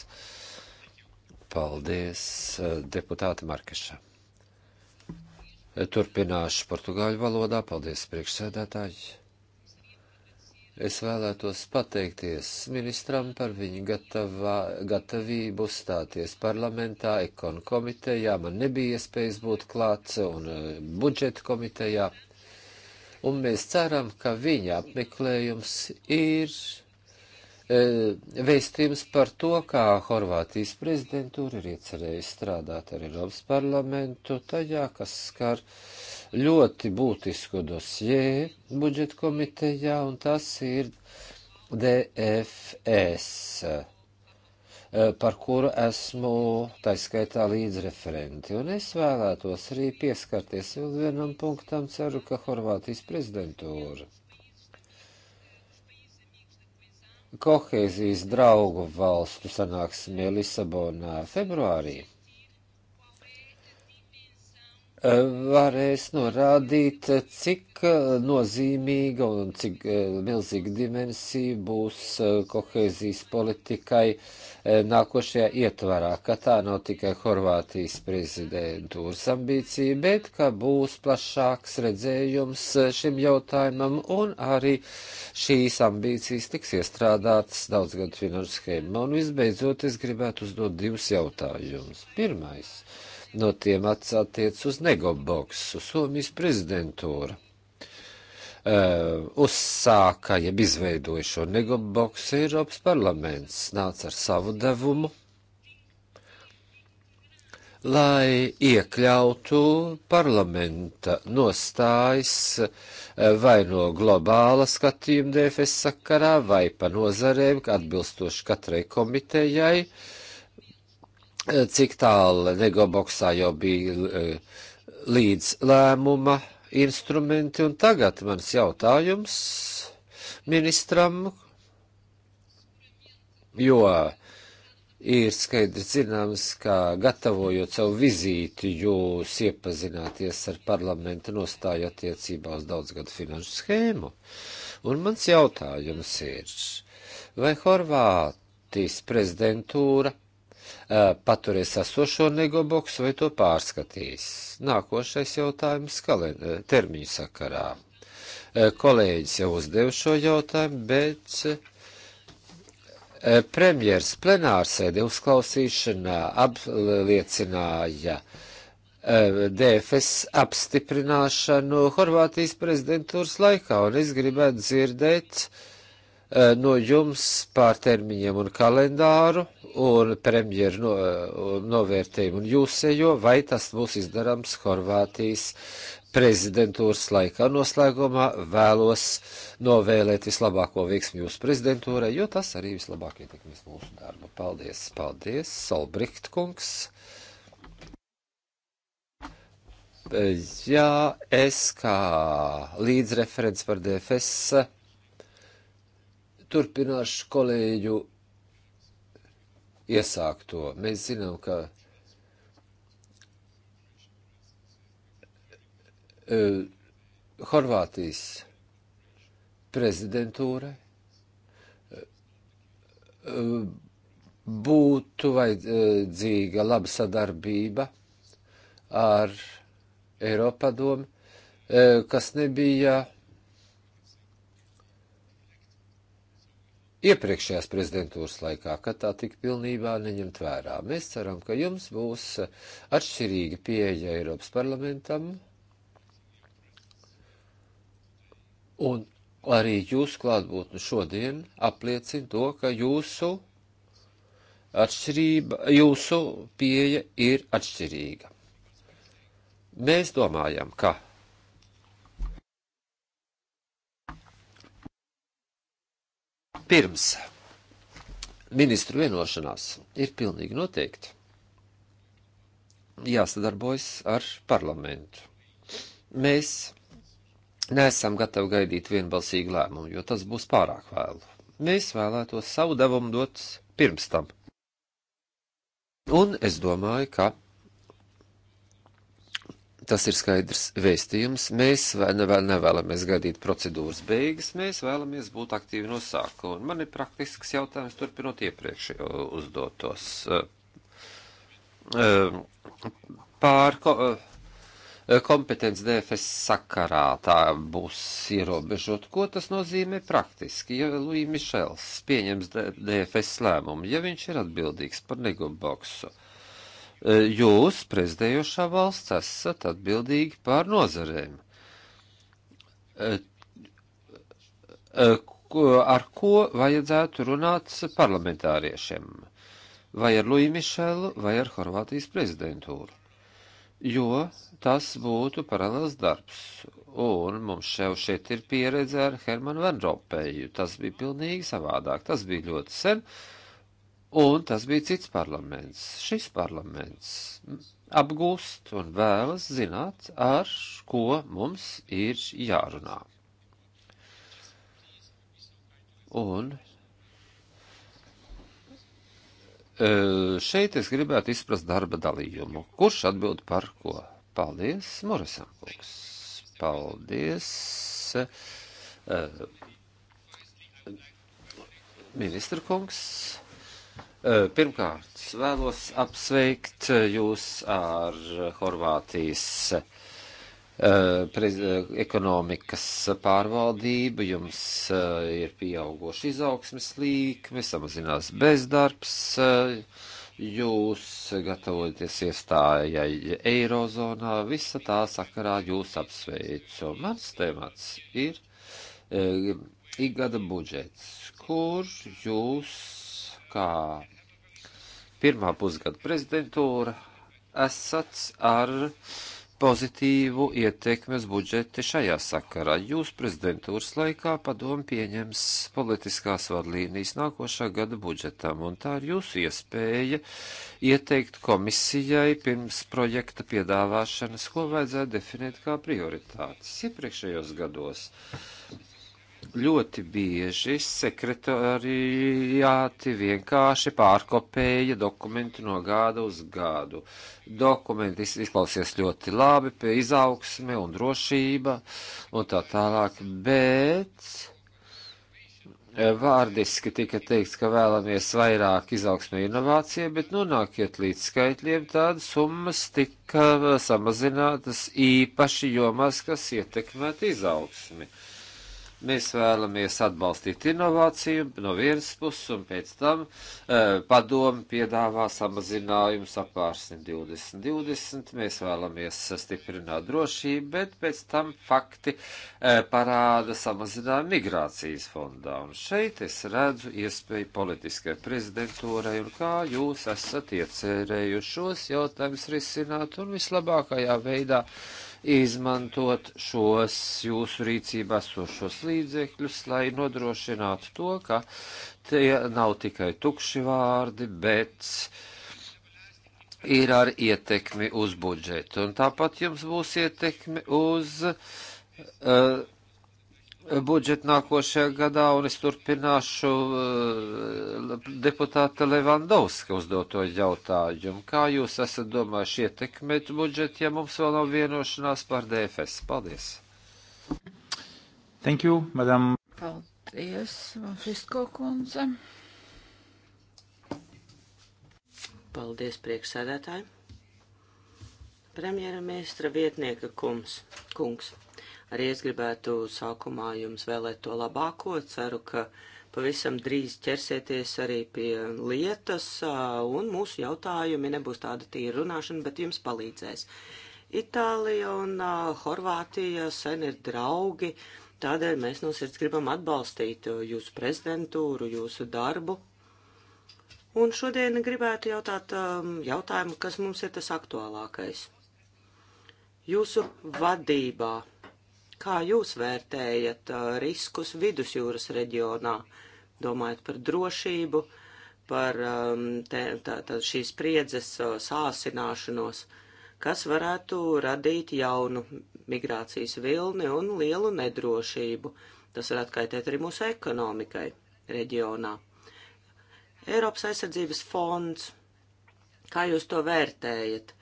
Paldies, eh, deputāte Markeša! Turpināšu portugāļu valodā. Paldies, priekšsēdētāji! Es vēlētos pateikties ministram par viņa gatavā, gatavību uzstāties parlamentā, ekon komitejā. Man nebija iespējas būt klāts un e, budžeta komitejā. Un mēs ceram, ka viņa apmeklējums ir E, vēstījums par to, kā Horvātijas prezidentūra ir iecerējusi strādāt ar Eiropas parlamentu tajā, kas skar ļoti būtisku dosjē budžeta komitejā, un tas ir DFS, e, par kuru esmu taiskaitā līdzreferenti. Un es vēlētos arī pieskarties vēl vienam punktam, ceru, ka Horvātijas prezidentūra kohēzijas draugu valstu sanāksmē Lisabonā februārī varēs norādīt, cik nozīmīga un cik eh, milzīga dimensija būs eh, kohēzijas politikai eh, nākošajā ietvarā, ka tā nav tikai Horvātijas prezidentūras ambīcija, bet ka būs plašāks redzējums šim jautājumam un arī šīs ambīcijas tiks iestrādātas daudzgadu finanšu schēmā. Un visbeidzot, es gribētu uzdot divus jautājumus. Pirmais. Uh, no tiem atsātiec uz Negoboksu, Somijas prezidentūra. Uh, uzsāka, jeb izveidoja šo Negoboksu Eiropas parlaments, nāca ar savu devumu, lai iekļautu parlamenta nostājas eh, vai no globāla skatījuma DFS sakarā vai pa nozarēm, atbilstoši katrai komitejai, uh, cik tālu negoboksā jau bija e, līdz lēmuma instrumenti, un tagad mans jautājums ministram, jo ir skaidri zināms, ka gatavojot savu vizīti, jūs iepazināties ar parlamenta nostāju attiecībā uz daudzgadu finanšu schēmu. Un mans jautājums ir, vai Horvātijas prezidentūra Eh, paturēs esošo negoboksu vai to pārskatīs. Nākošais jautājums kalen, eh, termiņu sakarā. Eh, kolēģis jau uzdev šo jautājumu, bet premjers plenārsēdi uzklausīšanā apliecināja DFS apstiprināšanu Horvātijas prezidentūras laikā, un es gribētu dzirdēt uh, Eh, no jums pār termiņiem un kalendāru un premjeru no, eh, novērtējumu un jūsējo, vai tas būs izdarams Horvātijas prezidentūras laikā noslēgumā vēlos novēlēt vislabāko veiksmi jūsu prezidentūrai, jo tas arī vislabāk ietekmēs mūsu darbu. Paldies, paldies, Solbrikt kungs. Eh, jā, es kā līdzreferents par DFS turpināšu kolēģu iesākto. Mēs zinām, ka uh, Horvātijas prezidentūra uh, e, būtu vajadzīga laba sadarbība ar Eiropadomu, uh, e, kas nebija iepriekšējās prezidentūras laikā, kad tā tika pilnībā neņemt vērā. Mēs ceram, ka jums būs atšķirīga pieeja Eiropas parlamentam un arī jūsu klātbūtne šodien apliecina to, ka jūsu atšķirība, jūsu pieeja ir atšķirīga. Mēs domājam, ka pirms ministru vienošanās ir pilnīgi noteikti jāsadarbojas ar parlamentu. Mēs neesam gatavi gaidīt vienbalsīgu lēmumu, jo tas būs pārāk vēlu. Mēs vēlētos savu devumu dot pirms tam. Un es domāju, ka Tas ir skaidrs vēstījums. Mēs vēl nevēlamies gaidīt procedūras beigas, mēs vēlamies būt aktīvi no sākuma. Man ir praktisks jautājums, turpinot iepriekš uzdotos. E, e, pār ko, e, kompetence DFS sakarā tā būs ierobežot. Ko tas nozīmē praktiski? Ja Lūija Mišels pieņems DFS lēmumu, ja viņš ir atbildīgs par negoboksu, jūs, prezidējošā valsts, esat atbildīgi par nozarēm. E, e, ar ko vajadzētu runāt parlamentāriešiem? Vai ar Luiju Mišelu, vai ar Horvātijas prezidentūru? Jo tas būtu paralēls darbs, un mums jau šeit ir pieredze ar Hermanu Van Ropeju. Tas bija pilnīgi savādāk. Tas bija ļoti sen. Uh, Un tas bija cits parlaments. Šis parlaments apgūst un vēlas zināt, ar ko mums ir jārunā. Un e, šeit es gribētu izprast darba dalījumu. Kurš atbild par ko? Paldies, Morisam kungs. Paldies. E, ministra kungs. Pirmkārt, vēlos apsveikt jūs ar Horvātijas ekonomikas pārvaldību. Jums ir pieauguši izaugsmes līkme, samazinās bezdarbs, jūs gatavojaties iestājai Eirozonā. Visa tā sakarā jūs apsveicu. Mans temats ir ikgada budžets, kur jūs kā pirmā pusgada prezidentūra esat ar pozitīvu ietekmi uz budžeti šajā sakarā. Jūs prezidentūras laikā padomu pieņems politiskās vadlīnijas nākošā gada budžetam, un tā ir jūsu iespēja ieteikt komisijai pirms projekta piedāvāšanas, ko vajadzētu definēt kā prioritātes iepriekšējos gados. Ļoti bieži sekretariāti vienkārši pārkopēja dokumentu no gada uz gadu. Dokumenti izklausies ļoti labi, pie izaugsme un drošība un tā tālāk, bet eh, vārdiski tika teikts, ka vēlamies vairāk izaugsmē inovācija, bet nonākiet līdz skaitļiem, tāda summas tika eh, samazinātas īpaši jomas, kas ietekmēt izaugsmi. Uh, Mēs vēlamies atbalstīt inovāciju no vienas puses, un pēc tam uh, padomu piedāvā samazinājumu sapārsni 2020. Mēs vēlamies stiprināt drošību, bet pēc tam fakti uh, parāda samazinājumu migrācijas fondā. Un šeit es redzu iespēju politiskai prezidentūrai, un kā jūs esat iecerējušos jautājumus risināt un vislabākajā veidā. Uh, izmantot šos jūsu rīcībā sošos līdzekļus, lai nodrošinātu to, ka tie nav tikai tukši vārdi, bet ir ar ietekmi uz budžetu. Un tāpat jums būs ietekmi uz uh, budžetu nākošajā gadā, un es turpināšu eh, deputāta Levandovska uzdoto jautājumu. Kā jūs esat domājuši ietekmēt budžetu, ja mums vēl nav vienošanās par DFS? Paldies! Thank you, madam. Paldies, Fisko kundze. Paldies, priekšsēdētāji. Premjera ministra vietnieka kungs. kungs. Arī es gribētu sākumā jums vēlēt to labāko. Ceru, ka pavisam drīz ķersieties arī pie lietas, un mūsu jautājumi nebūs tāda tīra runāšana, bet jums palīdzēs. Itālija un uh, Horvātija sen ir draugi, tādēļ mēs no sirds gribam atbalstīt jūsu prezidentūru, jūsu darbu. Un šodien gribētu jautāt um, jautājumu, kas mums ir tas aktuālākais. Jūsu vadībā Kā jūs vērtējat uh, riskus vidusjūras reģionā? Domājat par drošību, par um, te, tā, tā, šīs priedzes uh, sāsināšanos, kas varētu radīt jaunu migrācijas vilni un lielu nedrošību. Tas var atkaitēt arī mūsu ekonomikai reģionā. Eiropas aizsardzības fonds, kā jūs to vērtējat?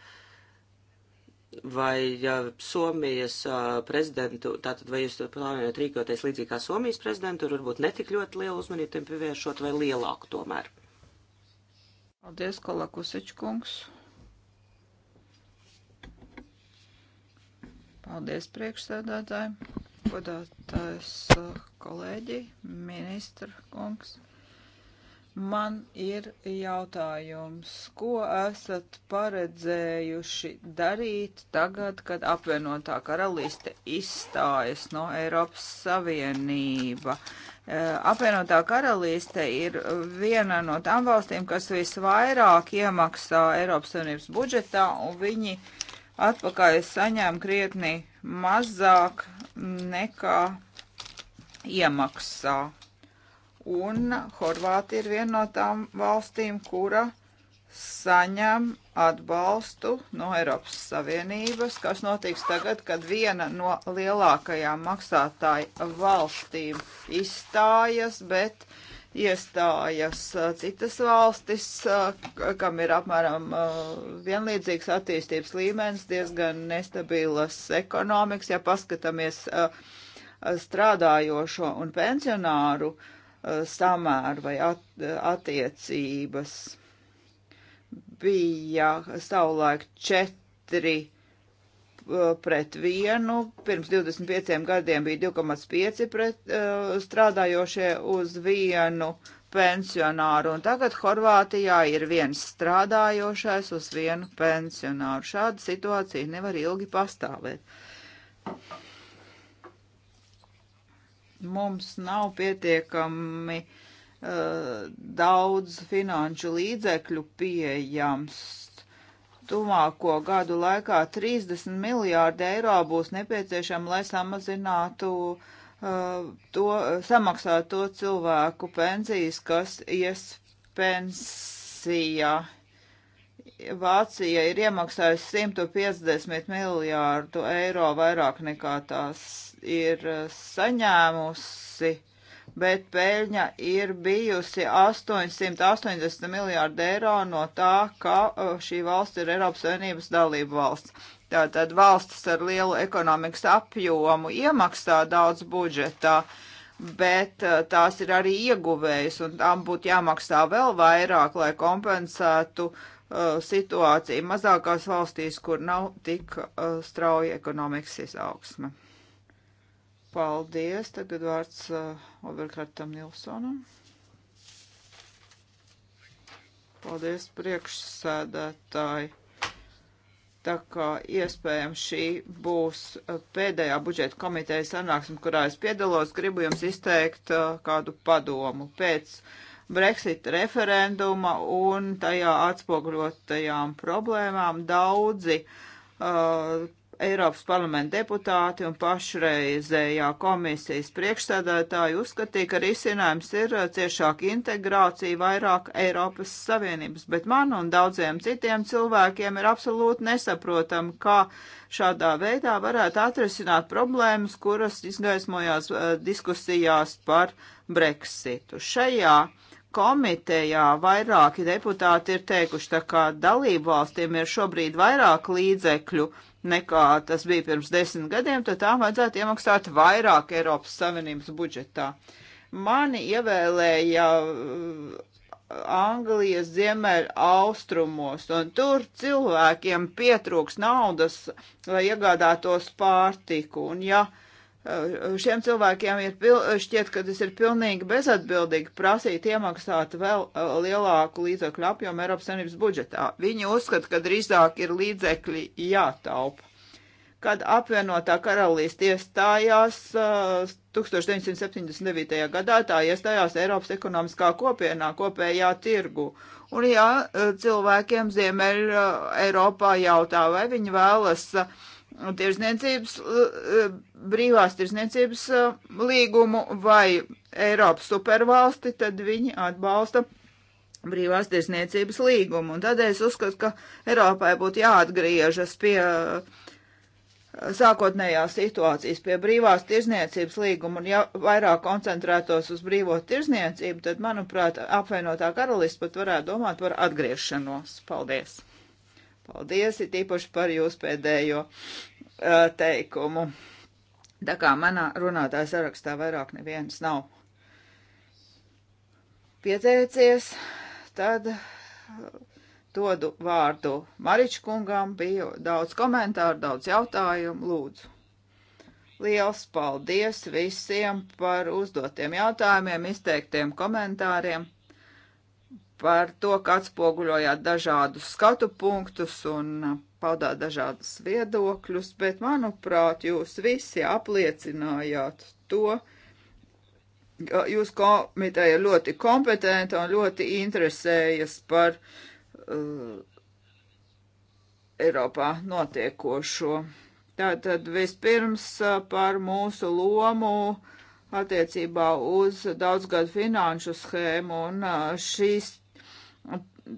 vai uh, Somijas uh, prezidentu, tātad vai jūs plānojat rīkoties līdzīgi kā Somijas prezidentu, varbūt netik ļoti lielu uzmanību tam pievēršot vai lielāku tomēr? Paldies, Kolakusičkungs. Paldies priekšsēdētāji, godātājs kolēģi, ministra kungs. Man ir jautājums, ko esat paredzējuši darīt tagad, kad apvienotā karaliste izstājas no Eiropas Savienība? Eh, apvienotā karaliste ir viena no tām valstīm, kas visvairāk iemaksā Eiropas Savienības budžetā, un viņi atpakaļ saņēma krietni mazāk nekā iemaksā un Horvātija ir viena no tām valstīm, kura saņem atbalstu no Eiropas Savienības, kas notiks tagad, kad viena no lielākajām maksātāju valstīm izstājas, bet iestājas uh, citas valstis, uh, kam ir apmēram uh, vienlīdzīgs attīstības līmenis, diezgan nestabilas ekonomikas. Ja paskatāmies strādājošo un pensionāru uh, Eh, samēru vai at, eh, attiecības. Bija savulaik četri eh, pret vienu, pirms 25 gadiem bija 2,5 pret strādājošie uz vienu pensionāru, un tagad Horvātijā ir viens strādājošais uz vienu pensionāru. Šāda situācija nevar ilgi pastāvēt. Mums nav pietiekami uh, daudz finanšu līdzekļu pieejams. Tumāko gadu laikā 30 miljārdi eiro būs nepieciešami, lai samazinātu uh, to, samaksātu to cilvēku pensijas, kas ies pensijā. Vācija ir iemaksājusi 150 miljārdu eiro vairāk nekā tās ir eh, saņēmusi, bet peļņa ir bijusi 880 miljārdi eiro no tā, ka eh, šī valsts ir Eiropas Savienības dalība valsts. Tātad valstis ar lielu ekonomikas apjomu iemaksā daudz budžetā, bet eh, tās ir arī ieguvējas, un tām būtu jāmaksā vēl vairāk, lai kompensētu uh, situāciju mazākās valstīs, kur nav tik uh, strauja ekonomikas izaugsme. Paldies. Tagad vārds uh, Overkartam Nilsonam. Paldies priekšsēdētāji. Tā kā iespējams šī būs pēdējā budžeta komitejas sanāksme, kurā es piedalos, gribu jums izteikt uh, kādu padomu pēc Brexit referenduma un tajā atspoguļotajām problēmām. Daudzi uh, Eiropas parlamenta deputāti un pašreizējā komisijas priekšsēdētāji uzskatīja, ka risinājums ir ciešāka integrācija, vairāk Eiropas Savienības, bet man un daudziem citiem cilvēkiem ir absolūti nesaprotami, kā šādā veidā varētu atrisināt problēmas, kuras izgaismojās uh, diskusijās par Brexitu. Šajā uh, komitejā vairāki deputāti ir teikuši, tā kā dalību valstīm ir šobrīd vairāk līdzekļu nekā tas bija pirms desmit gadiem, tad tām vajadzētu iemaksāt vairāk Eiropas Savienības budžetā. Mani ievēlēja uh, Anglijas ziemeļa austrumos, un tur cilvēkiem pietrūks naudas, lai iegādātos pārtiku. Un ja uh, Eh, šiem cilvēkiem ir pil, eh, šķiet, ka tas ir pilnīgi bezatbildīgi prasīt iemaksāt vēl eh, lielāku līdzekļu apjomu Eiropas Savienības budžetā. Viņi uzskata, ka drīzāk ir līdzekļi jātaupa. Kad apvienotā karalīste iestājās 1979. gadā, tā iestājās Eiropas ekonomiskā kopienā, kopējā tirgu. Un jā, cilvēkiem Ziemeļ Eiropā jautā, vai viņi vēlas uh, tirzniecības, e, brīvās tirzniecības e, līgumu vai Eiropas supervalsti, tad viņi atbalsta brīvās tirzniecības līgumu. Un tādēļ es uzskatu, ka Eiropai būtu jāatgriežas pie e, sākotnējās situācijas, pie brīvās tirzniecības līguma un ja vairāk koncentrētos uz brīvo tirzniecību, tad, manuprāt, apvienotā karalists pat varētu domāt par atgriešanos. Paldies! Paldies, it īpaši par jūsu pēdējo uh, teikumu. Tā kā manā runātāja sarakstā vairāk nevienas nav pieteicies, tad dodu vārdu Maričkungam, bija daudz komentāru, daudz jautājumu, lūdzu. Liels paldies visiem par uzdotiem jautājumiem, izteiktiem komentāriem par to, ka atspoguļojāt dažādus skatu punktus un paudāt dažādus viedokļus, bet, manuprāt, jūs visi apliecinājāt to, ka jūs komiteja ļoti kompetenta un ļoti interesējas par uh, Eiropā notiekošo. Tātad vispirms uh, par mūsu lomu attiecībā uz daudzgadu finanšu schēmu un uh, šīs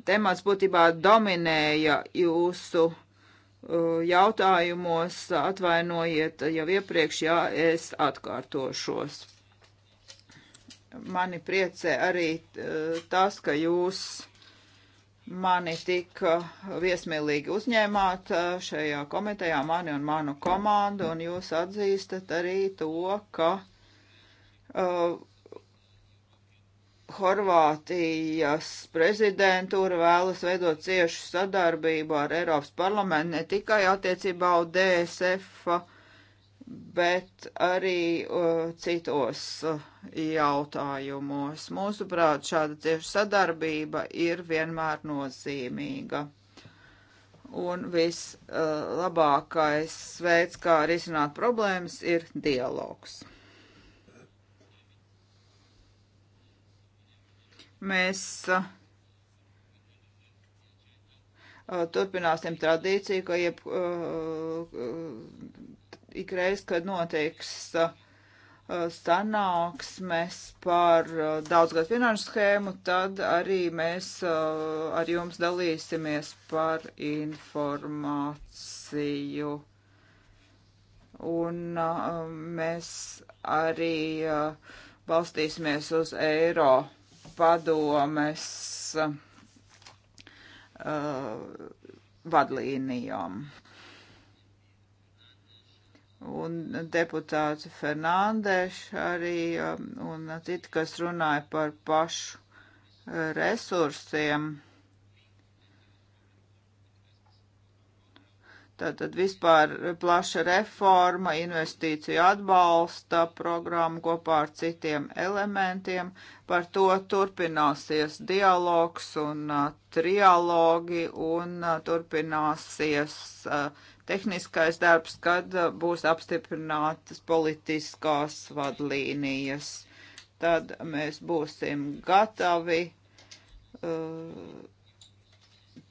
temats būtībā dominēja jūsu uh, jautājumos. Atvainojiet jau iepriekš, jā, es atkārtošos. Mani priecē arī uh, tas, ka jūs mani tik uh, viesmīlīgi uzņēmāt šajā komitejā, mani un manu komandu, un jūs atzīstat arī to, ka uh, Horvātijas prezidentūra vēlas veidot ciešu sadarbību ar Eiropas parlamentu ne tikai attiecībā uz DSF, bet arī uh, citos uh, jautājumos. Mūsuprāt, šāda cieša sadarbība ir vienmēr nozīmīga. Un vislabākais uh, veids, kā risināt problēmas, ir dialogs. Mēs uh, uh, turpināsim tradīciju, ka jeb, uh, uh ikreiz, kad noteiks uh, sanāksmes par uh, daudzgad finanšu schēmu, tad arī mēs ar jums dalīsimies par informāciju. Un mēs arī balstīsimies uz eiro padomes uh, vadlīnijām. Un deputāts Fernandeš arī um, un citi, kas runāja par pašu resursiem Tātad vispār plaša reforma, investīciju atbalsta programma kopā ar citiem elementiem. Par to turpināsies dialogs un uh, trialogi un uh, turpināsies uh, tehniskais darbs, kad uh, būs apstiprinātas politiskās vadlīnijas. Tad mēs būsim gatavi. Uh,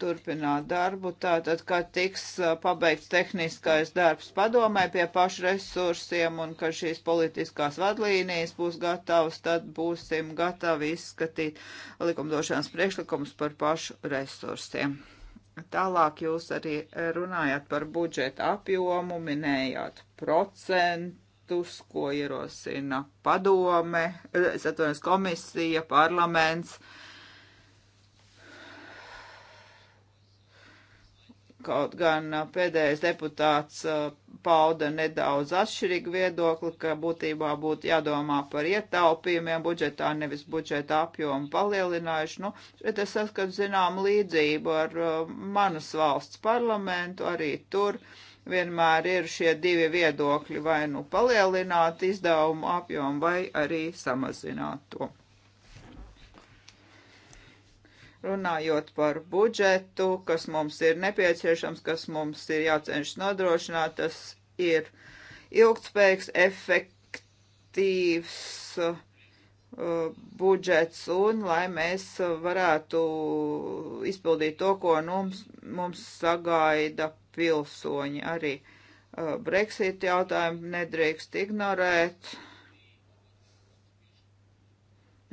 turpināt darbu. Tātad, kad tiks pabeigts tehniskais darbs padomē pie pašu resursiem un ka šīs politiskās vadlīnijas būs gatavas, tad būsim gatavi izskatīt likumdošanas priekšlikumus par pašu resursiem. Tālāk jūs arī runājāt par budžeta apjomu, minējāt procentu aktus, ko ierosina padome, atvainojas komisija, parlaments. Kaut gan uh, pēdējais deputāts uh, pauda nedaudz atšķirīgu viedokli, ka būtībā būtu jādomā par ietaupījumiem budžetā, nevis budžeta apjomu palielinājuši. Nu, šeit es saskatu zinām līdzību ar uh, manas valsts parlamentu, arī tur vienmēr ir šie divi viedokļi, vai nu palielināt izdevumu apjomu, vai arī samazināt to runājot par budžetu, kas mums ir nepieciešams, kas mums ir jācenšas nodrošināt, tas ir ilgspējīgs, efektīvs uh, budžets un lai mēs varētu izpildīt to, ko mums, mums sagaida pilsoņi. Arī uh, Brexit jautājumu nedrīkst ignorēt.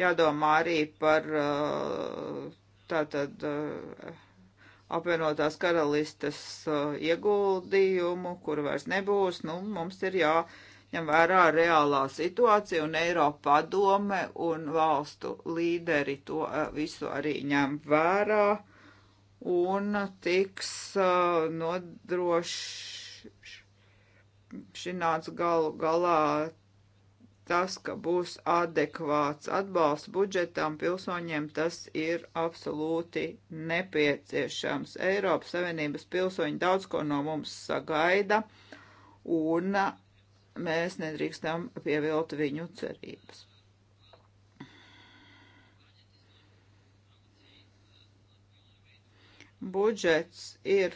Jādomā arī par uh, tātad eh, apvienotās karalistes eh, ieguldījumu, kur vairs nebūs, nu, mums ir jā ņem vērā reālā situācija un Eiropa padome un valstu līderi to eh, visu arī ņem vērā un tiks nodrošināts galu galā tas, ka būs adekvāts atbalsts budžetam pilsoņiem, tas ir absolūti nepieciešams. Eiropas Savienības pilsoņi daudz ko no mums sagaida, un mēs nedrīkstam pievilt viņu cerības. Budžets ir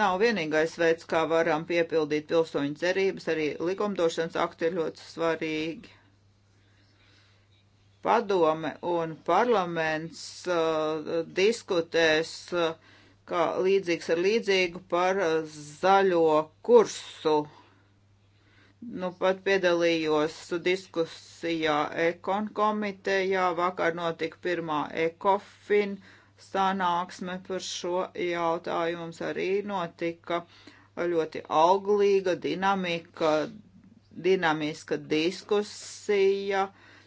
nav vienīgais veids, kā varam piepildīt pilsoņu cerības, arī likumdošanas akti ir ļoti svarīgi. Padome un parlaments uh, diskutēs uh, kā līdzīgs ar līdzīgu par uh, zaļo kursu. Nu, pat piedalījos diskusijā ekon komitejā, vakar notika pirmā ekofina sanāksme par šo jautājumu mums arī notika ļoti auglīga dinamika, dinamiska diskusija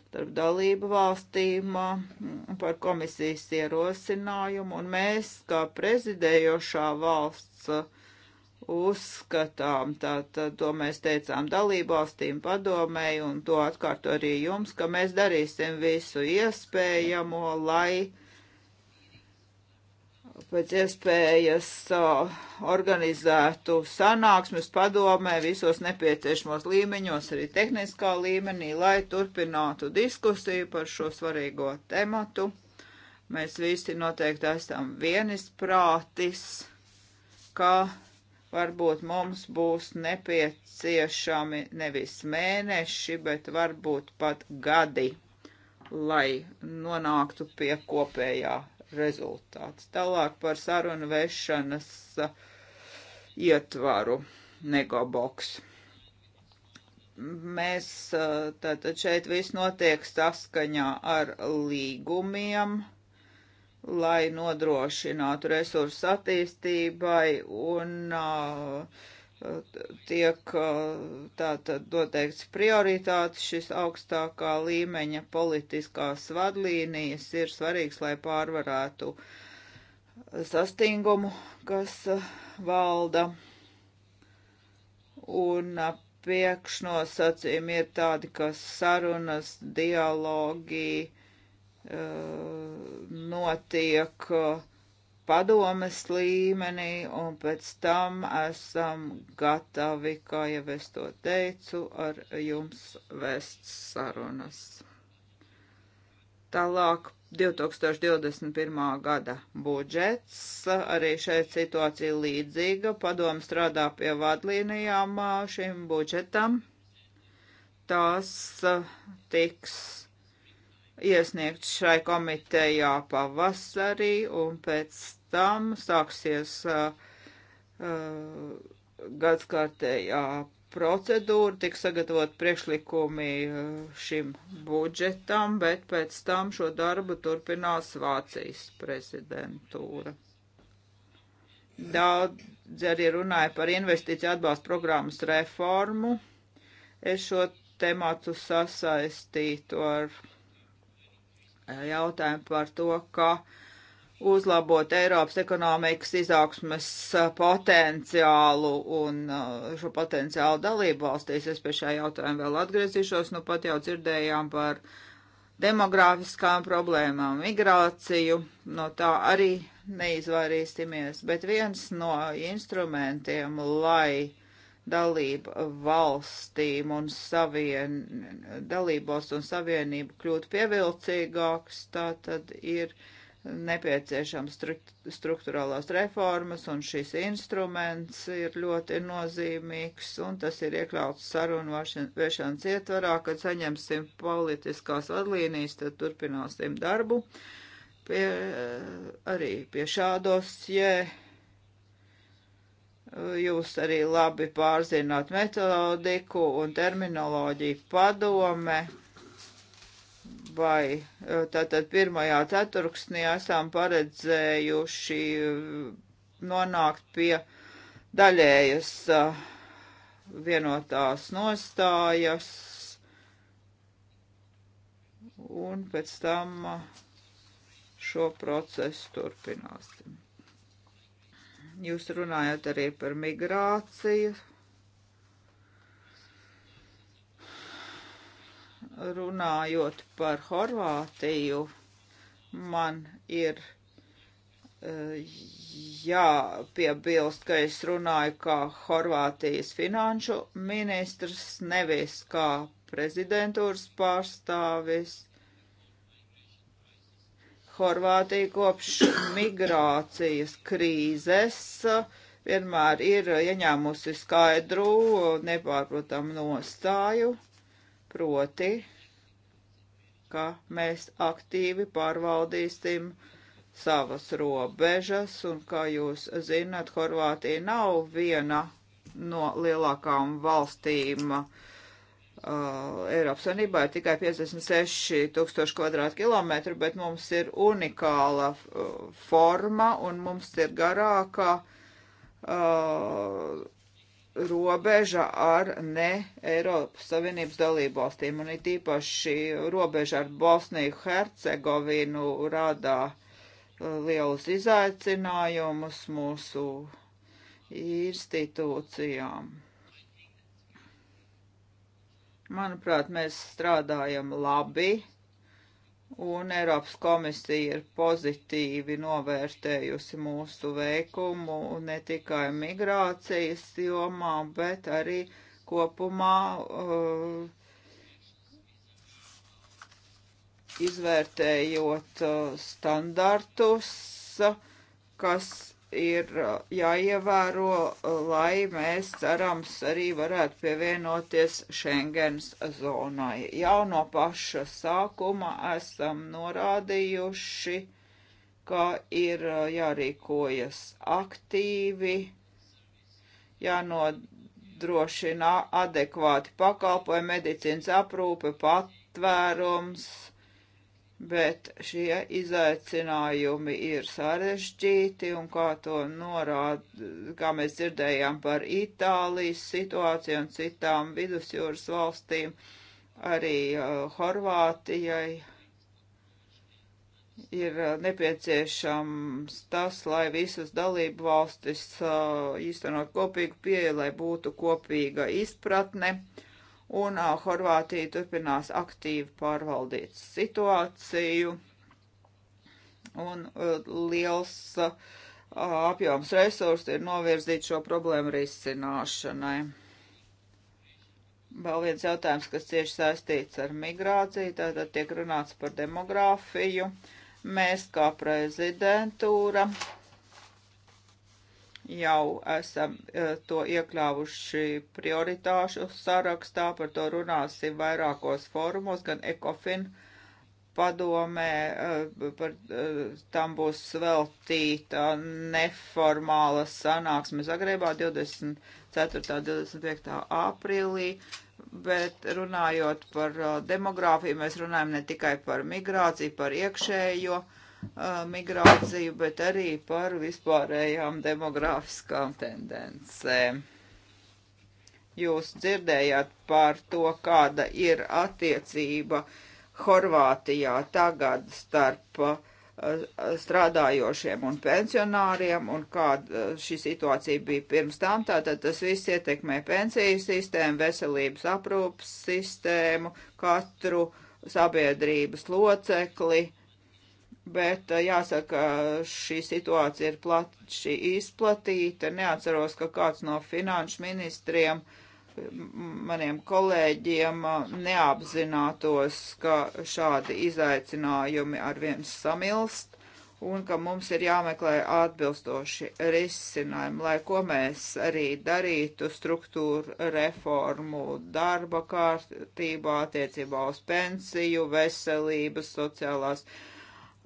starp dalību valstīm mm, par komisijas ierosinājumu, un mēs, kā prezidējošā valsts, uzskatām, tātad to mēs teicām dalību valstīm padomēji, un to atkārto arī jums, ka mēs darīsim visu iespējamo, lai pēc iespējas uh, organizētu sanāksmes padomē visos nepieciešamos līmeņos, arī tehniskā līmenī, lai turpinātu diskusiju par šo svarīgo tematu. Mēs visi noteikti esam vienisprātis, ka varbūt mums būs nepieciešami nevis mēneši, bet varbūt pat gadi, lai nonāktu pie kopējā rezultāts. Tālāk par sarunu vešanas ietvaru negoboks. Mēs tātad šeit viss notiek saskaņā ar līgumiem, lai nodrošinātu resursu attīstībai un uh, tiek tātad noteikts prioritātes šis augstākā līmeņa politiskās vadlīnijas ir svarīgs, lai pārvarētu sastingumu, kas valda. Un priekšnosacījumi ir tādi, ka sarunas, dialogi notiek padomes līmenī, un pēc tam esam gatavi, kā jau es to teicu, ar jums vēst sarunas. Tālāk 2021. gada budžets. Arī šeit situācija līdzīga. Padomu strādā pie vadlīnijām šim budžetam. Tās tiks iesniegts šai komitejā pavasarī un pēc tam sāksies uh, uh, gadskārtējā procedūra, tiks sagatavot priekšlikumi uh, šim budžetam, bet pēc tam šo darbu turpinās Vācijas prezidentūra. Daudz arī runāja par investīciju atbalstu programmas reformu. Es šo tematu sasaistītu ar uh, jautājumu par to, ka uh, uzlabot Eiropas ekonomikas izaugsmes eh, potenciālu un eh, šo potenciālu dalību valstīs. Es pie šā jautājuma vēl atgriezīšos. Nu, pat jau dzirdējām par demogrāfiskām problēmām, migrāciju. No tā arī neizvairīsimies. Bet viens no instrumentiem, lai dalību valstīm un savien, dalībos un savienību kļūtu pievilcīgāks, tā tad ir nepieciešams struktūrālās reformas, un šis instruments ir ļoti nozīmīgs, un tas ir iekļauts sarunu vešanas ietvarā, kad saņemsim politiskās vadlīnijas, tad turpināsim darbu pie, arī pie šādos, ja jūs arī labi pārzināt metodiku un terminoloģiju padome vai e, tātad pirmajā ceturksnī esam paredzējuši e, nonākt pie daļējas e, vienotās nostājas un pēc tam šo procesu turpināsim. Jūs runājat arī par migrāciju runājot par Horvātiju, man ir eh, jāpiebilst, ka es runāju kā Horvātijas finanšu ministrs, nevis kā prezidentūras pārstāvis. Horvātija kopš migrācijas krīzes eh, vienmēr ir ieņēmusi skaidru, nepārprotamu nostāju proti, ka mēs aktīvi pārvaldīsim savas robežas, un kā jūs zinat, Horvātija nav viena no lielākām valstīm uh, Eiropas Savienībā, ir tikai 56 tūkstoši kvadrātkilometru, bet mums ir unikāla uh, forma, un mums ir garākā uh, robeža ar ne Eiropas Savienības dalību valstīm, un it īpaši robeža ar Bosniju Hercegovinu rādā uh, lielus izaicinājumus mūsu institūcijām. Manuprāt, mēs strādājam labi un Eiropas komisija ir pozitīvi novērtējusi mūsu veikumu ne tikai migrācijas jomā, bet arī kopumā uh, izvērtējot uh, standartus, kas ir uh, jāievēro, uh, lai mēs cerams arī varētu pievienoties Schengens zonai. Jau no paša sākuma esam norādījuši, ka ir uh, jārīkojas aktīvi, jānodrošina adekvāti pakalpojumi, medicīnas aprūpe, patvērums bet šie izaicinājumi ir sarežģīti, un kā to norāda, kā mēs dzirdējām par Itālijas situāciju un citām vidusjūras valstīm, arī uh, Horvātijai ir uh, nepieciešams tas, lai visas dalību valstis uh, īstenot kopīgu pieeju, lai būtu kopīga izpratne. Uh, un uh, Horvātija turpinās aktīvi pārvaldīt situāciju. Un uh, liels uh, apjoms resursu ir novirzīt šo problēmu risināšanai. Vēl viens jautājums, kas cieši saistīts ar migrāciju, tātad tiek runāts par demogrāfiju. Mēs kā prezidentūra jau esam eh, to iekļāvuši prioritāšu sarakstā, par to runāsim vairākos fórumos, gan ECOFIN padomē, eh, par eh, tam būs sveltīta neformāla sanāksme Zagrebā 24. 25. aprīlī, bet runājot par demogrāfiju, mēs runājam ne tikai par migrāciju, par iekšējo, uh, Uh, migrāciju, bet arī par vispārējām demografiskām tendencēm. Jūs dzirdējāt par to, kāda ir attiecība Horvātijā tagad starp uh, strādājošiem un pensionāriem, un kāda uh, šī situācija bija pirms tam. Tātad tas viss ietekmē pensiju sistēmu, veselības aprūpas sistēmu, katru sabiedrības locekli, bet eh, jāsaka, šī situācija ir plaši izplatīta. Neatceros, ka kāds no finanšu ministriem, maniem kolēģiem eh, neapzinātos, ka šādi izaicinājumi arvien samilst un ka mums ir jāmeklē atbilstoši risinājumi, lai ko mēs arī darītu struktūru reformu darba kārtībā attiecībā uz pensiju, veselības, sociālās uh,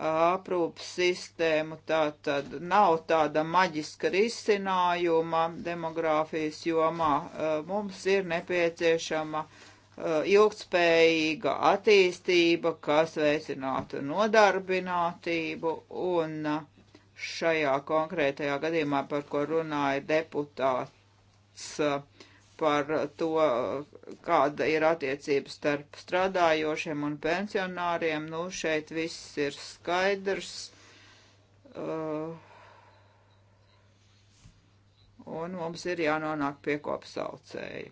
aprūpas sistēmu. Tā tad nav tāda maģiska risinājuma demogrāfijas jomā. Mums ir nepieciešama ilgspējīga attīstība, kas veicinātu nodarbinātību un šajā konkrētajā gadījumā, par ko runāja deputāts, uh, par to, kāda ir attiecība starp strādājošiem un pensionāriem. Nu, šeit viss ir skaidrs. Uh, un mums ir jānonāk pie kopsaucēji,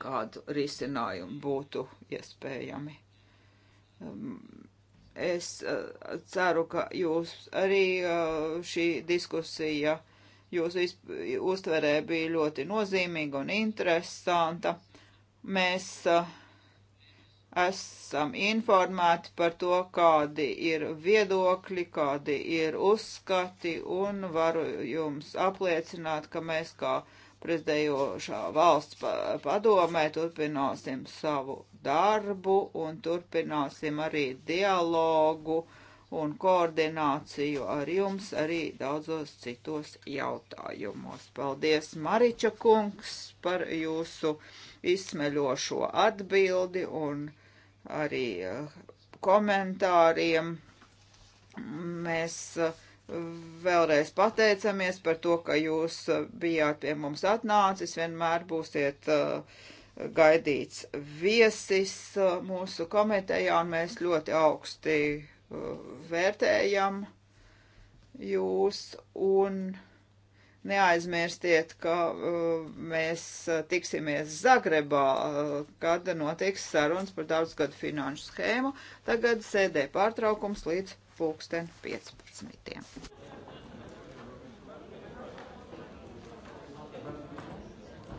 kādu risinājumu būtu iespējami. Um, es uh, ceru, ka jūs arī uh, šī diskusija jūsu uztverē bija ļoti nozīmīga un interesanta. Mēs uh, esam informēti par to, kādi ir viedokļi, kādi ir uzskati, un varu jums apliecināt, ka mēs kā prezidējošā valsts padomē turpināsim savu darbu un turpināsim arī dialogu un koordināciju ar jums arī daudzos citos jautājumos. Paldies, Mariča kungs, par jūsu izsmeļošo atbildi un arī eh, komentāriem. Mēs eh, vēlreiz pateicamies par to, ka jūs eh, bijāt pie mums atnācis, vienmēr būsiet uh, gaidīts viesis mūsu komitejā, un mēs ļoti augsti vērtējam jūs un neaizmirstiet, ka uh, mēs uh, tiksimies Zagrebā, uh, kad notiks sarunas par daudzgadu finanšu schēmu. Tagad sēdē pārtraukums līdz pulksten 15.